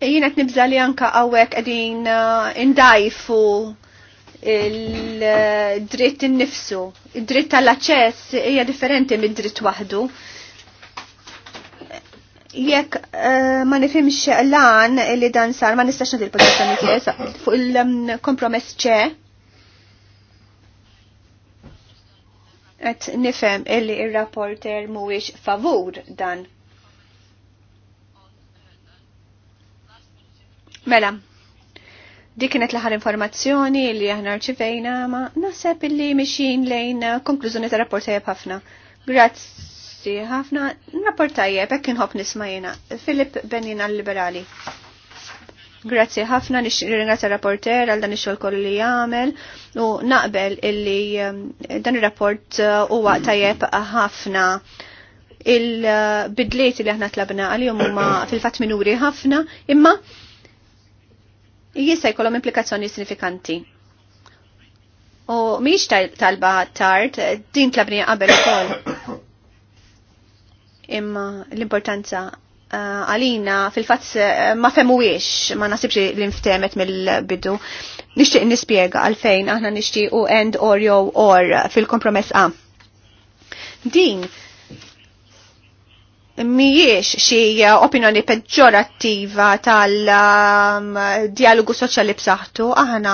Jiena qed nibża li anke hawnhekk qegħdin uh, indajfu il-dritt innifsu. Id-dritt tal-aċċess hija differenti mid-dritt waħdu jekk eh, ma nifimx lan li dan sar, ma nistax nagħti pozizjoni pożizzjoni fuq il-kompromess mm, ċe. Qed nifhem illi il rapporter muwix mhuwiex favur dan. Mela, dik kienet l-aħħar informazzjoni li aħna rċivejna ma naħseb illi mixin lejn eh, konklużjoni tar-rapport tajjeb ħafna. Grazzi. Grazzi ħafna. Rapport tajjeb, hekk inħobb nisma'jina. Filip Benina l-Liberali. Grazzi ħafna ringrazzja rapporter għal dan ix-xogħol li jagħmel u naqbel illi um, dan ir-rapport uh, huwa tajjeb ħafna il-bidliet li aħna tlabna għalihom huma fil-fatt minuri ħafna, imma jista' jkollhom implikazzjoni sinifikanti. U mhix talba tard, din tlabni qabel ukoll imma l-importanza eh, għalina fil-fatt eh, ma femuwiex, ma nasibx li nftemet mill-bidu. Nixtieq nispjega għalfejn aħna nixtiequ end or jow or fil-kompromess A. Din mijiex xi uh, opinjoni peġġorattiva tal-dialogu um, soċjali b'saħħtu, aħna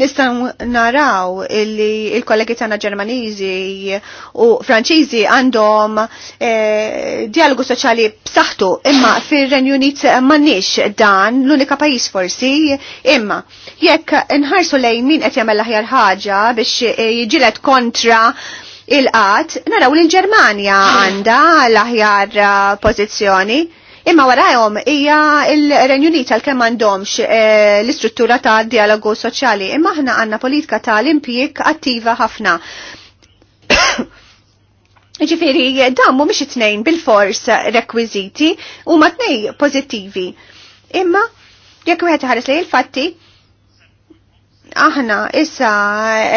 nistgħu naraw illi il-kollegi tagħna Ġermaniżi u Franċiżi għandhom eh, dialogu soċjali b'saħħtu, imma fir-Renju Unit m'għandniex dan l-unika pajjiż forsi, imma jekk nħarsu lejn min qed jagħmel aħjar ħaġa biex jiġilet kontra il-qat, naraw li l germania għanda l-aħjar uh, pozizjoni. Imma warajom hija il-Renju Unit għal-kemm għandhomx uh, l-istruttura ta' dialogu soċjali, imma aħna għandna politika tal impjik attiva ħafna. Ġifiri, dammu mhumiex it nejn bil-fors rekwiżiti huma tnej pożittivi. Imma jekk wieħed ħares lej il-fatti, aħna issa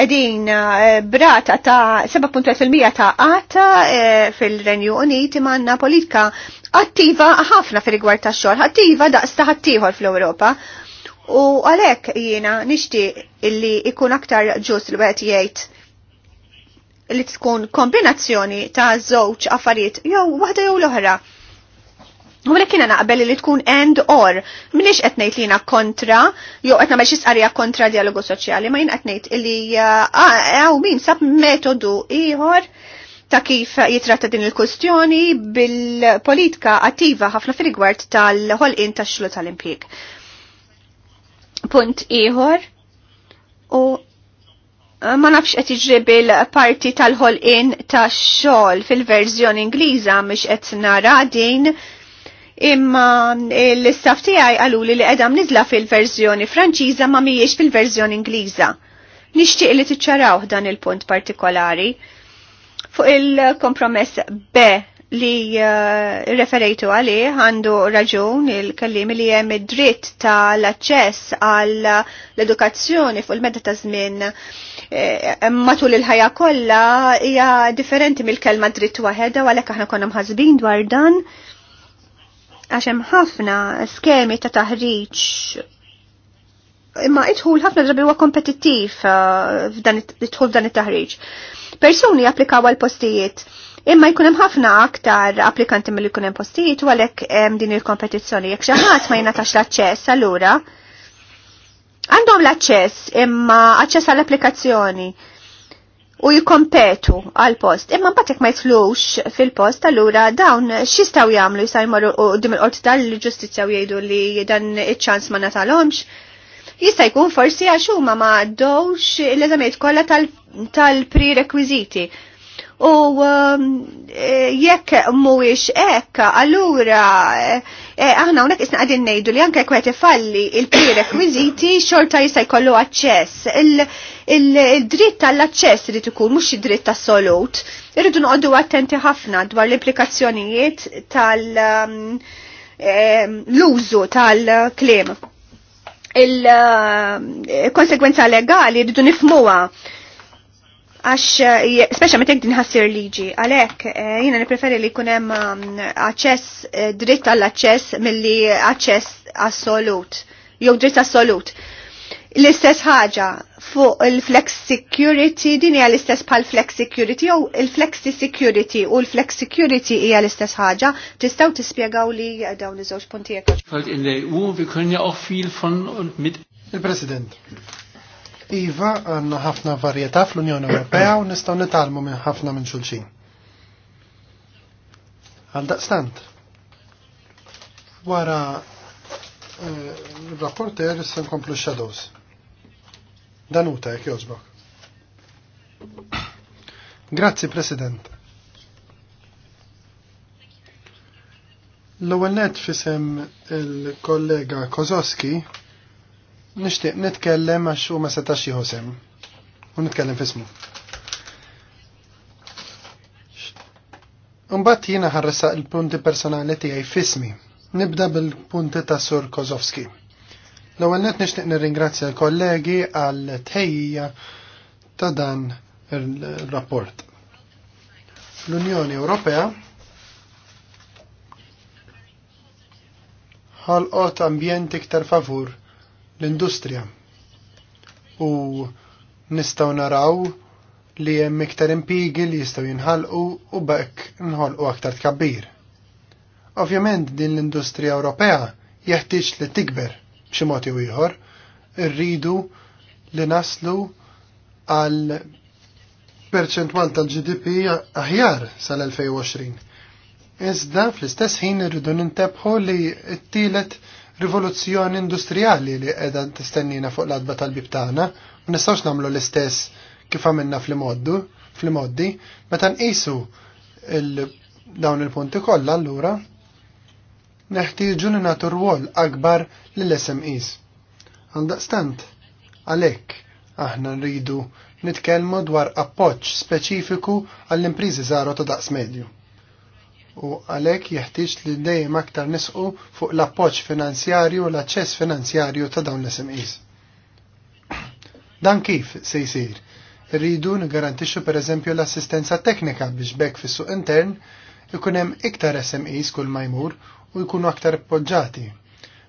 edin eh, brata ta' 7.1% ta' għata eh, fil-Renju Unit manna politika attiva ħafna fil rigward ta' xol, attiva da' ħaddieħor fl-Ewropa. U għalhekk jiena nixtieq illi ikun aktar ġust li wieħed jgħid li tkun kombinazzjoni ta' żewġ affarijiet jew waħda jew l-oħra U l kiena naqbel li tkun end or, minix etnejt li jina kontra, jo etna meċi sqarja kontra dialogu soċjali, ma jina etnejt li għaw min sab metodu iħor ta' kif jitratta din il-kustjoni bil-politika attiva ħafna fil-gwart tal-ħolqin ta' xlu tal-impjeg. Punt iħor, u uh, ma nafx qed iġri bil-parti tal-ħolqin ta' xol fil-verżjoni Ingliża miex qed nara din imma l-istaff tiegħi qalu li qedam nidla fil-verżjoni Franċiża ma mhijiex fil-verżjoni Ingliża. Nixtieq li tiċċarawh dan il-punt partikolari fuq il-kompromess B li eh, referejtu għalih għandu raġun il-kellim li hemm id-dritt tal-aċċess għal l-edukazzjoni fuq il-medda ta' żmien eh, matul il-ħajja kollha hija differenti mill-kelma dritt waħedha għalhekk aħna konna mħasbin dwar dan għax hemm ħafna skemi ta' taħriġ imma idħul ħafna drabi huwa kompetittiv uh, idħul f'dan it-taħriġ. Persuni applikaw għal postijiet imma jkun hemm ħafna aktar applikanti milli jkun hemm postijiet u għalhekk hemm din il-kompetizzjoni jekk xi ħadd ma jingħatax l-aċċess allura għandhom l-aċċess imma aċċess għall-applikazzjoni u jikompetu għal post. Imma jekk ma jitlux fil-post, allura dawn xistaw jamlu jisajmaru u dim il-qort tal-ġustizja u jgħidu li dan iċ-ċans ma natalomx. Jista' jkun forsi għax huma ma għaddowx l-eżamijiet kollha tal-prerequisiti. U um, e, jekk mhuwiex hekk, allura e, aħna hawnhekk isna qegħdin ngħidu li anke jekk falli il-prerequisiti xorta jista' jkollu aċċess il-dritt tal-aċċess irid ikun mhux id-dritt assolut. Irridu noqogħdu attenti ħafna dwar l-implikazzjonijiet tal- um, l-użu tal-klim. Il-konsekwenza um, legali rridu nifmuwa għax eh, speċa meta din ħassir liġi, għalek eh, jina preferi li kunem um, aċċess eh, dritt għall aċċess milli aċċess assolut, jew dritt assolut. L-istess ħaġa fuq il-flex security din hija l-istess bħal flex security jew il flex security u l-flex security hija l-istess ħaġa tistgħu tispjegaw li dawn iż-żewġ punti jekk. Il-President. Iva għandna ħafna varjetà fl-Unjoni Ewropea u nistgħu nitalmu minn ħafna minn xulxin. Għal daqstant. Wara eh, rapporter se nkomplu shadows. Danuta, jek jozbok. Grazzi, President. L-ewwel net fisem il-kollega Kozowski nixtieq nitkellem għax huma ma setax jieħu u nitkellem fismu. Imbagħad jiena ħarresaq il-punti personali tiegħi fismi. Nibda bil-punti ta' Sur Kozowski. L-ewwel net nixtieq nirringrazzja l-kollegi għal tejja ta' dan il-rapport. L-Unjoni Ewropea ħalqot ambjent iktar favur l-industrija u nistaw naraw li hemm iktar impigi li jistgħu jinħalqu u bekk nħolqu aktar tkabbir. Ovvjament din l-industrija Ewropea jeħtieġ li tikber ximoti u ieħor, irridu li naslu għal perċentwal tal-GDP aħjar sal-2020. Iżda fl-istess ħin irridu nintabħu li t-tielet rivoluzzjoni industrijali li qiegħda tistennina fuq l-adba tal-bib tagħna u nistgħux nagħmlu l-istess kif għamilna fl-moddu, fl-moddi, meta nqisu dawn il-punti kollha allura neħtieġu li nagħtu rwol akbar lill-SMEs. Għaldaqstant, għalhekk aħna rridu nitkellmu dwar appoġġ speċifiku għall-impriżi żgħar ta' daqs medju. U għalhekk jeħtieġ li dejjem aktar nisqu fuq l-appoġġ finanzjarju u l-aċċess finanzjarju ta' dawn l-SMEs. Dan kif se jsir? Rridu nigarantixxu pereżempju l-assistenza teknika biex bekk fis-suq intern ikun hemm iktar SMEs kull ma jmur u jkunu aktar poġġati.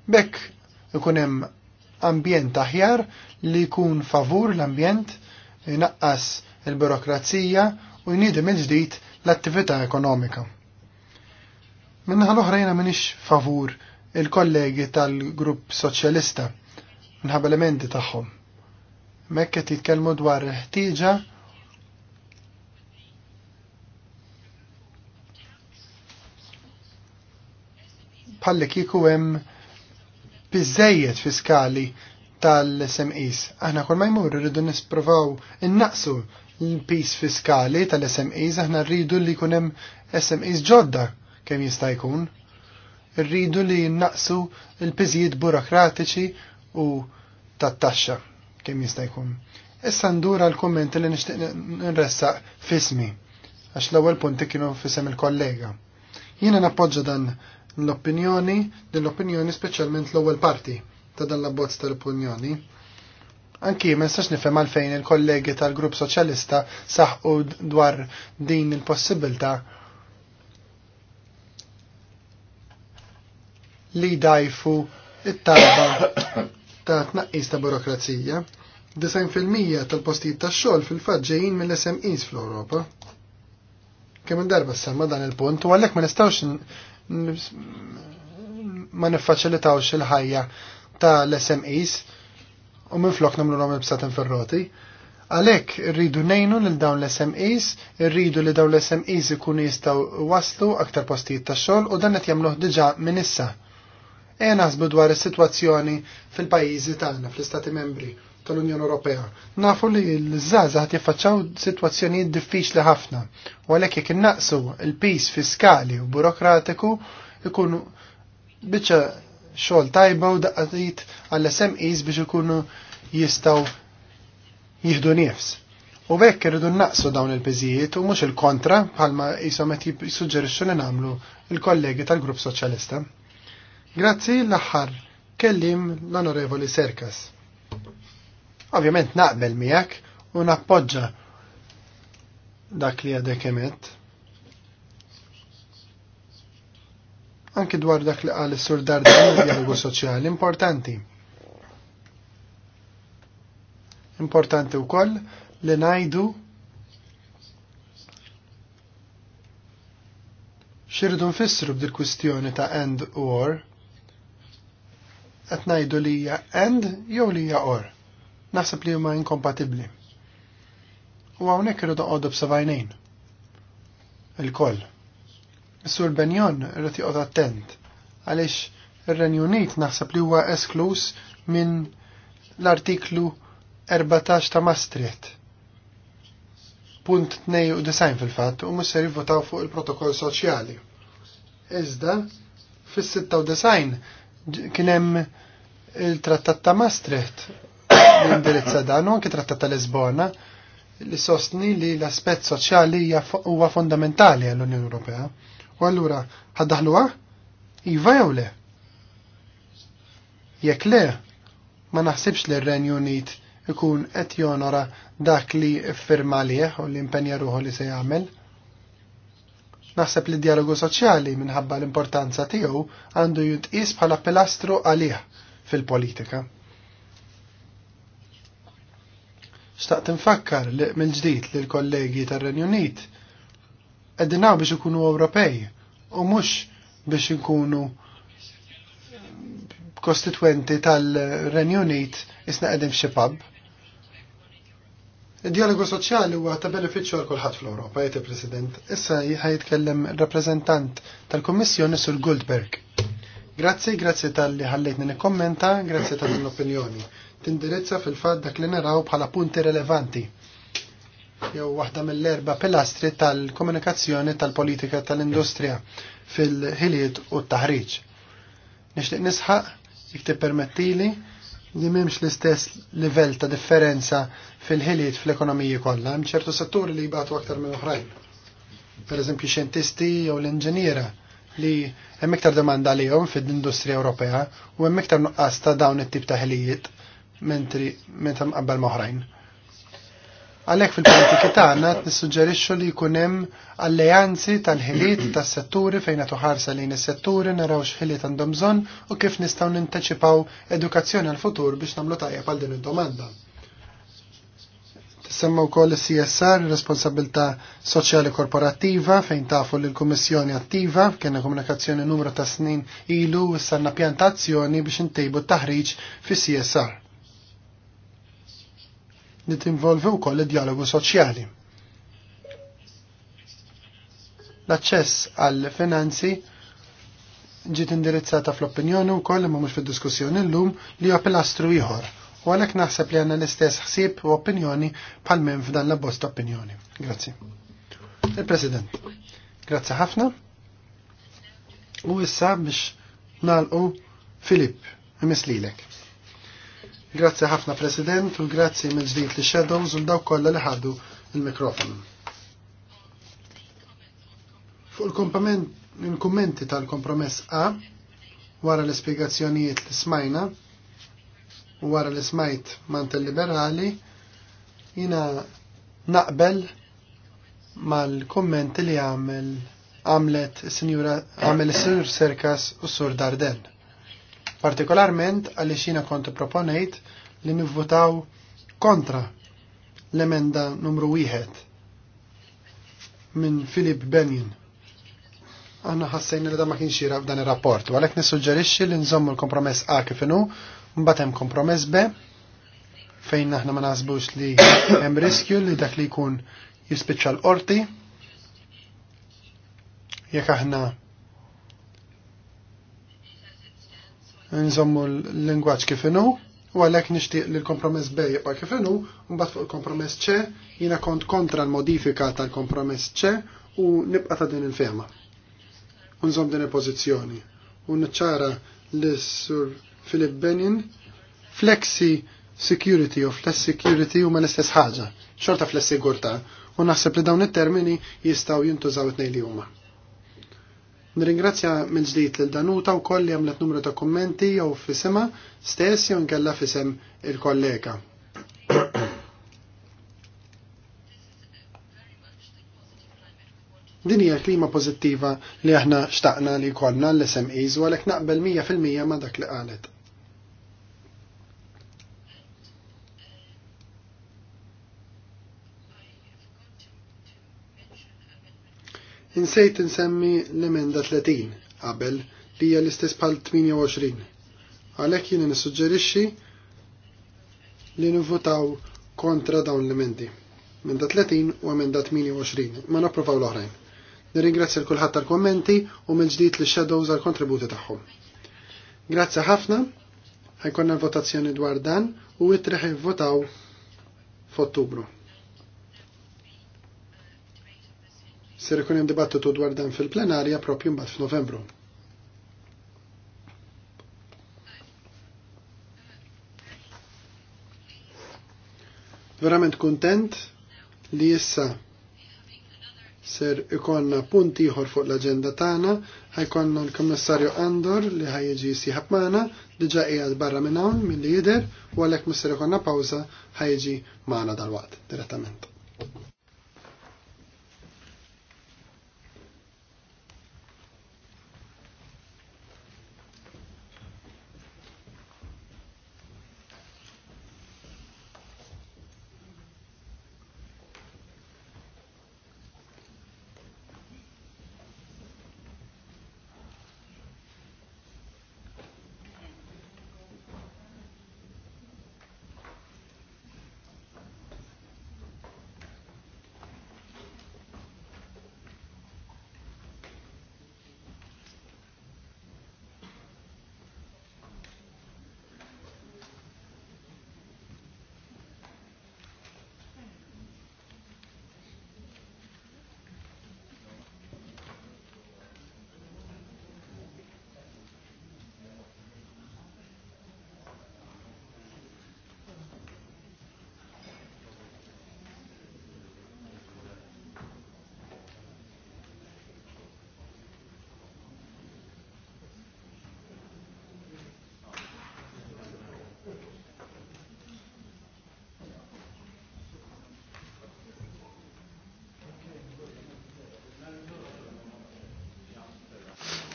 Bekk ikun hemm ambjent aħjar li jkun favur l-ambjent, jnaqqas il-burokrazija u jnidem il-ġdid l-attività ekonomika. Minnaħal l-oħrajna minix favur il-kollegi tal-grupp soċjalista minħabba elementi tagħhom. Mekk qed jitkellmu dwar ħtieġa palli kiku hemm biżejjed fiskali tal-SMEs. Aħna kol ma jmur rridu nisprovaw innaqsu l-pis fiskali tal-SMEs, aħna rridu li jkun hemm SMEs ġodda kemm jista' jkun. Rridu li innaqsu l-piżijiet burokratiċi u tat-taxxa kemm jista' jkun. Issa ndura l-kummenti li nixtieq nressaq fismi, għax l-ewwel punti kienu fisem il-kollega. Jiena nappoġġa dan l-opinjoni, din l-opinjoni speċjalment l-ewwel parti ta' dan l-abbozz tal-opinjoni. Anki, ma nistax nifhem għalfejn il-kollegi tal-Grupp Soċjalista saħqu dwar din il-possibilità li dajfu it talba ta' tnaqqis ta' burokrazija. 90% tal-postijiet tax-xogħol fil-fatt ġejjin mill-SMEs fl-Ewropa. Kemm darba semma dan il-punt u għalhekk ma nistgħux ma niffaċilitawx il-ħajja ta' l-SMEs u minn flok namlu l bsatin ferroti. Għalek rridu nejnu l dawn l-SMEs, rridu li dawn l-SMEs ikunu jistaw waslu aktar postijiet ta' xol u dan qed diġa minn issa. E naħsbu dwar is-sitwazzjoni fil-pajjiżi tagħna fl-Istati Membri tal-Unjoni Ewropea. Nafu li l-żaza ħat jiffaċċaw situazzjonijiet diffiċli ħafna, u għalhekk jekk innaqsu l-pis fiskali u burokratiku ikunu biċċa xogħol tajba u daqqatit għall-SMEs biex ikunu jistgħu jieħdu nifs. U bekk irridu naqsu dawn il-piżijiet u mhux il-kontra bħalma qishom qed jissuġġerixxu li nagħmlu il-kollegi tal-Grupp Soċjalista. Grazzi l-aħħar kellim l-Onorevoli Serkas. Ovvjament naqbel miegħek u nappoġġa dak li għadek emet. Anki dwar dak li għal sur dardan dialogu soċjali importanti. Importanti u koll li najdu xirridu nfissru b'dil kwistjoni ta' end u or qed ngħidu li hija end jew li hija or naħseb li huma inkompatibbli. U hawnhekk irid qogħdu b'sebgħinejn. Il-koll. Is-Sur Benjon irid joqgħod attent għaliex ir-Renju Unit naħseb li huwa esklus minn l-artiklu 14 ta' Maastricht. Punt 92 fil-fatt u mhux se jivvotaw fuq il-protokoll soċjali. Iżda fis-96 kien hemm il-Trattat ta' Maastricht nindirizza dan u anke trattat ta' Lisbona li sostni li l-aspett soċjali huwa fondamentali għall-Unjoni Ewropea. U allura ħaddaħluha? Iva jew le? Jekk le, ma naħsibx li r-Renju Unit ikun qed jonora dak li ffirma lih u li impenja ruħu li se jagħmel. Naħseb li d dialogu soċjali minħabba l-importanza tiegħu għandu jitqies bħala pilastru għalih fil-politika. staqt nfakkar li mill-ġdid li l-kollegi tar-Renju Unit għedinaw biex ikunu Ewropej u mhux biex ikunu kostitwenti tal-Renju Unit isna qegħdin f'xi pub. Id-dialogu soċjali huwa ta' benefiċċju għal kulħadd fl-Ewropa, jgħid il-President. Issa jitkellem rappreżentant tal-Kummissjoni sur Goldberg. Grazzi, grazzi tal-li ħallejtni nikkommenta, grazzi tal-opinjoni tindirizza fil-fatt dak li naraw bħala punti rilevanti jew waħda mill-erba pilastri tal-komunikazzjoni tal-politika tal-industrija fil-ħiliet u t-taħriġ. Nixtieq nisħaq jek permettili li m'hemmx l-istess livell ta' differenza fil-ħiliet fl-ekonomiji kollha, hemm ċertu setturi li jibgħatu aktar minn oħrajn. Pereżempju xjentisti jew l-inġiniera li hemm iktar demanda għalihom fid-industrija Ewropea u hemm iktar nuqqas ta' dawn it-tip ta' ħiliet mentri meta mqabbel moħrajn. Għalhekk fil-politika tagħna nissuġġerixxu li jkun hemm alleanzi tal-ħiliet tas-setturi fejn tuħarsa lejn is-setturi naraw x'ħiliet għandhom bżonn u kif nistgħu ninteċipaw edukazzjoni għal futur biex nagħmlu tajjeb għal din id-domanda. Semma wkoll is-CSR, responsabilità soċjali korporattiva fejn tafu l kummissjoni attiva kien komunikazzjoni numru ta' snin ilu u sanna pjantazzjoni biex intejbu t taħriġ fis-CSR li tinvolvi wkoll id-dialogu soċjali. L-aċċess għall finanzi ġiet indirizzata fl-opinjoni wkoll imma mhux fid-diskussjoni llum li huwa pilastru ieħor u għalhekk naħseb li għandna l-istess ħsieb u opinjoni bħal minn f'dan l bosta opinjoni. Grazzi. Il-President, grazzi ħafna. U issa biex nalqu Filip, lilek. Grazzi ħafna President u grazzi mill ġdid li Shadows u dawk kollha li ħaddu il-mikrofon. Fuq il-kummenti tal-kompromess A wara l-ispjegazzjonijiet li smajna u wara li smajt mant il-liberali jina naqbel mal-kommenti li għamel għamlet il-Sinjur Serkas u s-sur Darden partikolarment għaliex jiena kont proponejt li nivvotaw kontra l-emenda numru wieħed minn Filip Benjen. Għanna ħassajn li da ma kienx jira f'dan ir-rapport, u għalhekk nissuġġerixxi li nżommu l-kompromess A kif inhu, mbagħad hemm kompromess B fejn aħna ma nasbux li hemm riskju li dak li jkun jispiċċa l-qorti jekk aħna nżommu l-lingwaġġ kif inhu u għalhekk nixtieq li l-kompromess B jibqa' kif inhu u fuq l kompromess C jiena kont kontra l-modifika tal-kompromess C u nibqa' ta' din il-fema. U nżomm din il-pożizzjoni u niċċara l-Sur Filip Benin flexi security u flex security huma l-istess ħaġa, xorta flex sigurta u naħseb li dawn it-termini jistgħu jintużaw it nejli huma. Nirringrazzja minn ġdid lil Danuta wkoll li għamlet numru ta' kummenti jew fisema stess jew nkella fisem il-kollega. Din hija klima pożittiva li aħna xtaqna li jkollna l-SMEs u għalhekk naqbel 100% ma' dak li qalet. Insejt insemmi l-emenda 30 qabel li hija l-istess bħal 28. Għalhekk jien nissuġġerixxi li nivvotaw kontra dawn l-emendi. Emenda 30 u emenda 28. Ma napprovaw l-oħrajn. Nirringrazzja l-kulħadd tal-kommenti u mill-ġdid li shadows għal-kontributi tagħhom. Grazzi ħafna, ħajkonna votazzjoni dwar dan u it votaw f'Ottubru. Ser ikun hemm dibattitu dwar dan fil-plenarja propju mbagħad f'Novembru. Verament kuntent li issa ser ikonna punt ieħor fuq l-aġenda tagħna, ħajkonna l-Kummissarju Andor li ħajjiġi jsieħab magħna, diġà qiegħed barra minn hawn milli jidher u għalhekk mister ikonna pawża ħajjiġi magħna dalwaqt direttament.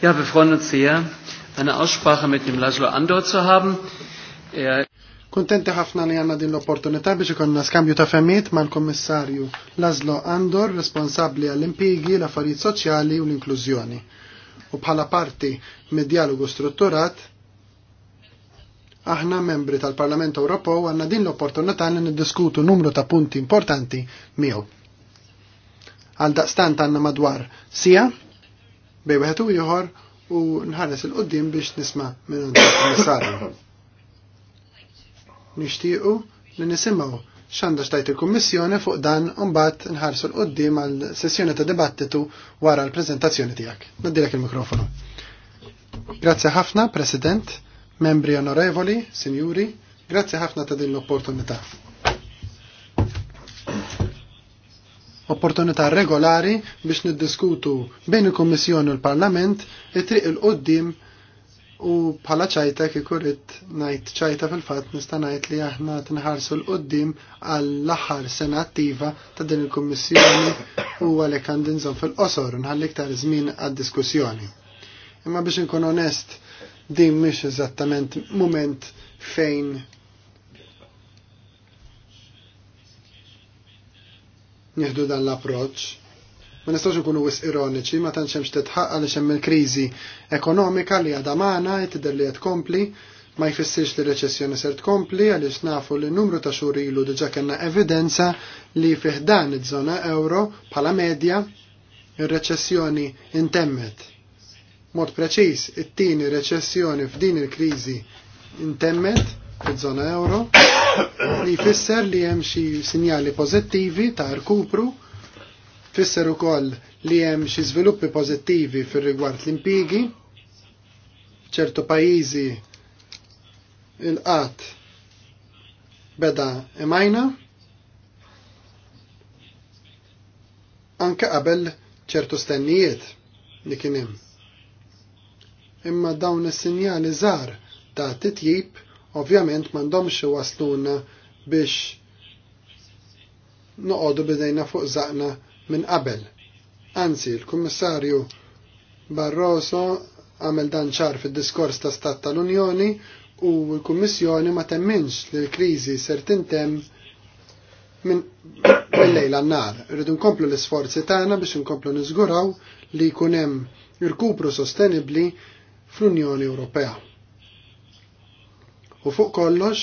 Ja, wir freuen uns sehr, eine Aussprache mit dem Laszlo Andor zu haben. Er Kontenti ħafna li għanna din l-opportunità biex ikonna skambju ta' femmiet mal-Kommissarju Lazlo Andor, responsabli għall-impigi, l-affarijiet soċjali u l-inklużjoni. U bħala parti mid-dialogu strutturat, aħna membri tal-Parlament Ewropew għanna din l-opportunità li niddiskutu numru ta' punti importanti miegħu. Għal daqstant għanna madwar sija bej wieħed u ieħor u nħares il qudiem biex nisma' minn il-kummissarju. Nixtiequ li nisimgħu x'għandha xtajt il-Kummissjoni fuq dan u nħarsu l-qoddim għall sessjoni ta' dibattitu wara l-preżentazzjoni tiegħek. Naddilek il-mikrofonu. Grazzi ħafna, President, membri onorevoli, sinjuri, grazzi ħafna ta' din l-opportunità. opportunità regolari biex niddiskutu bejn il-Kommissjoni u l-Parlament it-triq il-qoddim u bħala ċajta ikurit ngħid ċajta fil fatt nista' ngħid li aħna tinħarsu l-qoddim għall-aħħar sena attiva ta' din il-Kummissjoni u għalhekk nżomm fil-qosor nħalli iktar żmien għad-diskussjoni. Imma biex inkun onest din mhix eżattament mument fejn nieħdu dan l-approċ. Ma nistax nkunu wis ironiċi, ma tantx hemmx titħaq għaliex hemm il-kriżi ekonomika li għadha magħna tidher li qed kompli, ma jfissirx li reċessjoni ser tkompli għaliex nafu li numru ta' xhur ilu diġà kellna evidenza li fih dan iż-żona euro bħala medja ir-reċessjoni intemmet. Mod preċiż, it-tieni reċessjoni f'din il-kriżi intemmet fiż-żona euro li jfisser li hemm xi sinjali pożittivi ta' rkupru, fisser ukoll li hemm xi żviluppi pożittivi fir-rigward l-impigi, ċertu pajjiżi il-qat beda imajna, anke qabel ċertu stennijiet li kien hemm. Imma dawn is-sinjali żgħar ta' titjib Ovvjament m'għandhomx waslunna biex noqogħdu bidejna fuq zaqna minn qabel. Anzi, l-Kummissarju Barroso għamel dan ċar fid-diskors ta' Stat tal-Unjoni u l-Kummissjoni ma temminx li l-kriżi ser tintemm minn l-annar. Rridu nkomplu l-isforzi tagħna biex nkomplu niżguraw li jkun hemm irkupru sostenibbli fl-Unjoni Ewropea. U fuq kollox,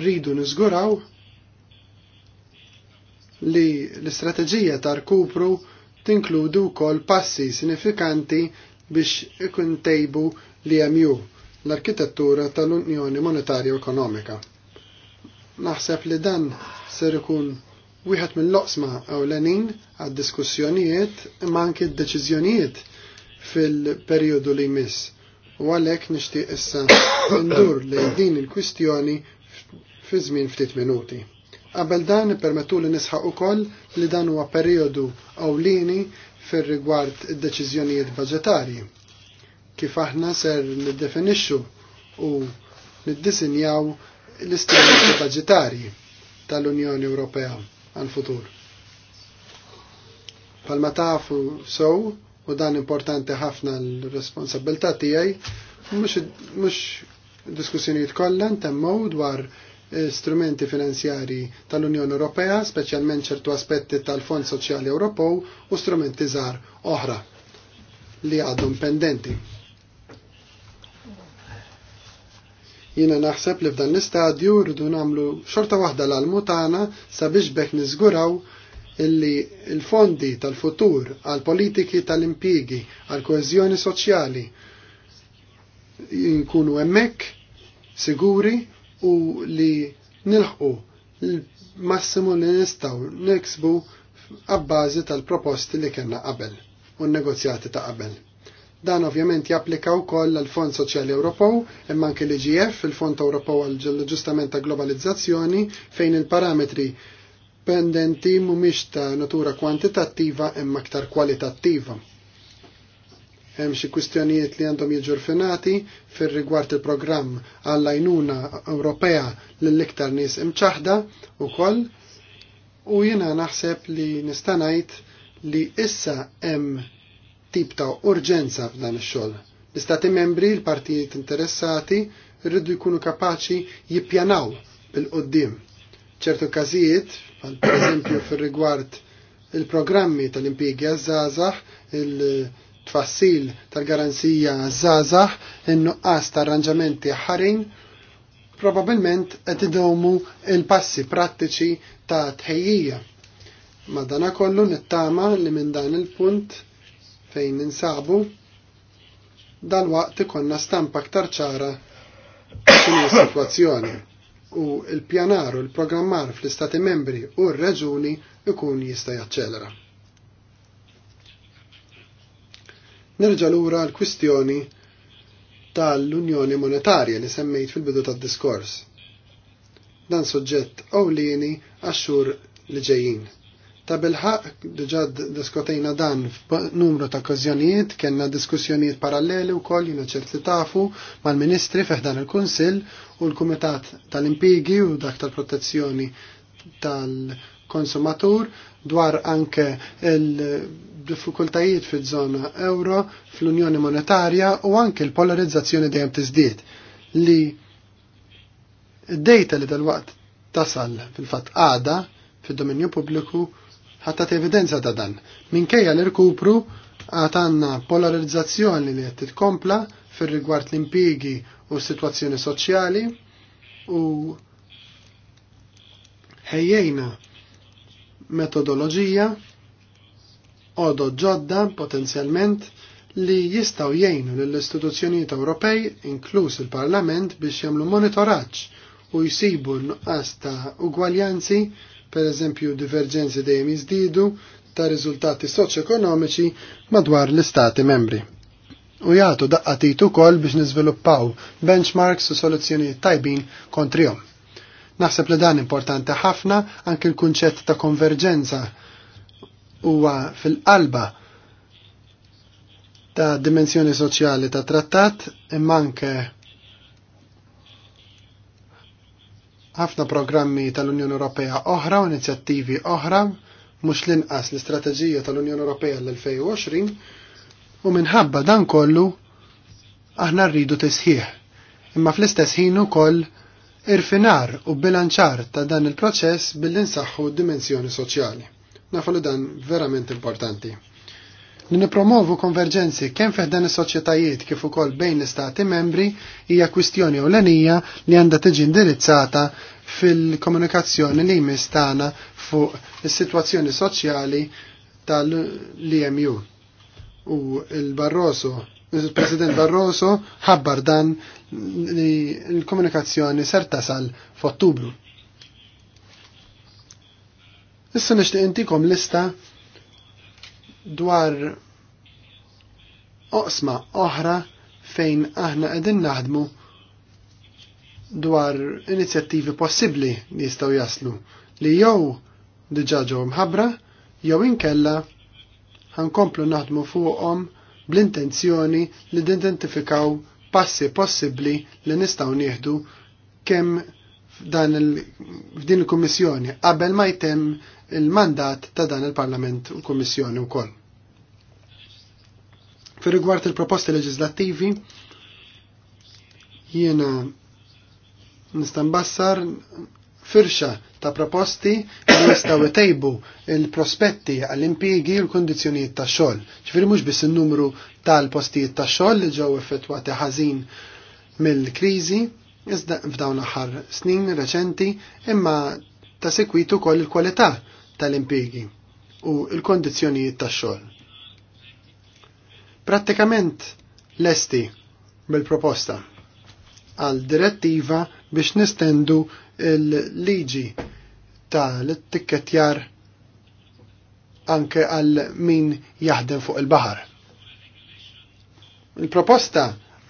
rridu niżguraw li l-istrateġija ta' rkupru tinkludu wkoll passi sinifikanti biex ikun tejbu li jemju l-arkitettura tal-Unjoni Monetarja Ekonomika. Naħseb li dan ser ikun wieħed mill-loqsma ewlenin għad-diskussjonijiet imma anki d-deċiżjonijiet fil-perjodu li jmiss U għalhekk nixtieq issa ndur lejn din il-kwistjoni fi żmien ftit minuti. Qabel dan permettu li nisħaq ukoll li dan huwa perjodu awlini fir-rigward id-deċiżjonijiet budġetarji. Kif aħna ser niddefinixxu u niddisinjaw l-istrumenti budġetarji tal-Unjoni Ewropea għal-futur. Palma tafu sow u dan importanti ħafna l-responsabilità tiegħi, mhux diskussjonijiet kollha temmew dwar strumenti finanzjari tal-Unjoni Ewropea, speċjalment ċertu aspetti tal-Fond Soċjali Ewropew u strumenti żgħar oħra li għadhom pendenti. Jiena naħseb li f'dan l-istadju rridu nagħmlu xorta waħda l-almutana sabiex bekk niżguraw illi il-fondi tal-futur għal politiki tal-impigi għal koezjoni soċjali nkunu hemmhekk siguri u li nilħqu l-massimu li nistgħu niksbu għabbażi tal-proposti li kena qabel u negozjati ta' qabel. Dan ovvjament japplika wkoll għal Fond Soċjali Ewropew hemm anke l-IGF, il-Fond Ewropew għal ġustament ta' Globalizzazzjoni, fejn il-parametri pendenti mhumiex ta' natura kwantitattiva imma aktar kwalitattiva. Hemm xi kwistjonijiet li għandhom jiġurfinati fir-rigward il-programm għall-għajnuna Ewropea lill-iktar nies imċaħda wkoll u jiena naħseb li nista' ngħid li issa hemm tip ta' urġenza f'dan ix-xogħol. L-istati membri, l-partijiet interessati, rridu jkunu kapaċi jippjanaw bil-qoddim. ċertu każijiet għal pereżempju fir-rigward il-programmi tal impiegi għaż il-tfassil tal-garanzija għaż-żgħażagħ, in-nuqqas ta' arranġamenti ħarin, probabilment qed idomu il-passi prattiċi ta' tħejjija. dana kollu nittama li minn dan il-punt fejn ninsabu dal-waqt ikonna stampa aktar ċara x'inhi situazzjoni sitwazzjoni u l-pjanar u l-programmar fl-Istati membri u r-reġuni ikun jista' jaċċelera. Nerġa' lura l-kwistjoni tal-Unjoni Monetarja li semmejt fil-bidu tad-diskors. Dan suġġett ewlieni għax li ġejjin. Ta' bil diġa diskutejna dan f'numru ta' okkazjonijiet, kellna diskussjonijiet paralleli u koll jina ċert li tafu mal-ministri feħdan il-Kunsill u l-Kumitat tal-Impigi u dak tal-Protezzjoni tal-Konsumatur dwar anke il-diffikultajiet fil-żona euro, fl-Unjoni Monetarja u anke l-polarizzazzjoni dejjem tiżdied li d-dejta li dal-waqt tasal fil-fatt għada fil-dominju pubbliku ħattat evidenza ta' dan. Minkejja l-irkupru għatanna polarizzazzjoni li qed titkompla fir-rigward l-impigi u s-sitwazzjoni soċjali u ħejjejna metodoloġija odo ġodda potenzjalment li jistaw jgħinu l-istituzzjonijiet Ewropej, inkluż il-Parlament, biex jagħmlu monitoraġġ u jsibu nuqqas ta' ugwaljanzi per eżempju divergenzi dejjem jiżdiedu ta' riżultati ekonomiċi madwar l-istati membri. U jagħtu tit ukoll biex niżviluppaw benchmarks u soluzzjonijiet tajbin kontrihom. Naħseb li dan importanti ħafna anke l-kunċett ta' konverġenza huwa fil-qalba ta' dimensjoni soċjali ta' trattat imma anke ħafna programmi tal-Unjoni Ewropea oħra u inizjattivi oħra mhux l-inqas l-istrateġija tal-Unjoni Ewropea l-2020 u minħabba dan kollu aħna rridu tisħiħ. Imma fl-istess ħin ukoll irfinar u bilanċar ta' dan il-proċess billi nsaħħu d-dimensjoni soċjali. Nafu dan verament importanti. Li nipromovu konverġenzi kemm dan is-soċjetajiet kif ukoll bejn l-istati membri hija kwistjoni ewlenija li għandha tiġi indirizzata fil-komunikazzjoni li jmiss tagħna fuq is-sitwazzjoni soċjali tal-EMU. U il-Barroso il-President Barroso ħabbar dan li l-komunikazzjoni ser tasal f'Ottubru. Issa nixtieq intikom lista dwar oqsma oħra fejn aħna qegħdin naħdmu dwar inizjattivi possibbli li jistgħu jaslu li jew diġà ġew mħabbra jew inkella ħankomplu naħdmu fuqhom bl-intenzjoni li identifikaw passi possibbli li nistgħu nieħdu kemm f'din il-Kummissjoni qabel ma jtem il-mandat ta' dan il-Parlament u l-Kummissjoni wkoll. Fi rigward il-proposti leġislattivi jiena nista' mbassar firxa ta' proposti li jistgħu jtejbu il-prospetti għall-impjiegi u l kundizzjonijiet tax-xogħol. Ġifieri mhux biss in-numru tal-postijiet tax-xogħol li ġew effettwati ħażin mill-kriżi, iżda f'dawn aħħar snin reċenti imma ta' sekwitu kol il-kwalità tal-impjegi u l-kondizzjonijiet tax-xogħol. Prattikament lesti bil-proposta għal direttiva biex nistendu il-liġi tal-tikketjar anke għal min jaħdem fuq il baħar Il-proposta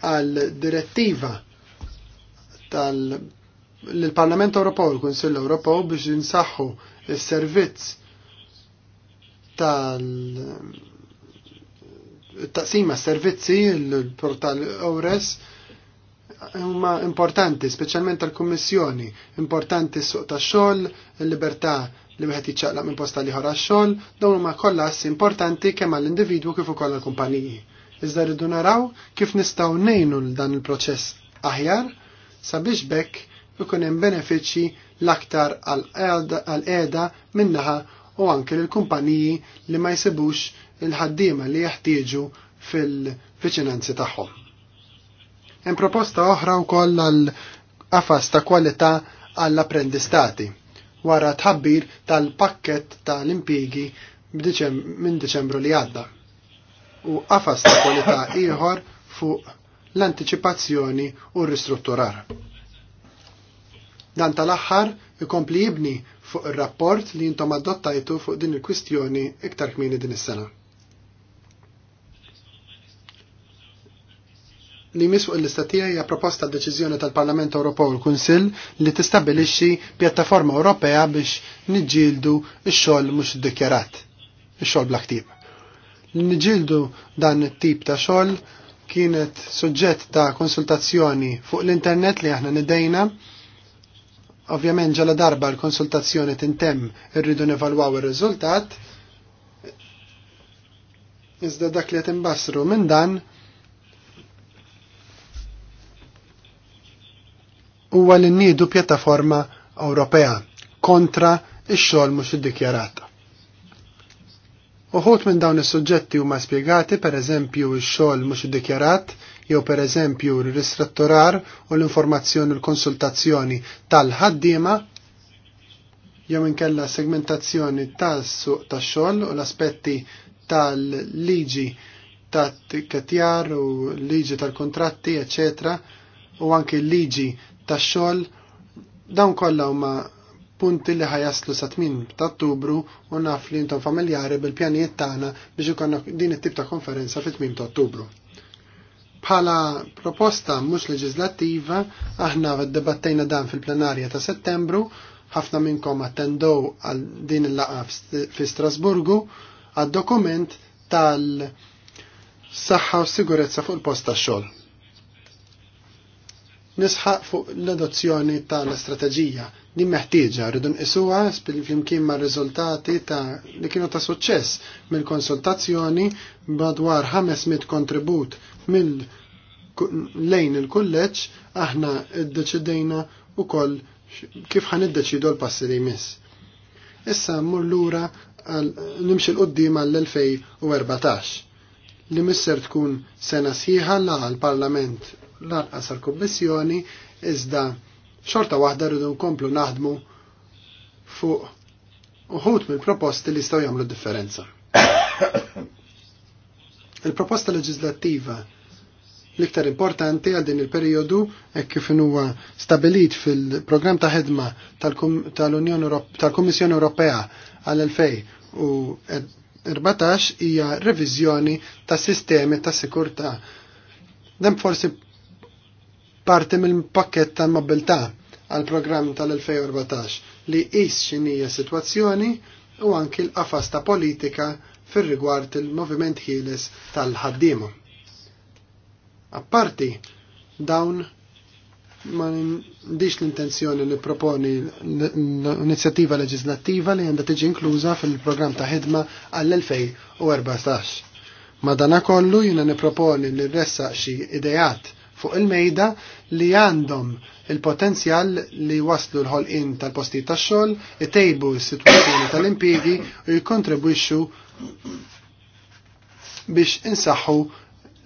għal direttiva tal l-Parlament Ewropew il l-Kunsill Ewropew biex jinsaħħu s-servizz tal taqsima servizzi l-portal Ores huma importanti, speċjalment tal-Kummissjoni, importanti s-suq tax-xogħol, il-libertà li wieħed jiċċaqlaq minn posta li ħora xogħol, dawn huma kollha importanti kemm għall-individwu kif ukoll għall-kumpaniji. Iżda rridu naraw kif nistgħu ngħinu dan il-proċess aħjar sabiex bekk ikun hemm benefiċċji l-aktar għal-qiegħda minnaħa u anke lill-kumpaniji li ma jsibux il-ħaddiema li jeħtieġu fil-viċinanzi tagħhom. Hemm proposta oħra wkoll għal qafas ta' kwalità għall-apprendistati wara tħabbir tal-pakket tal-impjegi minn Deċembru li għadda. U qafas ta' kwalità ieħor fuq l-anticipazzjoni u r-ristrutturar. Dan tal-aħħar ikompli jibni fuq ir-rapport li jintom adottajtu fuq din il-kwistjoni iktar kmini din is-sena. Li mis fuq l-istatija hija proposta deċiżjoni tal-Parlament Ewropew u l-Kunsill li tistabbilixxi pjattaforma Ewropea biex niġġieldu x-xogħol mhux iddikjarat, ix-xogħol bl-aktib. Niġġieldu dan it-tip ta' xogħol kienet suġġett ta' konsultazzjoni fuq l-internet li aħna nidejna. Ovvjament ġala darba l-konsultazzjoni tintem irridu nevalwaw ir-riżultat. Iżda dak li qed imbassru minn dan huwa li nniedu pjattaforma Ewropea kontra ix-xogħol mhux iddikjarata. Uħut minn dawn is-suġġetti huma spjegati pereżempju x-xogħol mhux iddikjarat, jew pereżempju r-ristrutturar u l-informazzjoni u l-konsultazzjoni tal-ħaddiema jew inkella segmentazzjoni tas-suq tax-xogħol u l-aspetti tal-liġi tat-katjar u liġi tal-kontratti, eccetera, u anke liġi tax-xogħol dawn kollha huma punti li ħajaslu sa tmin ta' Ottubru u naf li intom familjari bil-pjanijiet tagħna biex ikun din it-tip ta' konferenza fit tmim ta' Ottubru. Bħala proposta mhux leġislattiva aħna debattejna dan fil-plenarja ta' Settembru, ħafna minnkom attendow għal din il-laqa fi Strasburgu għad dokument tal-saħħa u sigurezza fuq il-post tax-xogħol. Nisħaq fuq l-adozzjoni tal-istrateġija Li meħtieġa rridu nqisuha flimkien ma' riżultati ta' li kienu ta' suċċess mill-konsultazzjoni madwar 500 kontribut mill lejn il-kulleġġ aħna ddeċidejna koll kif ħan iddeċidu l-passi li jmiss. Issa mmur lura nimxi l-qoddim għall-2014 li misser tkun sena sħiħa la l parlament l-arqas għal-Kommissjoni iżda xorta waħda rridu nkomplu naħdmu fuq uħut mill-proposti li staw jagħmlu differenza. Il-proposta leġislattiva l-iktar importanti għal din il-periodu hekk kif huwa stabilit fil-programm ta' ħedma tal-Kummissjoni Ewropea għal 2014 hija reviżjoni ta' sistemi ta' sikurtà. Dem forsi parti mill-pakket ta' mobilità għal programm tal-2014 li qis x'inhija sitwazzjoni u anki l-qafas ta' politika fir-rigward il-moviment ħieles tal-ħaddiema. Apparti dawn ma ndix l-intenzjoni li proponi l-inizjattiva leġislattiva li għandha tiġi inkluża fil-programm ta' ħidma għall-2014. Madana kollu jina niproponi li ressa xi ideat fuq il-mejda li għandhom il-potenzjal li waslu l-ħolqin tal-postijiet tax-xogħol, itejbu s-sitwazzjoni tal-impjiegi u jikkontribwixxu biex insaħħu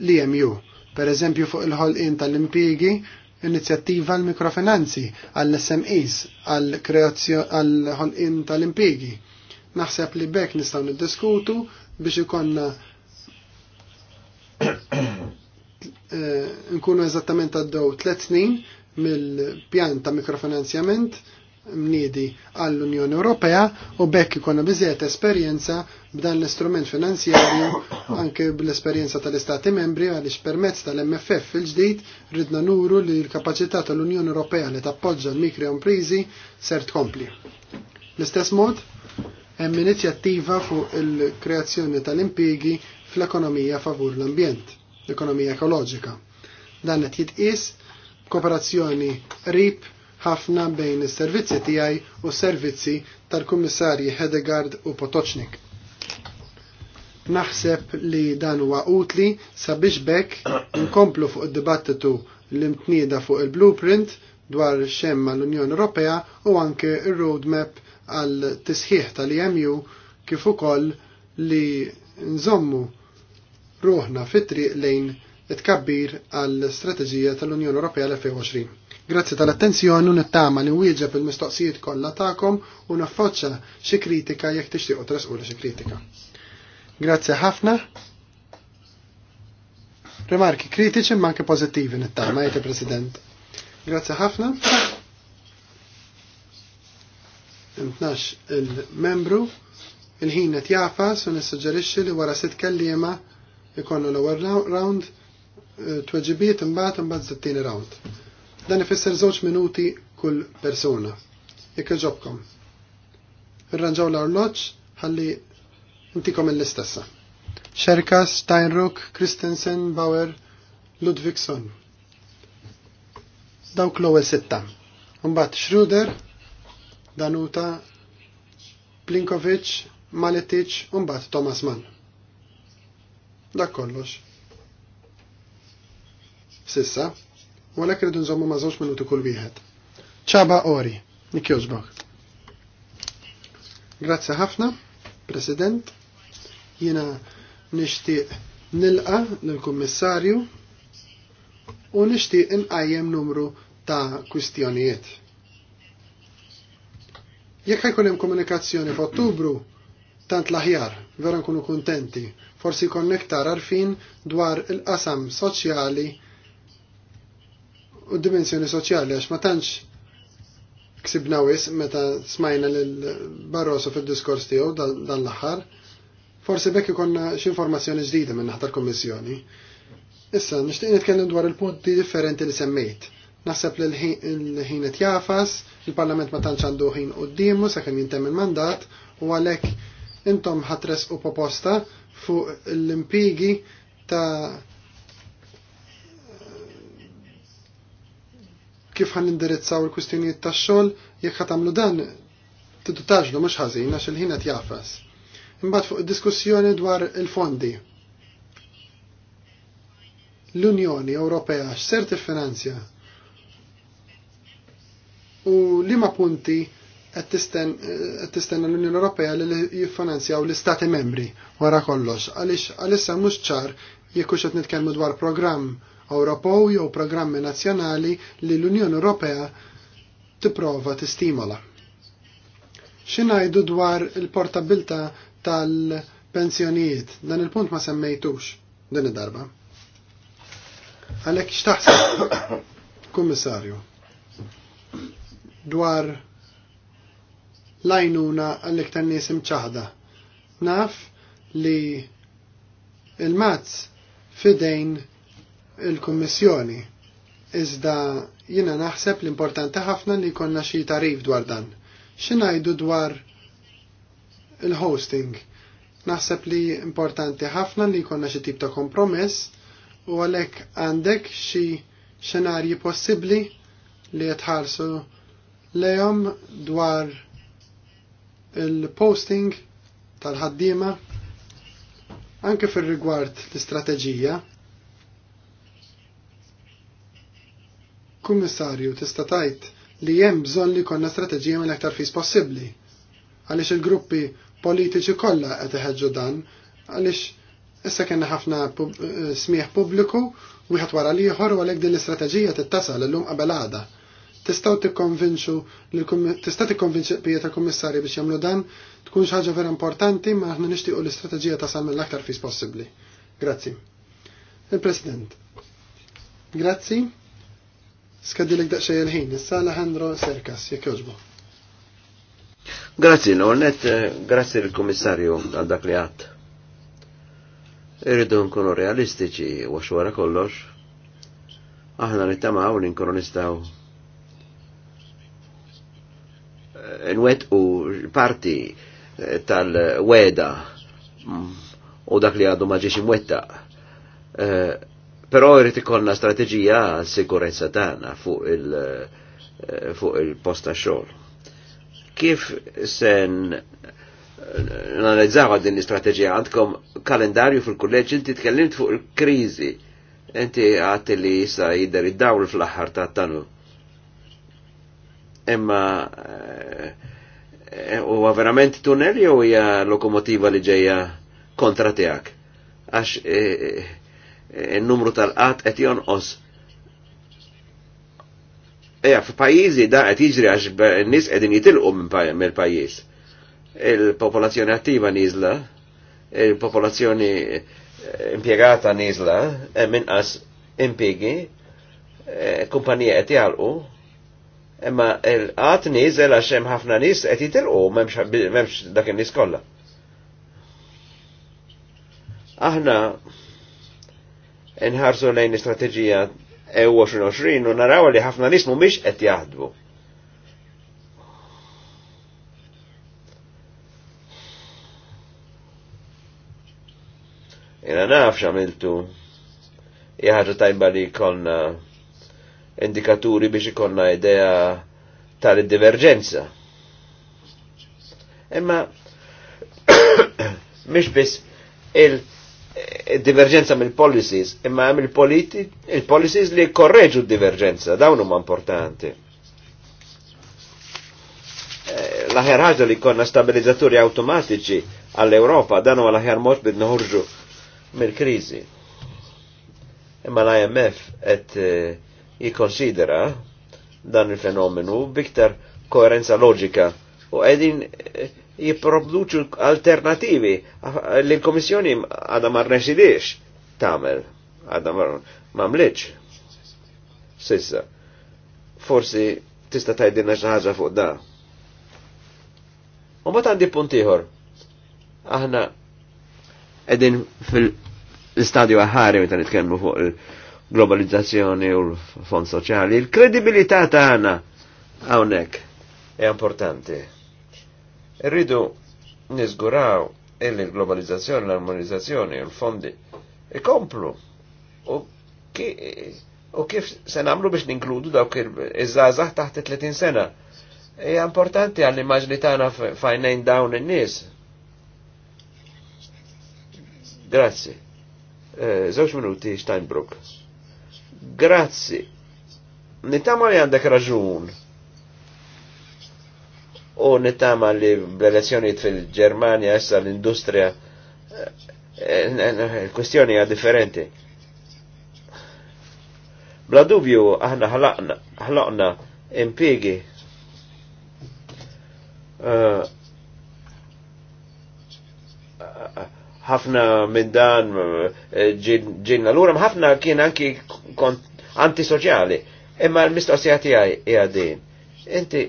li jemju. Per eżempju fuq il-ħolqin tal-impjiegi inizjattiva l mikrofinanzi għall-SMEs għall-ħolqin tal-impjiegi. Naħseb li bekk nistgħu niddiskutu biex ikonna Eh, nkunu eżattament għaddew tlet snin mill-pjan ta' mikrofinanzjament mniedi għall-Unjoni Ewropea u bekk ikonna biżiet esperjenza b'dan l-istrument finanzjarju anke bl-esperjenza tal-Istati membri għaliex permezz tal-MFF fil-ġdid ridna nuru li l-kapaċità tal-Unjoni Ewropea li tappoġġa l imprizi ser tkompli. L-istess mod, hemm inizjattiva fuq il-kreazzjoni tal impjiegi fl-ekonomija favur l-ambjent l-ekonomija ekoloġika. Dan qed jitqies kooperazzjoni rib ħafna bejn is-servizzi tiegħi u s-servizzi tal-Kummissarji Hedegard u Potocznik. Naħseb li dan huwa utli sabiex bekk nkomplu fuq id-dibattitu l-imtnieda fuq il-blueprint dwar xemma l-Unjoni Ewropea u anke ir-roadmap għal tisħiħ tal-EMU kif ukoll li nżommu ruħna fitri lejn it tkabbir għall-Strateġija tal-Unjoni Ewropea l-2020. Grazzi tal-attenzjoni u nittama li wieġeb il-mistoqsijiet kollha tagħkom u naffoċċa xi kritika jekk tixtiequ tresqula xi kritika. Grazzi ħafna. Remarki kritiċi ma anke pożittivi nittama jgħid il-President. Grazzi ħafna. Intnax il-membru il-ħin qed jafas u nissuġġerixxi li wara sitt kelliema ikollu l-ewwel round, eh, tweġibiet imbagħad imbagħad żettini round. Dan ifisser żewġ minuti kull persuna. Jekk iġobkom. Irranġaw l-orloġġ ħalli intikom l-istessa. Xerka, Steinruck, Christensen, Bauer, Ludvigson. Dawk l-ewwel sitta. Mbagħad Schruder, Danuta, Plinkovic, Maletic u mbagħad Thomas Mann. Dak kollox. Sissa, u għalek rridu nżommu ma' żewġ minuti kull wieħed. ċaba ori, nikjożbok. Grazzi ħafna, President. Jiena nixtieq nilqa lill-Kummissarju u nixtieq nqajjem numru ta' kwistjonijiet. Jekk ħajkun hemm komunikazzjoni f'Ottubru tant l-aħjar vera nkunu kontenti. Forsi konnektar arfin dwar il-qasam soċjali u dimensjoni soċjali għax ma tantx ksibna wis meta smajna lil Barroso fil-diskors tiegħu dan l-aħħar. Forsi bekk ikonna x'informazzjoni ġdida minn naħta l-Kommissjoni. Issa, nixtieq nitkellem dwar il-punti differenti li semmejt. Naħseb li l-ħin jafas, il-Parlament ma tantx għandu ħin quddiemu sakemm jintemm il-mandat u għalhekk intom ħatres u proposta fuq l-impigi ta' kif ħan indirizzaw il-kustjonijiet ta' xol jekk ħatamlu dan tidu taġlu mux ħazin għax il ħina qed jafas. Imbagħad fuq diskussjoni dwar il-fondi. L-Unjoni Ewropea x'ser tiffinanzja u li ma punti qed tistenna eh, l-Unjoni Ewropea li jiffinanzjaw l-Istati membri wara kollox għaliex għalissa mhux ċar jekk hux qed nitkellmu dwar programm Ewropew jew programmi nazzjonali li l-Unjoni Ewropea tipprova tistimola. X'ingħidu dwar il portabilta tal-pensjonijiet? Dan il-punt ma semmejtux din id-darba. Għalhekk x'taħseb, Kummissarju, dwar lajnuna għall-iktar nies imċaħda. Naf li il-mazz fidejn il-Kummissjoni. Iżda jina naħseb l-importanti ħafna li konna xi tarif dwar dan. Xinajdu dwar il-hosting. Naħseb li importanti ħafna li konna xi tip ta' kompromess u għalhekk għandek xi xenarji possibbli li jitħarsu lejhom dwar il-posting tal-ħaddiema anke fir-rigward l-istrateġija kummissarju tista' tajt li hemm bżonn li konna strateġija minn aktar fis possibbli. Għaliex il-gruppi politiċi kollha qed iħeġġu dan, għaliex issa kellna ħafna eh, smieħ pubbliku wieħed wara l-ieħor u għalhekk din l-istrateġija tittasal illum qabel għada. Tistaw tikkonvinċu tista' tikkonvinċi qbija ta' kummissarji biex jagħmlu dan tkun xi ħaġa vera importanti ma aħna nixtiequ l-istrateġija tasal mill-aktar fis possibbli. Grazzi. Il-President. Grazzi. Skadilek daqsxejn il-ħin, issa Alejandro Serkas, jekk jogħġbu. Grazzi, Nornet, eh, grazzi l-Komissarju għal dak li għat. Irridu nkunu realistiċi, wax wara kollox. Aħna nittamaw li nkunu nistaw nwet u parti eh, tal-weda mm, u dak li għadu maġiex imwetta. Eh, però irrit ikonna strategija sikurezza tagħna fuq il eh, il-posta xol. Kif sen nanalizzaw din l-istrateġija għandkom kalendarju fil kolleġi inti tkellimt fuq il krizi Inti għati li jisa jidder id-dawr fl-aħħar ta' tanu Imma uh, verament tunnel jew hija lokomotiva li ġejja kontra tiegħek. Għax in-numru eh, tal qat qed jonqos. Eja, f'pajjiżi da qed jiġri għax n-nies qegħdin jitilqu mill-pajjiż. Il-popolazzjoni attiva niżla, il-popolazzjoni impjegata niżla, minqas impjegi, kumpanija qed jalqu, Imma il-qat nizel għax hemm ħafna nis għet jitilqu m'hemmx dak in-nies kollha. Aħna nħarsu lejn istrateġija EU 2020 u naraw li ħafna nis mhumiex qed jaħdmu. Jena naf xamiltu. Jaħġa tajba li konna uh, indikaturi biex ikonna idea tal divergenza. Emma mish bis il divergenza mill policies imma għam il-policies li korreġu divergenza, diverġenza dawn huma importanti. Eh, l-aħjar ħaġa li konna stabilizzaturi automatiċi għall-Europa, dan huwa l-aħjar mod bid mill krizi Imma l-IMF et eh, jikonsidera dan il-fenomenu biktar koerenza loġika u għedin eh, jiproduċu alternativi l-Komissjoni għada mar nesidix tamel, għada mar mamliċ. Sissa, forsi tista tajdinna xaħġa fuq da. U ma tandi puntiħor, aħna għedin fil-stadio għahari meta nitkellmu fuq il- globalizzazzjoni u l-fond soċjali. Il-kredibilità tagħna hawnhekk e importanti. Irridu niżguraw il globalizzazzjoni l-armonizzazzjoni u l-fondi ikomplu. U, ki, u kif se namlu biex ninkludu dawk il żgħażagħ taħt 30 sena. e importanti għall-immaġni tagħna fajnejn dawn in-nies. Grazzi. Zewġ eh, minuti Steinbrook. Grazzi. Nittama li għandek raġun. U nittama li bl fil-Germania issa l industria eh, il-kwestjoni għad differenti. Bla dubju aħna ħlaqna impiegi uh, ħafna minn dan eh, ġinna l-ura, ħafna kien anki antisoċjali. Imma l-mistoqsija tiegħi hija din. Inti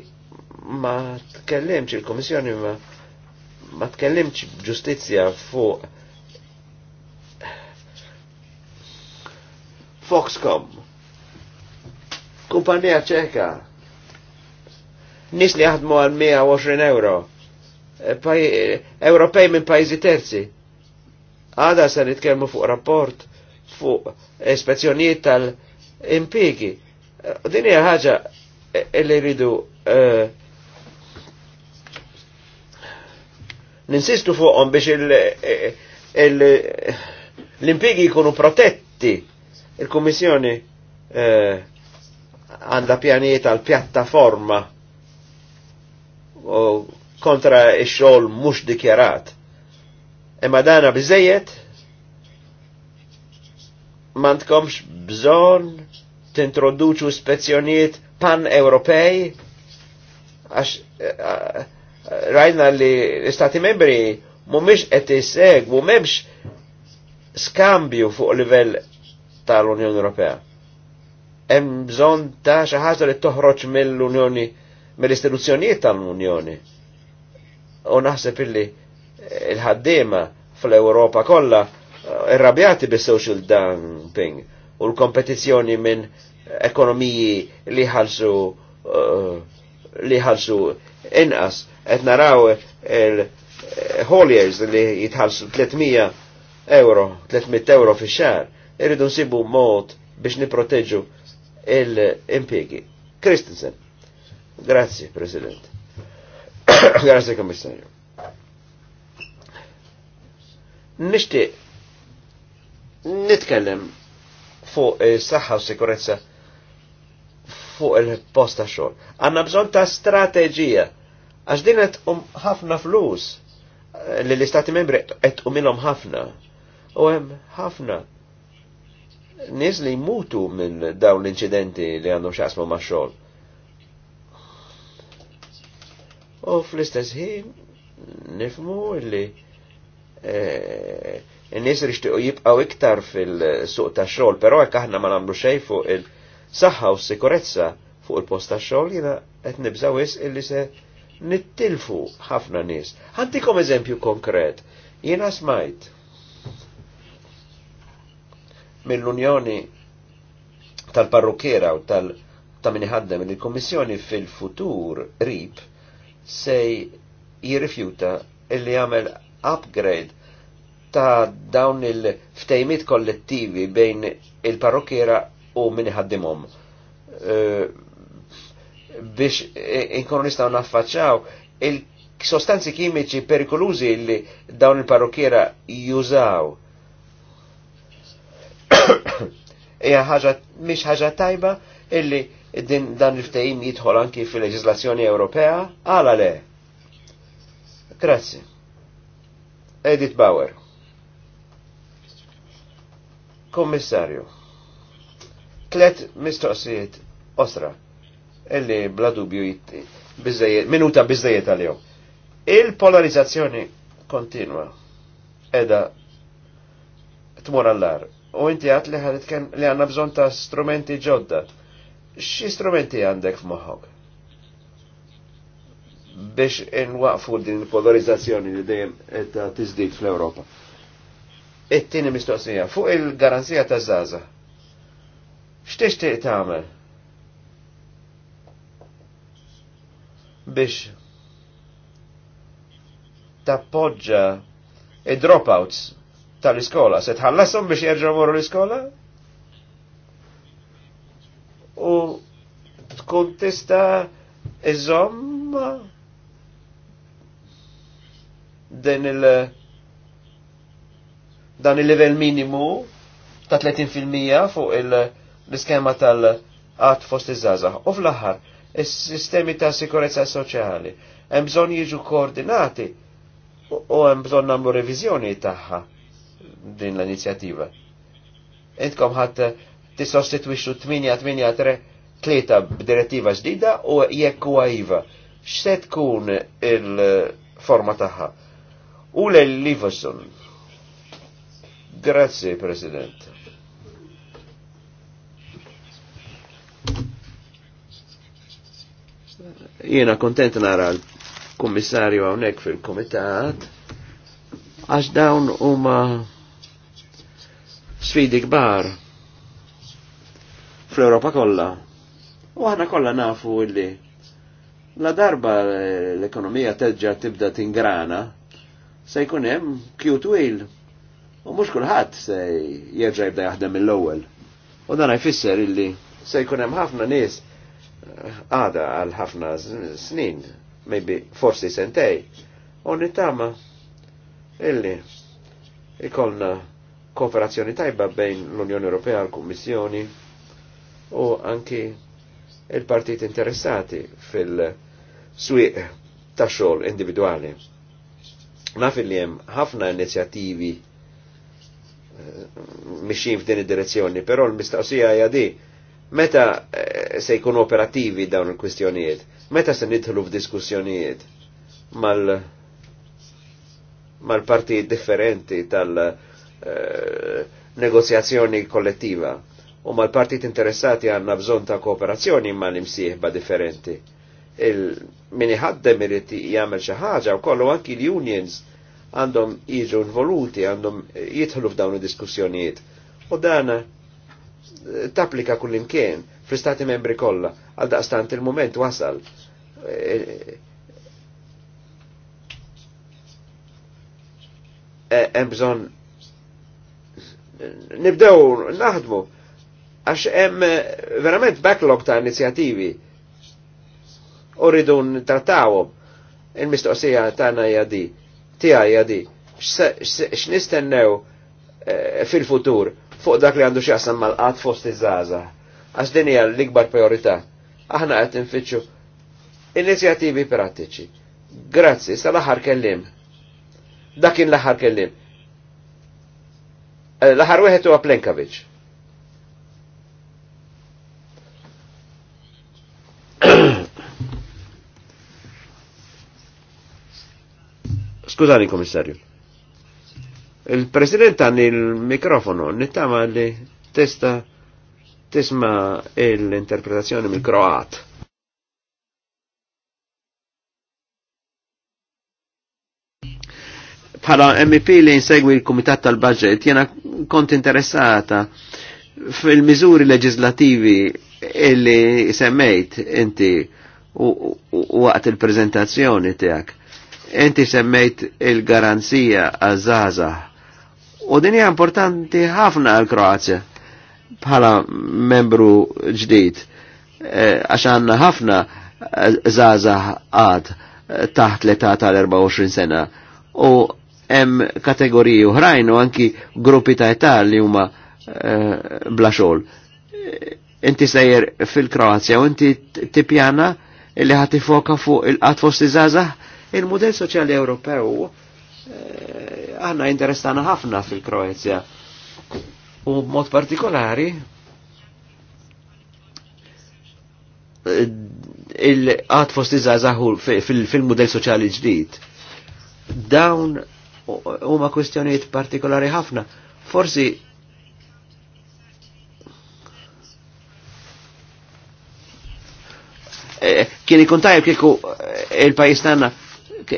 ma tkellimx il-Komissjoni ma ma tkellimx ġustizzja fuq Foxcom. Kumpanija ċeka. Nis li jaħdmu għal 120 euro. Eh, eh, Ewropej minn pajjiżi terzi. Għada se nitkellmu fuq rapport fuq ispezzjonijiet tal-impigi. Din hija ħaġa eh, li rridu eh, ninsistu fuqhom biex eh, l-impigi jkunu protetti. Il-Kummissjoni għandha pjanijiet għal pjattaforma kontra ix-xogħol mhux dikjarat Imma dana biżejjed mantkomx bżon tintroduċu spezzjoniet pan-Ewropej għax eh, eh, rajna li l-Istati membri mumiex qed isegwu m'hemmx skambju fuq livell tal-Unjoni Ewropea. Hemm bżonn ta' xi ħaġa li toħroġ mill-Unjoni mill-istituzzjonijiet tal-Unjoni. U naħseb illi il ħaddima fl-Europa kollha eh, irrabjati bis-social dumping u l-kompetizzjoni minn ekonomiji li ħalsu eh, li ħalsu inqas qed naraw il-hauliers eh, li jitħalsu 300 euro, 300 euro fi xar, irridu nsibu mod biex niproteġu il-impiegi. Christensen. Grazie, President. Grazie, Commissario. Nishtiq nitkellem fuq is-saħħa eh, u sikurezza fuq il-post ta' xogħol. Għandna bżonn ta' strateġija għax din qed um ħafna flus eh, li l-istati membri qed umilhom ħafna. U hemm ħafna nies li jmutu minn dawn l-inċidenti li għandhom x'asmu ma' xogħol. U fl-istess ħin nifmu li Eh, n-nies rixtiqu jibqgħu iktar fil-suq ta' xogħol però għek aħna ma nagħmlu xej fuq il-saħħa u s-sikurezza fuq il-post xol, xogħol jiena qed nibżgħu illi se nittilfu ħafna nies. Għantikom eżempju konkret. Jiena smajt mill-Unjoni tal-parrukkiera u tal- ta' min iħaddem il-Kommissjoni fil-futur RIP se jirrifjuta illi jagħmel upgrade ta' dawn il-ftejmit kollettivi bejn il parrokkjera u min ħaddimhom. Eh, biex e, inkonu nistaw naffaċċaw il-sostanzi kimiċi perikolużi li dawn il parrokkjera jużaw. Eja ħaġa mhix ħaġa tajba illi din dan il-ftehim jidħol anki fil-leġislazzjoni Ewropea, għala le. Grazie. Edith Bauer. Kommissarju. Tlet mistoqsijiet osra. Illi bla dubju minuta bizzejiet għal Il-polarizzazzjoni kontinua edha tmur għallar. U inti għat li għanna bżon ta' strumenti ġodda. Xi strumenti għandek f'moħħok? biex nwaqfu din il-polarizzazzjoni li dejjem ta' tiżdid fl-Ewropa. It-tieni mistoqsija fuq il-garanzija ta' żaża. X'tixtieq tagħmel? biex tappoġġa id-dropouts tal-iskola, se tħallasom biex jerġgħu moru l-iskola? U tkun tista' iżomm den il- dan il-level minimu ta' 30% fuq l-iskema tal-għat fost iż-żazax. U fl-aħħar, is-sistemi ta' sikurezza soċjali hemm bżonn jiġu koordinati u hemm bżonn nagħmlu reviżjoni tagħha din l-inizjattiva. Intkom ħadd tissostitwixxu 8-8-3 b'direttiva ġdida u jekk huwa iva. X'se tkun il-forma tagħha? Ule Liverson. Grazie, President. Jena kontent nara l-Kommissarju għawnek fil-Komitat, għax dawn huma sfidi kbar fl-Europa kollha. U aħna kollha nafu illi la darba l-ekonomija teġġa tibda tingrana, se jkun hemm cute wheel. U mhux kulħadd se jerġa' jibda jaħdem mill-ewwel. U dan jfisser illi se jkun hemm ħafna nies eh, għada għal ħafna snin, maybe forsi sentej, u nittama illi ikolna kooperazzjoni tajba bejn l-Unjoni Ewropea, l-Kummissjoni u anki il-partit interessati fil-swieq ta' xogħol individwali Naf li hemm ħafna inizjattivi eh, mixin f'din id-direzzjoni, però l-mistaqsija hija di meta eh, se jkunu operattivi dawn il-kwistjonijiet, meta se nidħlu f'diskussjonijiet mal mal-partijiet differenti tal-negozjazzjoni eh, kollettiva u mal-partijiet interessati għanna bżon ta' kooperazzjoni mal-imsieħba differenti il-mini ħaddem irrit jgħamil xaħġa u kollu anki l-unions għandhom jiġu involuti, għandhom jitħlu f'dawn il-diskussjonijiet. U dan eh, tapplika kull imkien fl-istati membri kollha għal daqstant il-moment wasal. Eh, eh, hemm bżonn nibdew naħdmu għax hemm verament backlog ta' inizjattivi u rridu ntrattawhom. Il-mistoqsija tagħna hija di, tiegħi hija di. X'nistennew eh, fil-futur fuq dak li għandu x'jaqsam mal qat fost iż żaża Għax din hija l-ikbar priorità. Aħna qed nfittxu inizjattivi prattiċi. Grazzi, sa l-aħħar kellim. Dakin l-aħħar kellim. L-aħħar wieħed huwa Plenkovic. Skużani, komissarju. Il-President għanni il-mikrofonu, nittama li testa tisma l-interpretazzjoni mil kroat Pala MEP li insegwi il komitat tal-Budget, jena kont interessata fil mizuri leġislativi illi semmejt inti u għat il-prezentazzjoni tiegħek Enti semmejt il-garanzija għazzaza. U din hija importanti ħafna għal Kroazja bħala membru ġdid. E, għax għanna ħafna zaza għad taħt l-età tal-24 sena. U hemm kategoriji oħrajn u anki gruppi ta' età li huma e, bla xogħol. Inti sejjer fil-Kroazja u inti tipjana li ħati foka fuq il-qatfosti zazah Il-modell soċjali Ewropew għanna eh, interessana ħafna fil-Kroazja. U mod partikolari eh, il-għad fost iżazahu fil-modell soċjali ġdid. Dawn huma kwestjonijiet partikolari ħafna. Forsi eh, kien ikun tajb kieku il-pajis tagħna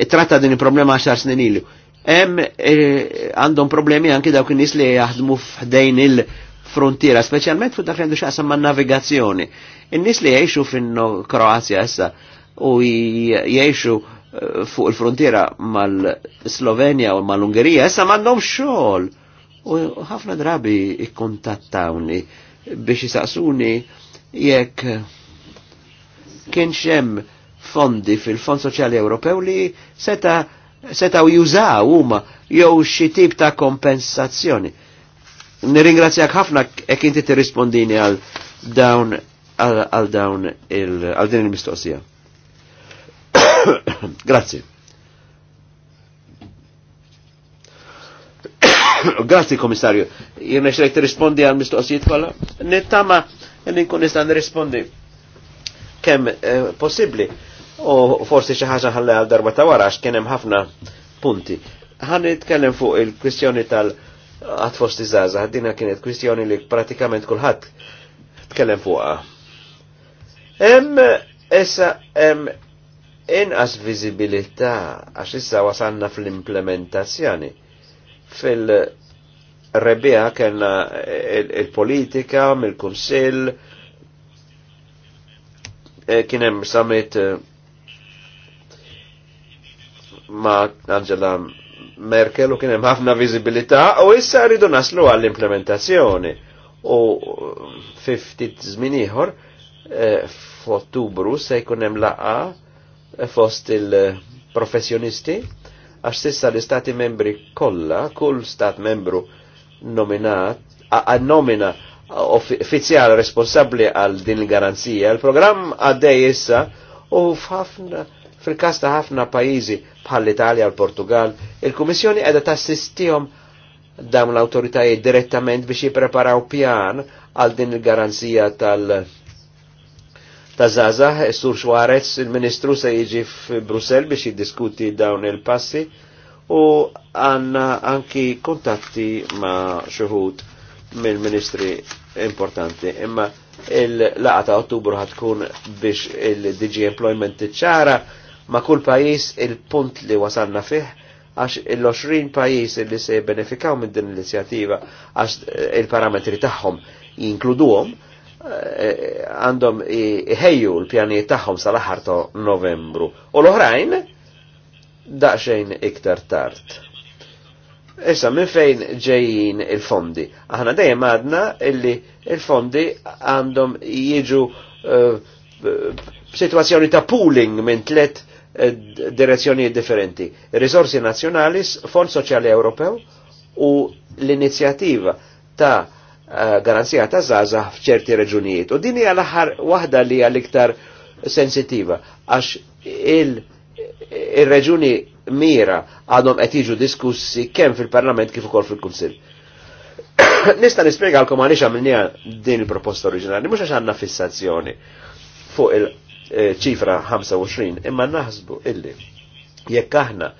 tratta din il-problema għaxar snin ilu. Em, e, għandhom problemi anki dawk in li jaħdmu f'dejn il-frontiera, speċjalment fuq dak li għandu x'aqsam ma' navigazzjoni. In-nies li jgħixu fin-Kroazja issa u jgħixu eh, fuq il-frontiera mal-Slovenja u mal-Ungerija, issa m'għandhom xogħol. U ħafna drabi ikkontattawni biex jisaqsuni jekk kien xem fondi fil-Fond Soċjali Ewropew li seta setaw jużaw huma jew xi tip ta' kompensazzjoni. Nirringrazzjak ħafna jekk inti tirrispondini għal dawn għal dawn għal din il-mistoqsija. Grazzi. Grazzi komissarju, jirna xrejk rispondi għal mistoqsijiet kolla. Nittama, nkun nista' nirrispondi kemm eh, possibbli u forsi xi ħaġa ħalli għal darba ta' wara kien hemm ħafna punti. Ħan nitkellem fuq il-kwistjoni tal-qatt fost iż dina kienet kwistjoni li pratikament kulħadd tkellem fuqha. Hemm issa hemm inqas viżibilità għax issa wasalna fl-implementazzjoni fil-rebija kellna il-politika, mill-kunsill, e, kienem summit ma' Angela Merkel u kien hemm ħafna viżibilità u issa rridu naslu għall-implementazzjoni. U 50 żmien ieħor eh, f'Ottubru se jkun hemm laqa eh, fost il-professjonisti għax sissa l-istati membri kollha, kull stat membru nominat, nomina uffiċjal responsabli għal din il-garanzija, il-programm għaddej issa u f'ħafna Fil-kas ta' ħafna pajizi bħal l-Italja u l-Portugal, il-Kummissjoni qiegħda tassistihom dawn l-awtoritajiet direttament biex jippreparaw pjan għal din il-garanzija tal- ta' Zaza, Sur Suarez, il-Ministru se jiġi f'Brussel biex jiddiskuti dawn il-passi u għanna anki kontatti ma' Xuhut mill-ministri importanti. Imma il-laqa ta' ottubru ħatkun biex il-DG Employment ċara ma' kull pajis il-punt li wasalna fih għax il-20 pajis li se benefikaw minn din l-inizjattiva għax eh, il-parametri tagħhom jinkluduhom eh, għandhom iħejju l-pjanijiet tagħhom sal-aħħar ta' Novembru. U l-oħrajn daqsxejn iktar tard. Issa minn fejn ġejjin il-fondi? Aħna dejjem għadna illi il-fondi għandhom jiġu uh, situazzjoni ta' pooling minn tlet Eh, direzzjoni differenti. Risorsi nazjonali, Fond Soċjali Ewropew u l-inizjattiva ta' eh, garanzija ta' zaza f'ċerti reġunijiet. U din hija l-aħħar waħda li hija l-iktar sensitiva għax il-reġuni il mira għadhom qed jiġu diskussi kemm fil-Parlament kif ukoll fil-Kunsill. Nista' nispjegalkom għaliex għamilniha din il-proposta oriġinali, mhux għax għandna fissazzjoni fuq il- E, ċifra 25, imma naħsbu illi jekk aħna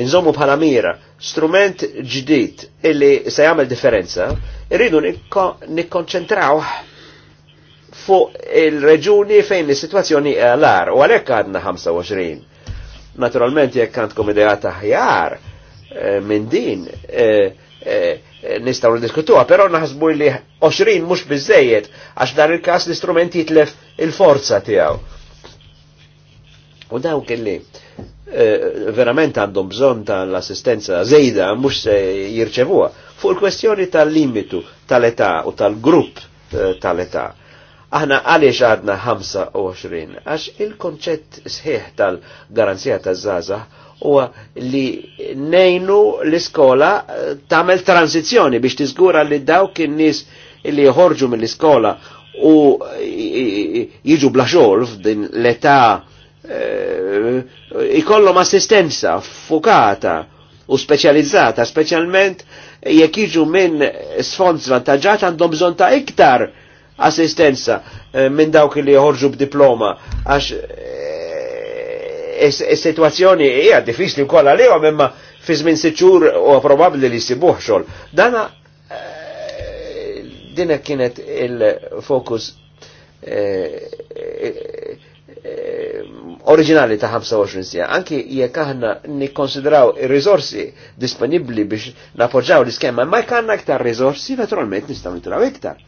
nżommu bħala mira strument ġdid illi se jagħmel differenza, irridu nikkonċentraw fuq il-reġuni fejn is-sitwazzjoni għalar u għalhekk għadna 25. Naturalment jekk għandkom idea taħjar e, minn din e, nistgħu niddiskutuha, però naħsbu li 20 mhux biżejjed għax dan il-każ l-istrument jitlef il-forza tiegħu U dawk illi eh, verament għandhom bżon tal-assistenza zejda mux se jirċevuha. Fuq il-kwestjoni tal-limitu tal-età u tal-grupp eh, tal-età. Aħna għaliex għadna 25, għax il-konċett sħiħ tal-garanzija taż-żaza huwa li nejnu l-iskola eh, tagħmel tranzizjoni biex tiżgura li dawk in-nies li jħorġu mill-iskola u jiġu bla xogħol f'din l-età Eh, ikollhom assistenza fukata u specializzata specialment jekk jiġu minn sfond zvantaġġat għandhom bżonn ta' iktar assistenza eh, minn dawk li joħorġu b'diploma għax eh, is-sitwazzjoni hija diffiċli wkoll għalihom imma fi żmien siċur u probabbli li jsibuh xogħol. Dana din kienet il-fokus Eh, oriġinali ta' 25 sija. Anki jekk aħna nikkonsidraw ir rizorsi disponibbli biex napoġġaw l-iskema, ma jkanna aktar rizorsi, naturalment nistgħu nitraw iktar.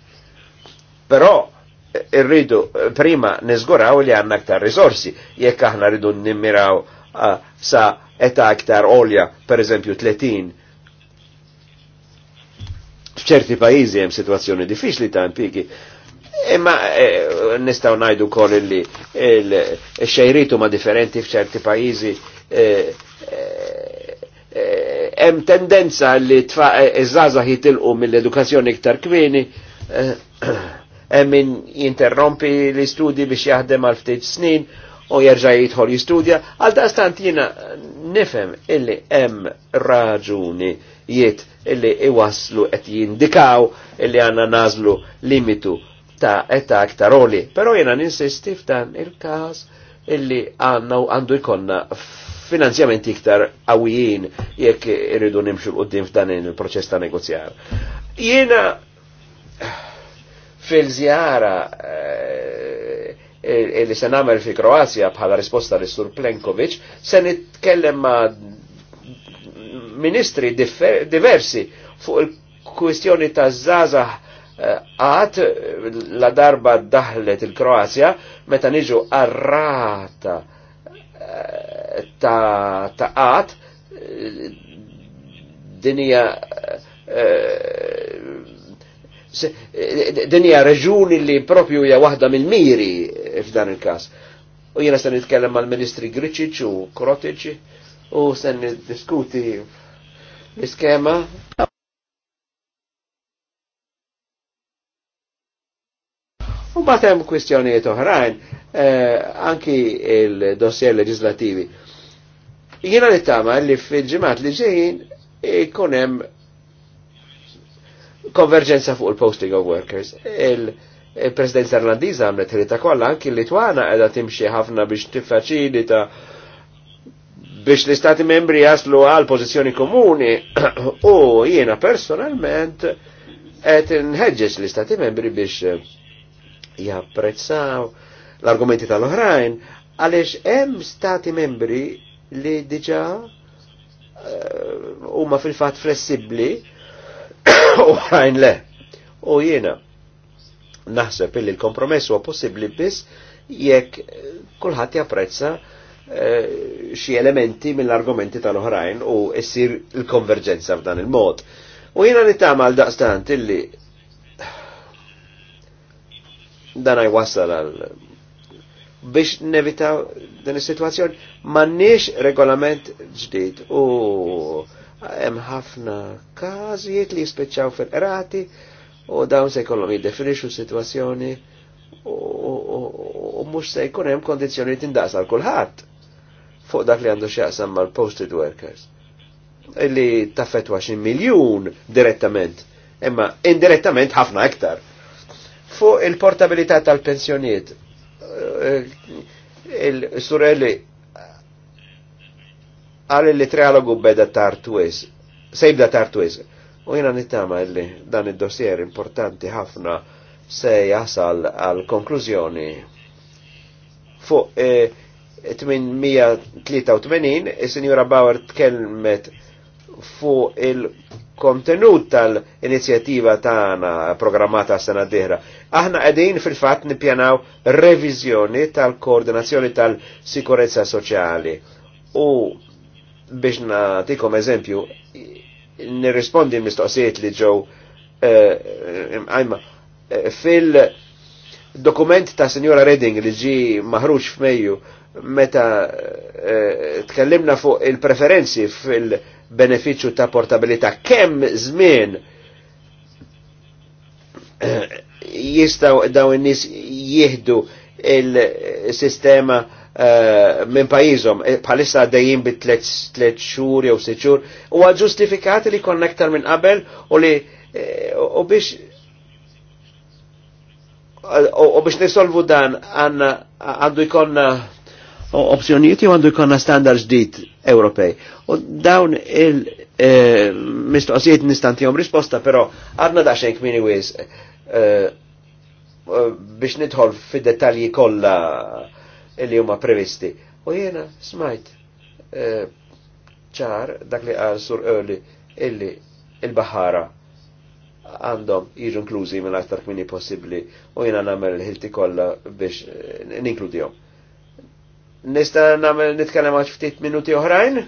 Però eh, irridu eh, prima nizguraw li għandna aktar rizorsi, jekk aħna rridu nimmiraw ah, sa eta aktar olja, per eżempju 30. F'ċerti pajjiżi hemm sitwazzjoni diffiċli ta' impiki, Imma eh, nistaw najdu kol li il-xejritu ma differenti f'ċerti pajizi hemm eh, eh, tendenza li iż-żaza jitilqu mill-edukazzjoni iktar kmini hemm min jinterrompi l-istudji biex jaħdem għal ftit snin u jerġa' jidħol jistudja, għal daqstant jiena nifhem illi hemm raġuni jiet illi iwaslu qed jindikaw illi għandna nażlu limitu ta' etta aktar oli. Pero jena ninsisti f'dan il-kas illi għanna u għandu jkonna finanzjament iktar għawijin jekk irridu nimxu l-qoddim f'dan il-proċess ta' negozjar. Jena fil-zjara eh, illi se namel fi Kroazja bħala risposta li sur Plenkovic, se nitkellem ma' ministri diversi fuq il-kwistjoni ta' zazah għat la darba daħlet il-Kroazja meta niġu arrata eh, ta' għat dinja eh, dinja reġuni li propju hija waħda mill-miri f'dan il kas U jiena se nitkellem mal-Ministri Griċiċ u Krotiċ u se diskuti l-iskema. U batem kwistjonijiet oħrajn, eh, anki il-dossier legislativi. Jiena li tama li fil-ġimat li ġejjin ikun hemm konverġenza fuq il-posting of workers. il Il-President Irlandiza għamlet ħrita kollha anki l-Litwana qiegħda timxi ħafna biex ta' biex l-istati membri jaslu għal pożizzjoni komuni u jiena personalment qed inħeġġeġ l-istati membri biex japprezzaw l-argumenti tal-oħrajn, għaliex hemm stati membri li diġa eh, huma uh, fil-fat flessibli u oħrajn le. U jiena naħseb illi l-kompromess huwa possibbli biss jekk kulħadd japprezza eh, xi elementi mill-argumenti tal-oħrajn u issir l-konverġenza f'dan il-mod. U jiena nittama għal daqstant illi dan għajwassal għal biex nevitaw din is-sitwazzjoni m'għandniex regolament ġdid u hemm ħafna każijiet li jispiċċaw fil-qrati u dawn se jkollhom jiddefinixxu sitwazzjoni u mhux se jkun hemm kondizzjoni tindaqs għal kulħadd fuq dak li għandu x'jaqsam mal-posted workers illi taffetwa xi miljun direttament imma indirettament ħafna ektar Fuq il-portabilità tal-pensjoniet, eh, il-surelli għal li trialogu beda tartwis, sejbda tartwis. U jina nittama li dan il dossier importanti ħafna se jasal għal konklużjoni fuq 883 eh, il-Sinjura e Bauer tkelmet fuq il-kontenut tal-inizjattiva tagħna programmata sena d dihra Aħna qegħdin fil-fatt nippjanaw reviżjoni tal-koordinazzjoni tal-sikurezza soċjali. U biex nagħtikom eżempju, nirrispondi mistoqsijiet li ġew għajma eh, eh, fil-dokument ta' Senjora Redding li ġi maħruġ f'Mejju meta eh, tkellimna fuq il-preferenzi fil-beneficju ta' portabilità, kemm żmien eh, jistaw daw in-nies jieħdu il-sistema eh, minn pajizom, palissa dejjin bi tliet xhur jew sitt xhur huwa ġustifikat li konna aktar minn qabel u li u biex u biex nisolvu dan għandu jkonna opzjonijiet jew għandu jkollna standard ġdid Ewropej. U dawn il-mistoqsijiet eh, nistantijom risposta, però għadna daċxen kmini wis eh, eh, biex nidħol fid dettalji kollha li huma previsti. U jena smajt ċar dak li għal sur early illi il-bahara għandhom jiġu inklużi mill-aktar kmini possibbli u jena namel il-ħilti kollha biex ninkludihom Nista namel nitkellem għal ftit minuti oħrajn?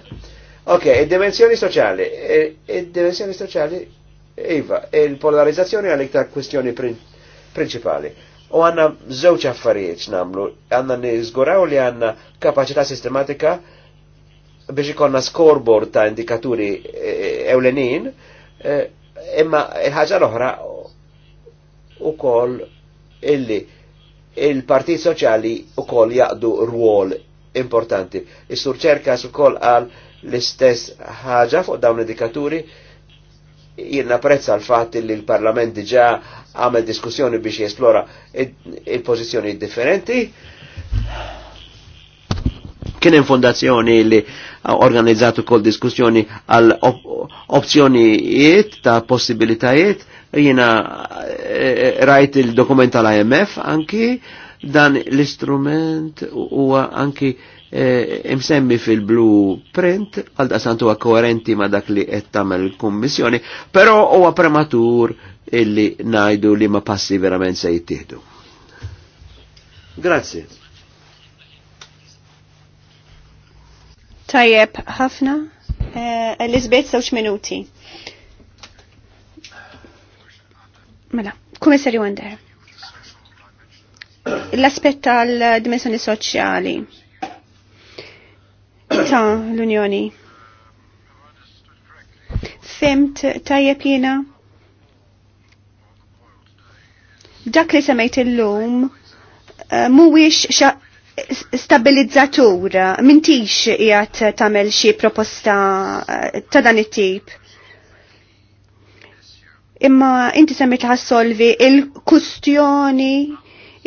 Ok, id-dimensjoni soċjali. E, id-dimensjoni soċjali, iva, il-polarizzazzjoni għal iktar kwistjoni prinċipali. U għanna zewċ affarijiet namlu, għanna nizguraw li għanna kapacità sistematika biex ikonna scoreboard ta' indikaturi e, ewlenin, e, imma il-ħagġa l-oħra u koll illi il-Partit Soċjali u koll jaqdu rwol importanti. Is-sur ċerka sukoll għal l-istess ħaġa fuq dawn l-indikaturi jirna prezza l-fat li l-Parlament diġa għamel diskussjoni biex jesplora il-pozizjoni differenti. Kien hemm fondazzjoni li organizzatu kol diskussjoni għal opzjonijiet ta' possibilitajiet jiena eh, eh, rajt il-dokument tal-IMF anki Dan l-istrument huwa anki E, imsemmi fil-blueprint, għal santu huwa koherenti ma dak li qed tagħmel kommissjoni, kummissjoni però huwa prematur illi najdu li ma passi verament se jittieħdu. Grazie. Tajjeb, ħafna. Eh, Elizabeth, minuti. Mela, kummissarju għandher l-aspett tal-dimensjoni soċjali ta' l-Unjoni. Fimt tajjeb jiena? Dak li semmejt illum eh, mhuwiex stabilizzatur, mintix qiegħed tagħmel xi proposta eh, ta' dan it-tip. Imma inti semmit ħassolvi il-kustjoni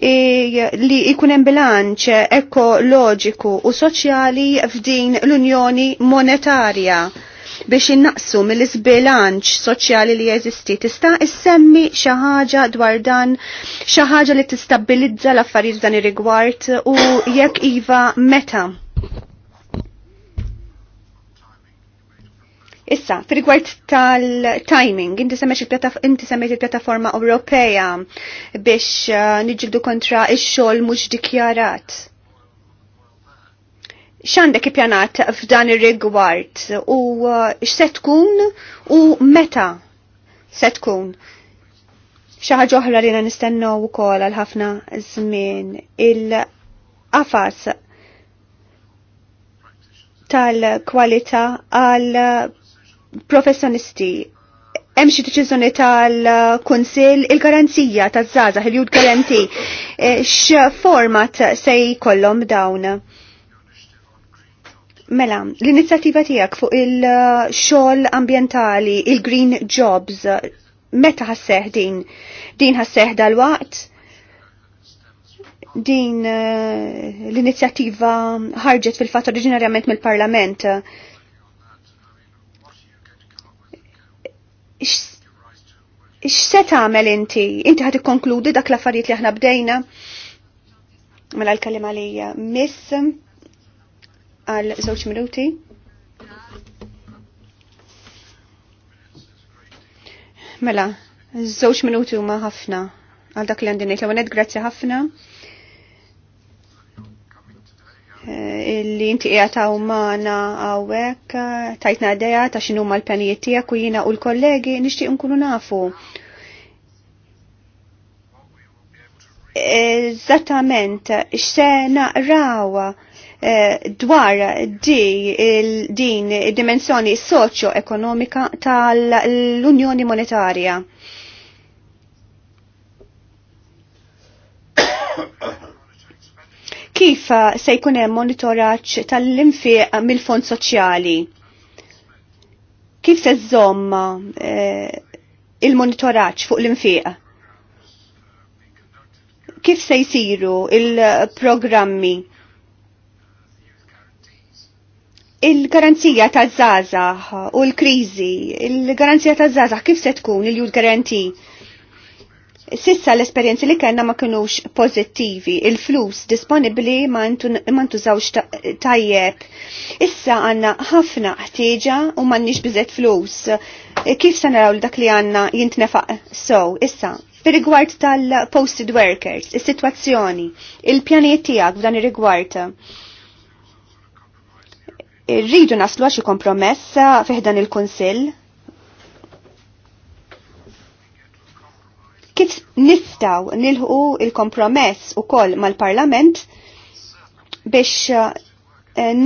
li jkun hemm bilanċ ekoloġiku u soċjali f'din l-Unjoni Monetarja biex innaqsu mill-isbilanċ soċjali li jeżisti. Tista' issemmi xi ħaġa dwar dan, xi ħaġa li tistabilizza l-affarijiet dan ir-rigward u jekk iva meta. Issa, fi rigward tal-timing, inti semmeċ il-pjattaforma Ewropea biex uh, nġildu kontra ix-xogħol mhux dikjarat. X'għandek ippjanat f'dan ir-rigward u uh, x'se tkun u meta se tkun? Xi ħaġa oħra li nistennew ukoll għal ħafna żmien il-qafas tal-kwalità għal professjonisti hemm xi deċiżjoni tal-Kunsill il-garanzija taż-żgħażagħ il-Youth Guarantee eh, x'format se jkollhom dawn. Mela, l-inizjattiva tiegħek fuq il-xogħol ambjentali, il-green jobs, meta ħasseħ din? Din ħasseħ dal-waqt? Din eh, l-inizjattiva ħarġet fil-fatt oriġinarjament mill-Parlament. Uh, Ix-se tagħmel inti? Inti ħad ikkonkludi dak l-affarijiet li aħna bdejna? Mela l-kalima lija miss għal żewġ minuti. Mela, żewġ minuti huma ħafna għal dak li għandinejt l-għonet, grazzi ħafna. Eh, illi inti qiegħed umana hawnhekk tajtna idea ta' x'inhu l-pjanijiet tiegħek u jina u l-kollegi nixtieq nkunu nafu. Eżattament x'se naqraw eh, dwar di din id-dimensjoni soċjo-ekonomika tal-Unjoni Monetarja. kif se jkun hemm monitoraġġ tal-infiq mill-fond soċjali? Kif se żomm eh, il-monitoraġġ fuq l-infiq? Kif se jsiru il-programmi? Il-garanzija ta' zazax u l-krizi, il-garanzija ta' zazax kif se tkun il-jud garanti? Sissa l-esperienzi li kellna ma kinux pozittivi, il-flus disponibli ma ntużawx tajjeb. Issa għanna ħafna ħtieġa u m'għandniex biżet flus. Kif se naraw dak li għanna jintnefaq sow? Issa, fir-rigward tal-posted workers, is-sitwazzjoni, il-pjanijiet tiegħek f'dan ir-rigward rridu naslu għaxi kompromess fiħdan il-Konsil kif nistaw nilħu il-kompromess u koll mal-parlament biex eh,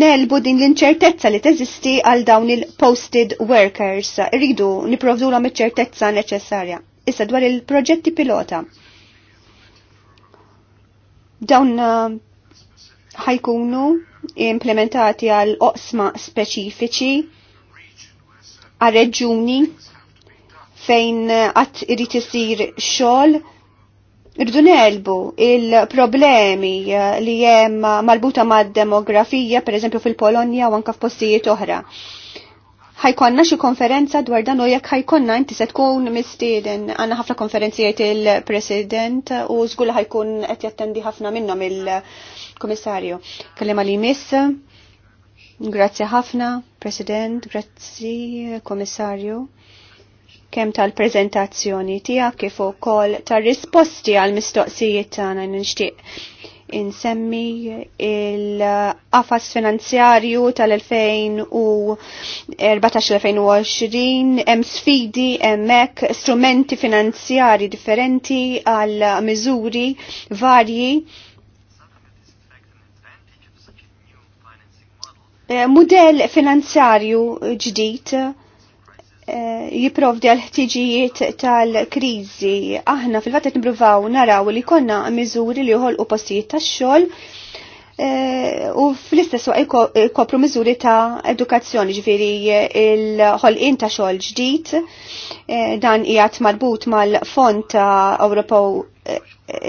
nelbu din l-inċertezza li teżisti għal dawn il-posted workers. Rridu niprovdu l ċertezza neċessarja. Issa dwar il-proġetti pilota. Dawn eh, ħajkunu implementati għal oqsma speċifiċi għal reġuni fejn eh, għat irrit jisir xogħol Irdu nelbu il-problemi eh, li jem malbuta mad demografija, per eżempju fil-Polonja u anka f'postijiet oħra. Ħajkonna xi konferenza dwar dan u jekk ħajkonna inti se tkun mistieden għandna ħafna konferenzijiet il-President u żgur ħajkun qed jattendi ħafna minnhom il-Kummissarju. Kellem li miss. Grazzi ħafna, President, grazzi Kummissarju kemm tal-preżentazzjoni tiegħek kif ukoll tar-risposti għall mistoqsijiet tagħna nixtieq insemmi il-qafas finanzjarju tal-2014-2020, hemm sfidi, hemmhekk strumenti finanzjari differenti għal miżuri varji. Eh, Model finanzjarju ġdid Eh, jiprovdi għal ħtiġijiet tal-krizi. Aħna fil-fatt nipruvaw naraw li konna miżuri li joħolqu postijiet tax-xogħol Eh, u fl-istess waqt ikopru miżuri ta' edukazzjoni ġviri eh, il-ħolqien ta' xogħol ġdid eh, dan qiegħed marbut mal-Fond ta' Ewropew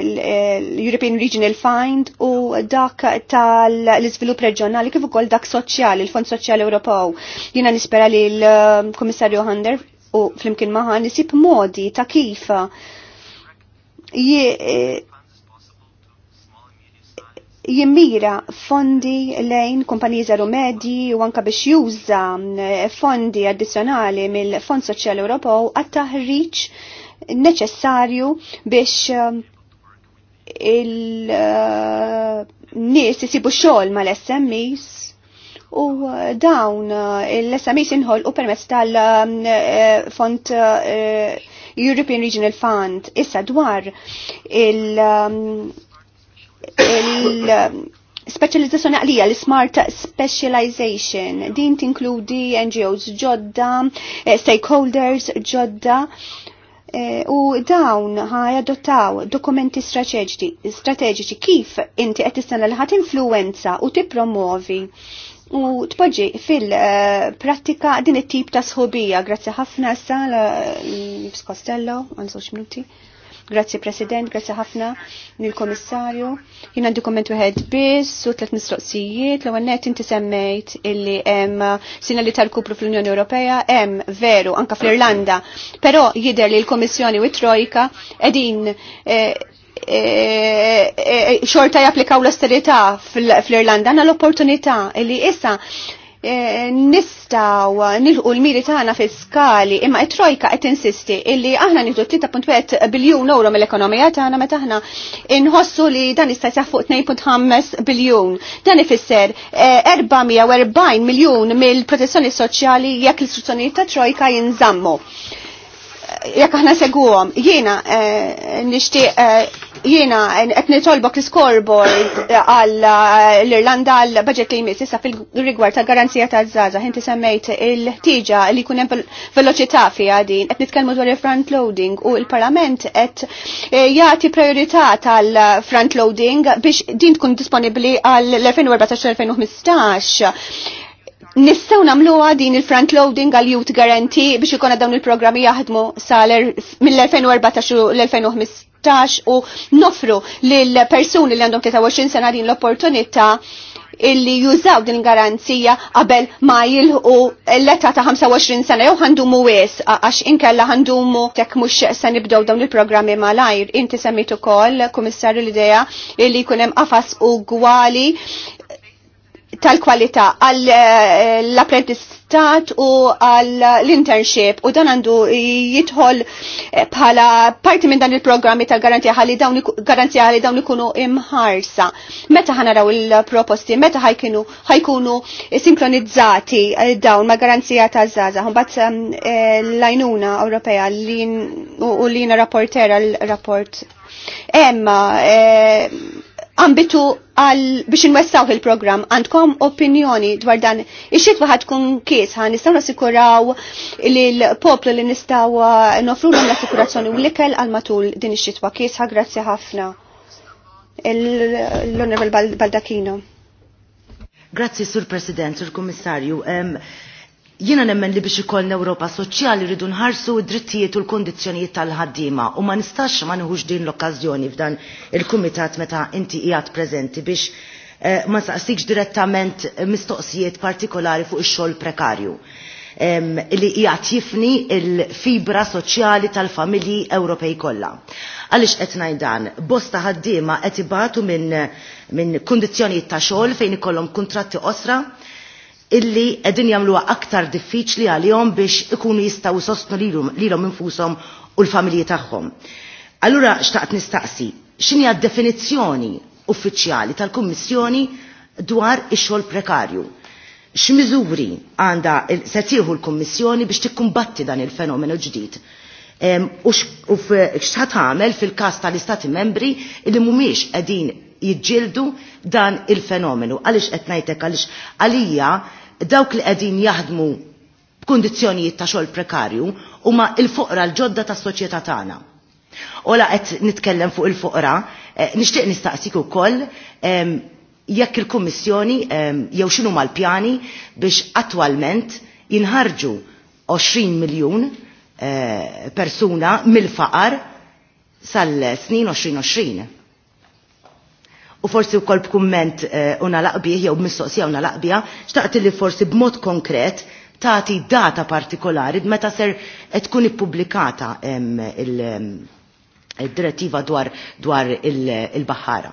l-European Regional Fund u dak tal-iżvilupp reġjonali kif ukoll dak soċjali, il-Fond Soċjali Ewropew. Jiena nispera li l-Kummissarju Hunter u flimkien maħan nisib modi ta' kif jimmira fondi lejn kumpaniji zero medji u anka biex juża eh, fondi addizzjonali mill-Fond Soċjali Ewropew għat-taħriġ neċessarju biex eh, il-nies eh, isibu xogħol mal-SMEs u dawn l-SMEs inħol u permezz tal-Fond European Regional Fund issa dwar il- specializzazzjoni għalija l-smart specialization din tinkludi NGOs ġodda, eh, stakeholders ġodda eh, u dawn adottaw dokumenti strateġiċi kif inti qed tistenna li ħadd influenza u tippromovi u tpoġġi fil-prattika din it-tip ta' sħobija. Grazzi ħafna sal mm, Costello, għal minuti. Grazzi President, grazzi ħafna lill-Komissarju. Jien għandi komment wieħed biss u tliet mistoqsijiet l għannet inti semmejt illi hemm uh, sinali tal kuplu fl-Unjoni Ewropea hemm veru anka fl-Irlanda. Però jidher li l-Komissjoni u Trojka qegħdin eh, eh, eh, xorta japplikaw l-austerità fl-Irlanda għandna l-opportunità li issa Eh, nistaw nilħu l-miri tagħna fiskali imma it-trojka qed insisti illi aħna nieħdu 3.1 biljun euro mill-ekonomija tagħna meta aħna inħossu li dan jista' jsaħ fuq 2.5 biljun. Dan ifisser 440 eh, miljun mill-protezzjoni soċjali jekk l-istruzzjonijiet ta' trojka jinżammu jekk aħna segwhom, jiena eh, nixtieq eh, jiena eh, qed nitolbok l-scoreboard għal l-Irlanda għal budget li jmiss issa fil-rigward ta' garanzija ta' żgħażagħ inti semmejt il ħtieġa li jkun hemm veloċità fiha din qed nitkellmu dwar il-front loading u l-Parlament qed jagħti priorità tal-front loading biex din tkun disponibbli għal 2014 2015 Nistaw namluwa din il-front loading għal youth guarantee biex ikona dawn il-programmi jaħdmu saler mill-2014 l-2015 u nofru l-persuni li għandhom 23 sena din l-opportunità illi jużaw din garanzija qabel ma jilħu l-letta ta' 25 sena jew ħandumu wis għax inkella ħandumu tek mhux se nibdew dawn il-programmi malajr. Inti semmitu ukoll, Kummissarju l-idea illi jkun hemm u ugwali tal-kwalità għall-apprentistat eh, u għall-internship eh, u dan għandu jidħol eh, bħala parti minn dan il-programmi ta' garanzija għalli dawn garanzija għalli dawn ikunu imħarsa. Meta ħanaraw il-proposti, meta ħajkunu ħajkunu sinkronizzati dawn ma' garanzija ta' zaza. Mbagħad l-għajnuna Ewropea u l-lina rapportera l-rapport Emma, eh, ambitu għal biex nwessaw il-program, għandkom opinjoni dwar dan, ix-xitwa kun kies, għan nistaw nasikuraw li l-poplu li nistaw uh, nofru l l-assikurazzjoni u l-ikel għal matul din ix-xitwa kies, ħa grazzi ħafna. L-Onorable Baldacchino. Grazzi, Sur President, Sur Kommissarju. Jiena nemmen li biex ikollna Ewropa soċjali rridu nħarsu d-drittijiet u l-kondizzjonijiet tal-ħaddiema u ma nistax ma nħuġ din l-okkażjoni f'dan il-kumitat meta inti qiegħed preżenti biex eh, ma saqsikx direttament mistoqsijiet partikolari fuq ix-xogħol prekarju li qiegħed jifni il-fibra soċjali tal-familji Ewropej kollha. Għaliex qed ngħid dan, bosta ħaddiema qed ibatu minn kundizzjonijiet ta' xogħol fejn ikollhom kuntratti osra illi qegħdin jagħmluha aktar diffiċli għalihom biex ikunu jistgħu jsostnu lilhom infushom u l-familji tagħhom. Allura xtaqt nistaqsi, x'inhi d-definizzjoni uffiċjali tal-Kummissjoni dwar ix-xogħol prekarju? X'miżuri għandha se tieħu l-Kummissjoni biex tikkumbatti dan il-fenomenu ġdid? u x'ħat għamel fil-każ tal-Istati membri li mhumiex qegħdin jidġildu dan il-fenomenu. Għaliex qed għalix għaliex għalija dawk li qegħdin jaħdmu b'kundizzjonijiet ta' xogħol prekarju huma l-fuqra l-ġodda tas-soċjetà tagħna. Ola qed nitkellem fuq il-fuqra, eh, nixtieq nistaqsik ukoll jekk il-Kummissjoni jew x'inhu mal-pjani biex attwalment jinħarġu 20 miljun eh, persuna mill-faqar sal-snin 2020 u forsi u kol b'kumment eh, una laqbieħ jew mistoqsija una laqbija, xtaqt li forsi b'mod konkret taħti data partikolari meta ser tkun ippubblikata il-direttiva dwar, dwar il-bahara.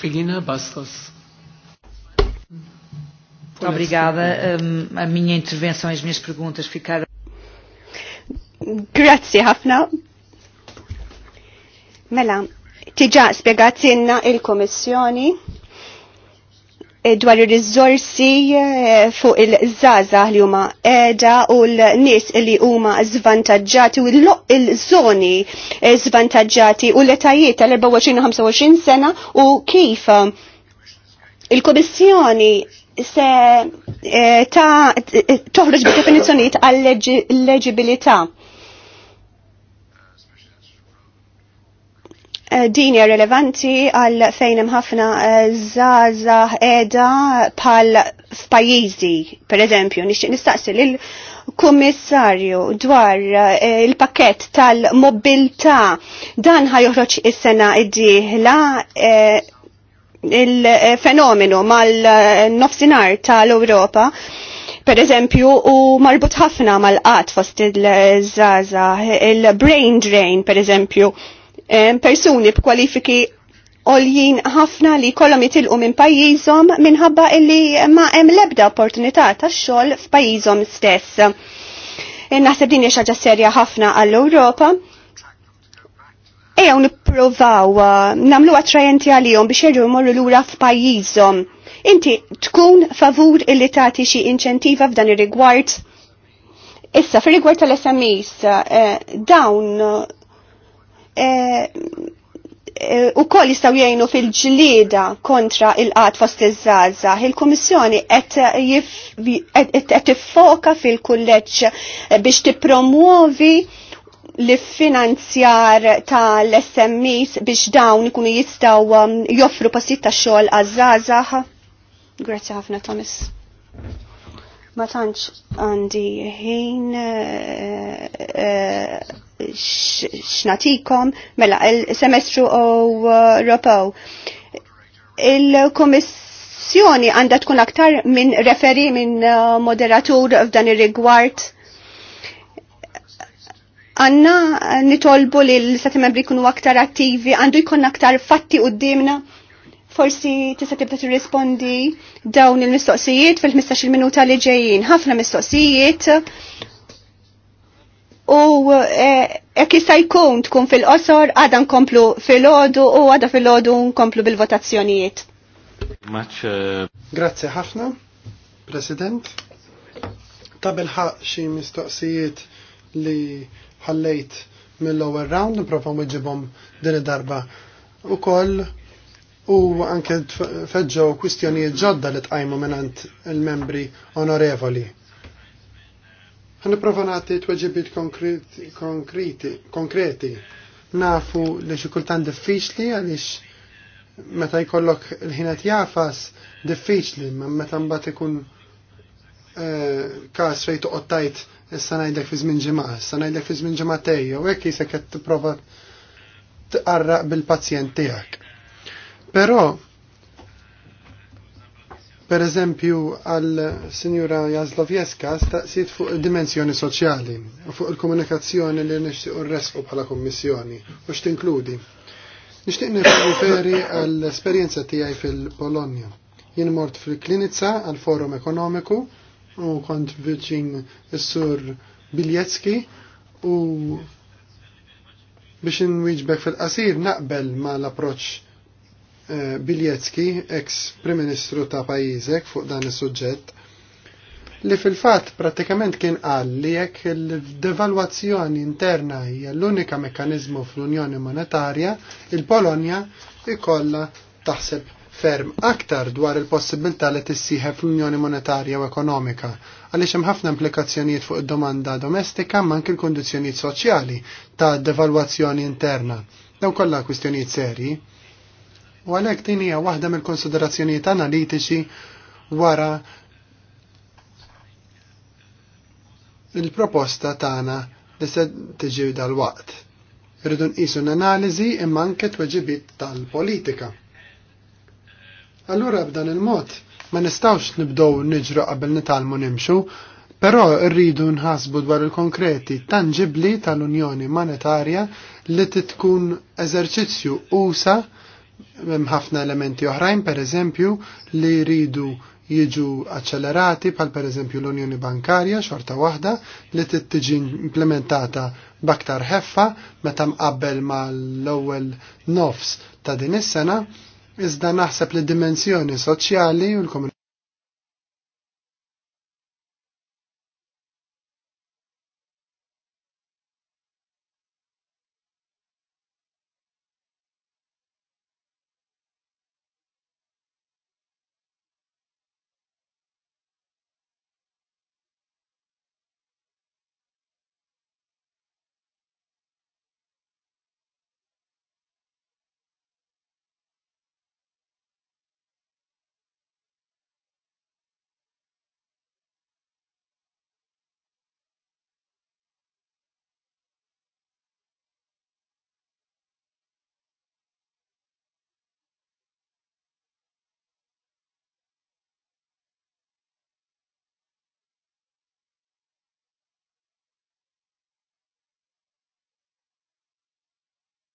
Regina Bastos. Muito obrigada. Um, a minha intervenção e as minhas perguntas ficaram. Grazie, Hafna Mela, tiġa spiegazzinna il-Komissjoni eh, dwar ir rizzorsi eh, fuq il-żaza li huma qiegħda u l-nies li huma zvantaġġati u l-żoni eh, żvantaġġati u l-etajiet tal-24-25 sena u kif il-Komissjoni se ta' toħroġ bit definizzjonijiet għall-leġibilità. Eh, din hija relevanti għal fejn hemm ħafna eh, żaża qiegħda bħal f'pajjiżi, pereżempju, nixtieq nistaqsi lil kummissarju dwar eh, il-pakket tal-mobilità dan joħroġ is-sena id-dieħla il-fenomenu mal-nofsinar tal-Ewropa per eżempju, u marbut ħafna mal-qat fost il-żaza, il-brain drain, per eżempju, persuni b'kwalifiki oljin ħafna li kollom jitilqu minn pajjiżhom minħabba illi ma hemm lebda opportunità tax-xogħol f'pajjiżhom stess. Naħseb din hija xaġa serja ħafna għall-Ewropa. Ejja nippruvaw eh, nagħmlu attrajenti għalihom biex jerġgħu jmorru lura f'pajjiżhom. Inti tkun favur illi tagħti xi inċentiva f'dan ir-rigward. Issa fir-rigward tal-SMEs eh, dawn E, e, u koll jistaw jgħinu fil-ġlida kontra il-qat fost iż-żazza. Il-Kummissjoni qed tiffoka fil kulleċ biex tippromuovi l-finanzjar tal-SMEs biex dawn ikunu jistaw um, joffru pasit ta' xogħol għaż-żgħażagħ. Grazzi ħafna Thomas. Ma tantx għandi ħin eh, eh, xnatikom mela il-semestru Ewropew. Il-Komissjoni għandha tkun aktar minn referi minn uh, moderatur f'dan ir-rigward. Għanna nitolbu li l-Stati membri kunu aktar attivi, għandu jkun aktar fatti d-dimna. forsi tista' tibda tirrispondi dawn il-mistoqsijiet fil-15 minuta li ġejjin. Ħafna mistoqsijiet u jekk eh, eh, jista' jkun tkun fil-qosor għadha nkomplu fil-ħodu u għada fil-ħodu nkomplu bil-votazzjonijiet. Eh, Grazzi ħafna, President. Tabel ħaq xi mistoqsijiet li ħallejt mill lower round nipprova nwiġibhom din id-darba ukoll u anke feġġew kwistjonijiet ġodda li tqajmu minant il-membri onorevoli nati nagħti tweġibiet konkreti. Nafu li xi kultant diffiċli għaliex meta jkollok il-ħinet jafas diffiċli, ma meta mbagħad ikun eh, każ fejn qottajt tajt issa ngħidlek fi żmien ġimgħa, issa ngħidlek fi żmien ġimgħatej, u hekk jisek qed tipprova tqarraq bil-pazjent tiegħek. Però Per eżempju, għal sinjura Jazlovjeska staqsit fuq il-dimensjoni soċjali u fuq il-komunikazzjoni li nixtieq resqu bħala kommissjoni u x'tinkludi. Nixtieq nirreferi għall esperjenza tiegħi fil-Polonja. Jien mort fil-Klinica għal Forum Ekonomiku u kont viċin is-sur Biljecki u biex inwiġbek fil-qasir naqbel ma l-approċċ Eh, Biljetski, ex Prim Ministru ta' pajjiżek fuq dan is-suġġett, li fil-fatt pratikament kien qal li jekk il-devalwazzjoni interna hija l-unika mekkanizmu fl-Unjoni Monetarja, il-Polonja ikolla taħseb ferm aktar dwar il-possibilità li tissieħeb fl-Unjoni Monetarja u Ekonomika għaliex hemm ħafna implikazzjonijiet fuq id-domanda domestika ma anke l-kundizzjonijiet soċjali ta' devalwazzjoni interna. Dawn kollha kwistjonijiet serji U għalhekk din hija waħda mill-konsiderazzjonijiet analitiċi wara il-proposta tagħna li se tiġi dal-waqt. Irridu nqisu n-analizi imma anke tweġibiet tal-politika. Allura b'dan il-mod ma nistawx nibdow niġru qabel nitalmu nimxu, però rridu nħasbu dwar il-konkreti tangibli tal-Unjoni Monetarja li titkun eżerċizzju usa hemm ħafna elementi oħrajn pereżempju li jridu jiġu accelerati pal per eżempju l-Unjoni Bankarja xorta waħda li tiġi implementata baktar ħeffa meta mqabbel ma l-ewwel nofs ta' din is-sena iżda naħseb li dimensjoni soċjali u l-komunità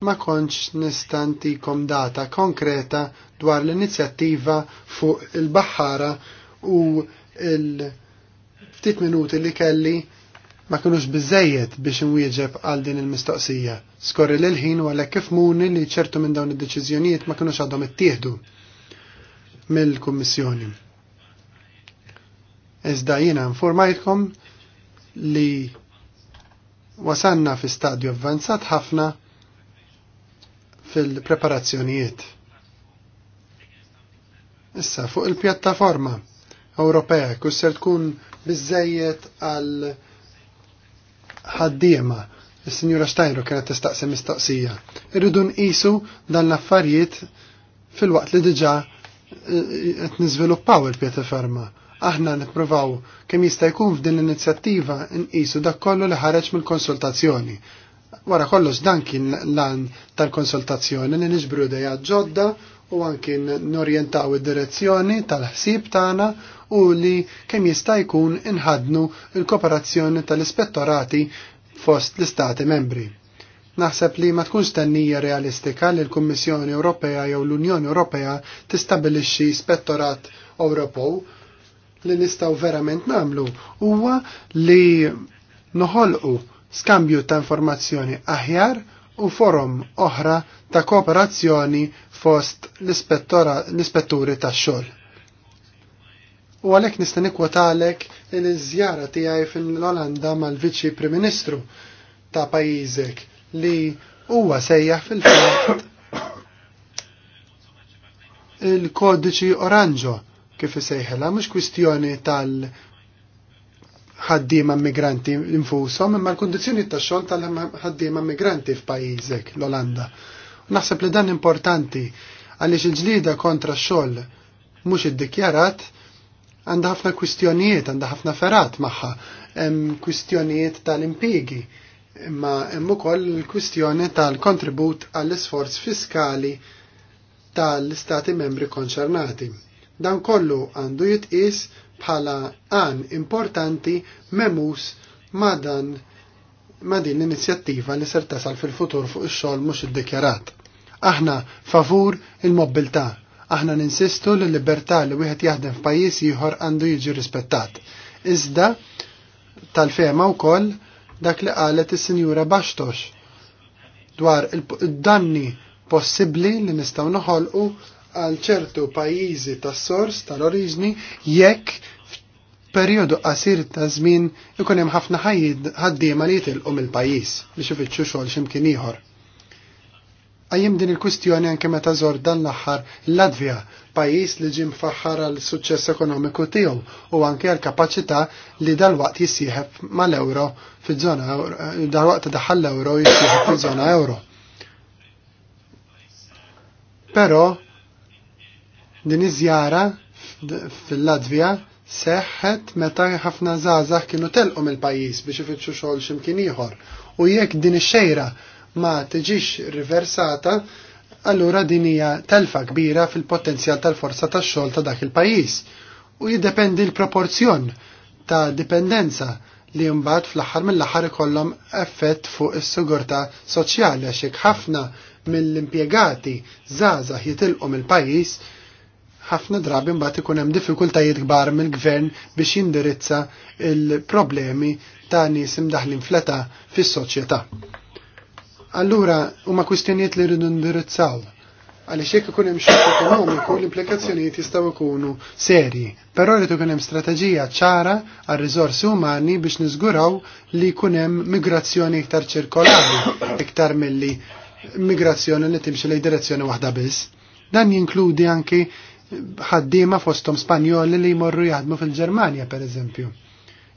ma konċ nistantikom data konkreta dwar l-inizjattiva fuq il-Bahara u il-ftit minuti li kelli ma kienux bizzejiet biex nwieġeb għal din il-mistoqsija. Skorri l-ħin u għalek kif muni li ċertu minn dawn id-deċizjonijiet ma kienux għadhom it-tieħdu mill-Kummissjoni. Iżda jiena informajtkom li wasanna fi stadju avvanzat ħafna fil-preparazzjonijiet. Issa, fuq il-pjattaforma Ewropea, kusser tkun bizzejiet għal ħaddiema. il sinjura Stajru kienet tistaqsi mistaqsija. Irridu nqisu dan l-affarijiet fil-waqt li diġà e, qed niżviluppaw il-pjattaforma. Aħna nippruvaw kemm jista' jkun f'din l-inizjattiva nqisu dak kollu li ħareġ mill-konsultazzjoni Wara kollox dan kien lan tal-konsultazzjoni li niġbru dejja ġodda u anki norjentaw id-direzzjoni tal-ħsieb tagħna u li kemm jista' jkun inħadnu l-kooperazzjoni tal-ispettorati fost l-istati membri. Naħseb li ma tkunx tennija realistika li l-Kummissjoni Ewropea jew l-Unjoni Ewropea tistabilixxi ispettorat Ewropew li nistgħu verament nagħmlu huwa li noħolqu skambju ta' informazzjoni aħjar u forum oħra ta' kooperazzjoni fost l-ispetturi ta' xol. U għalek nista' nikwotalek il-żjara tiegħi fil-Olanda mal-Viċi Prim Ministru ta' pajjiżek li huwa sejjaħ fil-fatt il-kodiċi oranġo kif isejħela mhux kwistjoni tal- ħaddiema migranti infushom imma l-kundizzjoni tax-xogħol tal-ħaddiema migranti f'pajjiżek l-Olanda. Naħseb li dan importanti għaliex il-ġlida kontra x-xogħol mhux iddikjarat għandha ħafna kwistjonijiet, għandha ħafna ferat magħha, hemm kwistjonijiet tal-impigi, imma hemm ukoll il-kwistjoni tal-kontribut għall-isforz fiskali tal-istati membri konċernati. Dan kollu għandu jitqis bħala għan importanti memus ma' dan ma' din l-inizjattiva li ser tasal fil-futur fuq ix-xogħol mhux iddikjarat. Aħna favur il-mobilità, aħna ninsistu li l-libertà li wieħed jaħdem f'pajjiż ieħor għandu jiġi rispettat. Iżda tal-fema wkoll dak li qalet is-Sinjura Baxtox dwar il-danni possibbli li nistgħu noħolqu għal ċertu pajjiżi tas-sors tal-oriġni jekk f'perjodu qasir ta' żmien ikun hemm ħafna ħaddiema li jitilqu mill-pajjiż biex ifittxu xogħol x'imkien ieħor. Għajjem din il-kwistjoni anke meta żor dan l-aħħar Latvja, pajjiż li ġim faħħar għal suċċess ekonomiku tiegħu u anke għal kapaċità li dal-waqt jissieħeb mal-euro fiż-żona dal-waqt daħħal l-euro jissieħeb fiż-żona euro. Però Din iż-żjara fil-Latvija seħħet meta ħafna żgħażagħ kienu telqu mill-pajjiż biex ifittxu xogħol x'imkien ieħor. U jekk din ix-xejra ma tiġix riversata, allura din hija telfa kbira fil-potenzjal tal-forza tax-xogħol ta' dak il-pajjiż. U jiddependi l-proporzjon ta' dipendenza li mbagħad fl-aħħar mill-aħħar ikollhom effett fuq is-sigurtà soċjali għax ħafna mill-impjegati żgħażagħ jitilqu mill-pajjiż ħafna drabi mbagħad ikun hemm diffikultajiet kbar mill-gvern biex jindirizza il-problemi ta' nies imdaħlin fleta fis-soċjetà. Allura huma kwistjonijiet li rridu ndirizzaw għaliex jekk ikun hemm xogħol ekonomiku l-implikazzjonijiet jistgħu jkunu serji, però rrid ikun hemm strateġija ċara għar riżorsi umani biex niżguraw li jkun hemm migrazzjoni iktar ċirkolari iktar milli migrazzjoni li timxi lejn direzzjoni waħda biss. Dan jinkludi anki ħaddiema fosthom Spanjoli li jmorru jaħdmu fil-Ġermanja pereżempju.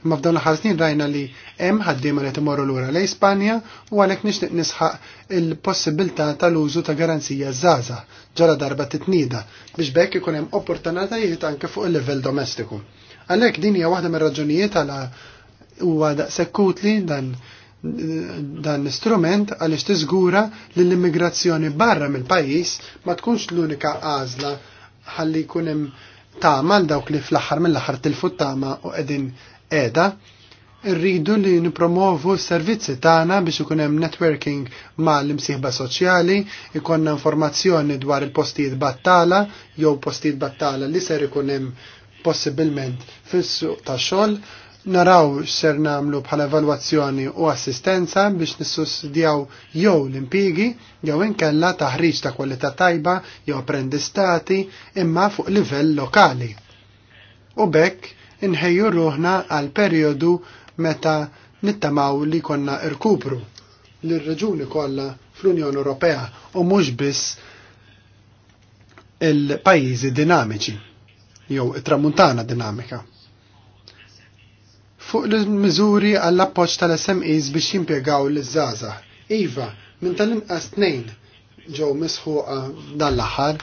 Imma f'dawn l-aħħar snin rajna li hemm ħaddiema li timorru lura lejn Spanja u għalhekk nixtieq nisħaq il-possibilità tal-użu ta' garanzija żgħażagħ ġara darba titnida biex bekk ikun hemm opportunitajiet anke fuq il-livell domestiku. Għalhekk din hija waħda mir-raġunijiet għal huwa daqshekk li dan dan l-istrument għaliex tiżgura li l-immigrazzjoni barra mill-pajjiż ma tkunx l-unika għażla ħalli jkun hemm tama l dawk li fl-aħħar mill-aħħar tilfu tama u qegħdin qiegħda. Irridu li nipromovu s-servizzi tagħna biex ikun hemm networking mal imsieħba soċjali, ikonna informazzjoni dwar il-postijiet battala jew postijiet battala li ser ikun hemm possibilment fis-suq tax-xogħol naraw x'ser nagħmlu bħala evalwazzjoni u assistenza biex nissussidjaw jew l-impigi jew inkella taħriġ ta' kwalità tajba jew apprendistati imma fuq livell lokali. U bekk inħejju ruħna għal periodu meta nittamaw li konna irkupru l-reġuni kollha fl-Unjoni Ewropea u mhux biss il-pajjiżi dinamiċi jew it-tramuntana dinamika fuq l-miżuri għall-appoġġ tal-SMEs biex jimpjegaw l-żgħażagħ. Iva, minn tal-inqas tnejn ġew misħuqa dan l-aħħar,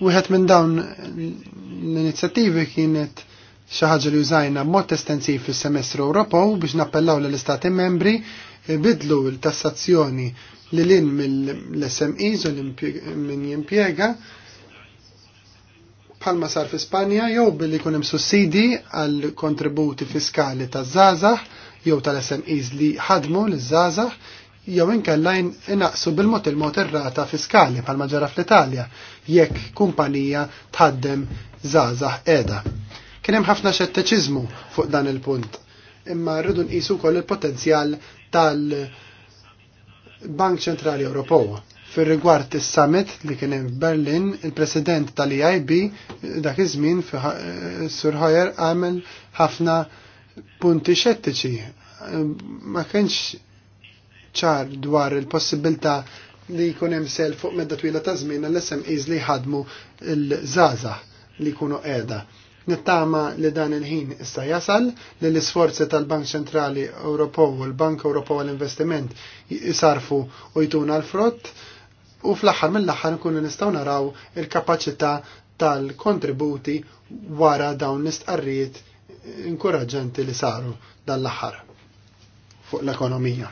wieħed minn dawn l-inizjattivi kienet xi ħaġa li użajna mod estensiv fis-semestru Ewropew biex nappellaw lill istati membri bidlu l-tassazzjoni li lin mill-SMEs u minn jimpjega palma sar fi Spanja jew billi jkun hemm sussidi għal kontributi fiskali taż-żgħażagħ jew tal-SMEs li ħadmu liż-żgħażagħ jew inkella inaqsu bil-mod il-mod ir-rata fiskali bħalma ġara fl-Italja jekk kumpanija tħaddem żgħażagħ qiegħda. Kien hemm ħafna xetteċiżmu fuq dan il-punt, imma rridu nqisu wkoll il-potenzjal tal- Bank Ċentrali Ewropew Fir rigward is-summit li kien hemm f'Berlin, il-President tal-EIB dak iż-żmien Sur Hoyer għamel ħafna punti xettiċi. Ma kienx ċar dwar il-possibilità li jkun hemm sel fuq medda twila ta' żmien għall-SMEs li jħadmu l żaza li jkunu qiegħda. Nittama li dan il-ħin issa jasal li l-isforzi tal-Bank Ċentrali Ewropew u l-Bank Ewropew għall-Investiment jisarfu u jtuna l-frott u fl-aħħar mill-aħħar nkunu nistgħu naraw il-kapaċità tal-kontributi wara dawn l-istqarrijiet li saru dan l-aħħar fuq l-ekonomija.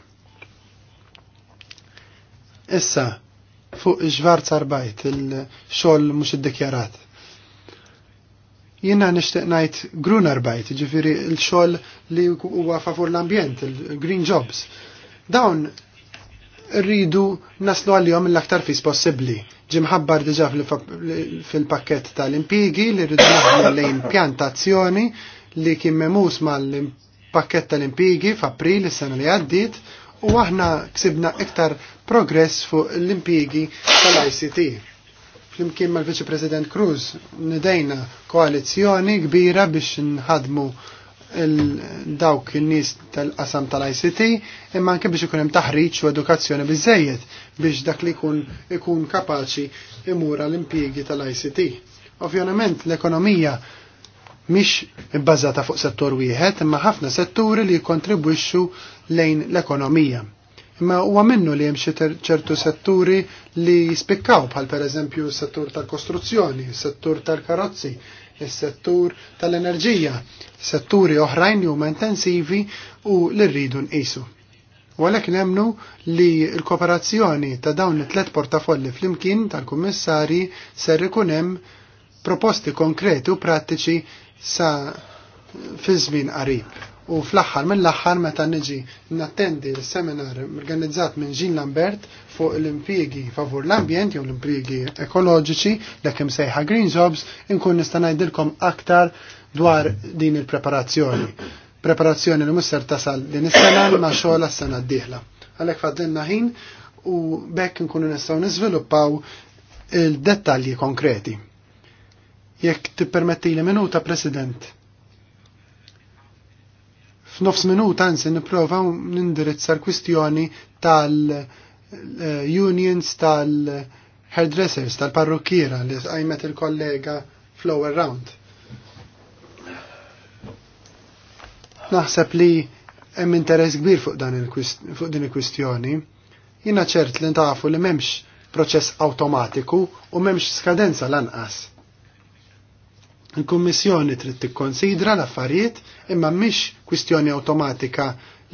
Issa, fuq ġvarz arbajt, il-xol mux id-dikjarat. Jina nishtiq najt grun arbajt, ġifiri il-xol li huwa favur l-ambjent, il-green jobs. Dawn rridu naslu għal-jom l-aktar fis possibli. Ġimħabbar diġa fil-pakket tal-impigi li rridu naħdmu lejn pjantazzjoni li kien memus mal-pakket tal-impigi f'April is-sena li għaddit u aħna ksibna iktar progress fuq l-impigi tal-ICT. Flimkien mal-Viċi President Cruz nidejna koalizjoni kbira biex nħadmu dawk in-nies tal-qasam tal-ICT imma anke biex ikun hemm taħriġ u edukazzjoni biżejjed biex dak li jkun ikun kapaċi imura l-impjiegi tal-ICT. Ovvjament l-ekonomija mhix ibbażata fuq settur wieħed imma ħafna setturi li jikkontribwixxu lejn l-ekonomija. Imma huwa minnu li hemm xi ċertu setturi li jispikkaw bħal pereżempju s-settur tal-kostruzzjoni, s-settur tal-karozzi, is-settur tal-enerġija, setturi oħrajn li huma intensivi u li rridu nqisu. Walek nemnu li l-kooperazzjoni ta' dawn it tlet portafolli fl-imkien tal-kummissari ser ikun hemm proposti konkreti u prattiċi sa' fi żmien qarib. U fl-axħar mill-axħar meta niġi nattendi l-seminar organizzat minn Jean Lambert fuq l impiegi favur l-ambjent jew l impiegi ekoloġiċi l-ekim sejħa Green Jobs inkun nista' ngħidilkom aktar dwar din il-preparazzjoni. Preparazzjoni li musser tasal din is-sena ma' xogħol għas-sena d-dieħla. Għalhekk fadilna ħin u bekk inkunu nistgħu niżviluppaw il-dettalji konkreti. Jekk tippermetti li minuta, President F'nofs minuta nsi nipprova nindirizza l-kwistjoni tal-unions tal-hairdressers, tal-parrukkiera li għajmet il-kollega flower round. Naħseb li hemm interess kbir fuq, fuq din il-kwistjoni. Jina ċert li ntafu li memx proċess automatiku u memx skadenza lanqas Il-Kummissjoni trid tikkonsidra l-affarijiet imma mhix kwistjoni awtomatika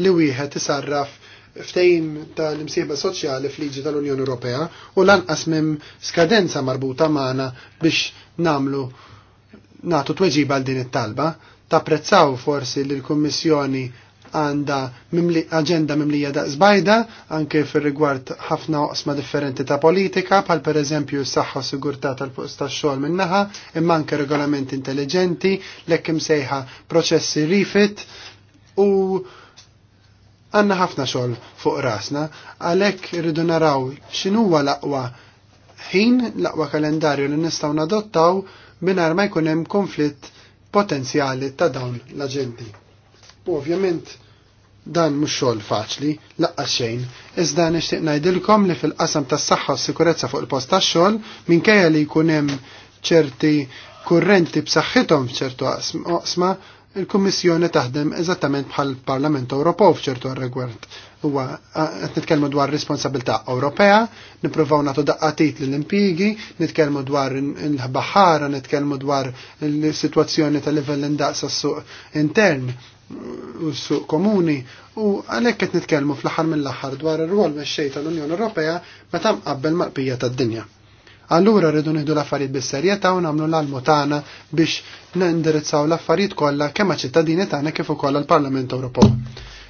li wieħed isarraf ftejim tal-imsieba soċjali fl-liġi tal-Unjoni Ewropea u lanqas minn skadenza marbuta magħna biex namlu nagħtu tweġiba għal din it-talba. Tapprezzaw forsi li l-Kummissjoni għanda agenda mimlija da' zbajda, anke fil rigward ħafna oqsma differenti ta' politika, pal per eżempju s-saxħa sigurta tal-post ta' xogħol minnaħa, imma anke regolamenti intelligenti, lekkim sejħa proċessi rifit u għanna ħafna xogħol fuq rasna, għalhekk irridu naraw x'inhuwa l-aqwa ħin l-aqwa kalendarju li nistgħu nadottaw mingħajr ma jkun hemm konflitt potenzjali ta' dawn l-aġenti. U ovvjament Dan mhux xogħol faċli, laqqas xejn, iżda nixtieq ngħidilkom li fil-qasam tas-saħħa u sikurezza fuq il-post tax-xogħol minkejja li jkun hemm ċerti kurrenti b'saħħithom f'ċertu qasma, il-Kummissjoni taħdem eżattament bħal parlament Ewropew f'ċertu rigward. Huwa qed nitkellmu dwar responsabilità Ewropea, nippruvaw nagħtu daqqatit lill-impjigi, nitkellmu dwar il-baħara, nitkellmu dwar il-sitwazzjoni tal-livell indaqs suq intern, u s-suq komuni u għalhekk qed nitkellmu fl-aħħar mill-aħħar dwar ir-rwol mexxej tal-Unjoni Ewropea meta mqabbel maqbija tad-dinja. Allura rridu nieħdu l-affarijiet bis-serjetà u nagħmlu l għalmu tagħna biex nindirizzaw l-affarijiet kollha kemm ċittadini tagħna kif ukoll għall-Parlament Ewropew.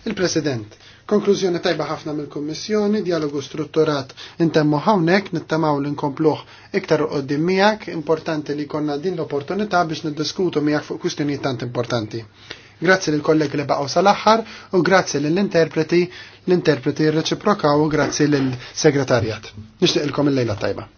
Il-President, konklużjoni tajba ħafna mill-Kummissjoni, dialogu strutturat intemmu hawnhekk nittamaw li nkompluh iktar qoddim miegħek, importanti li konna din l-opportunità biex niddiskutu miegħek fuq kwistjonijiet tant importanti. Grazzi lill kollegi li baqgħu sal-aħħar u grazzi lill interpreti l-interpreti rreċiprokaw u grazzi lill segretarjat Nixtieq ilkom il-lejla tajba.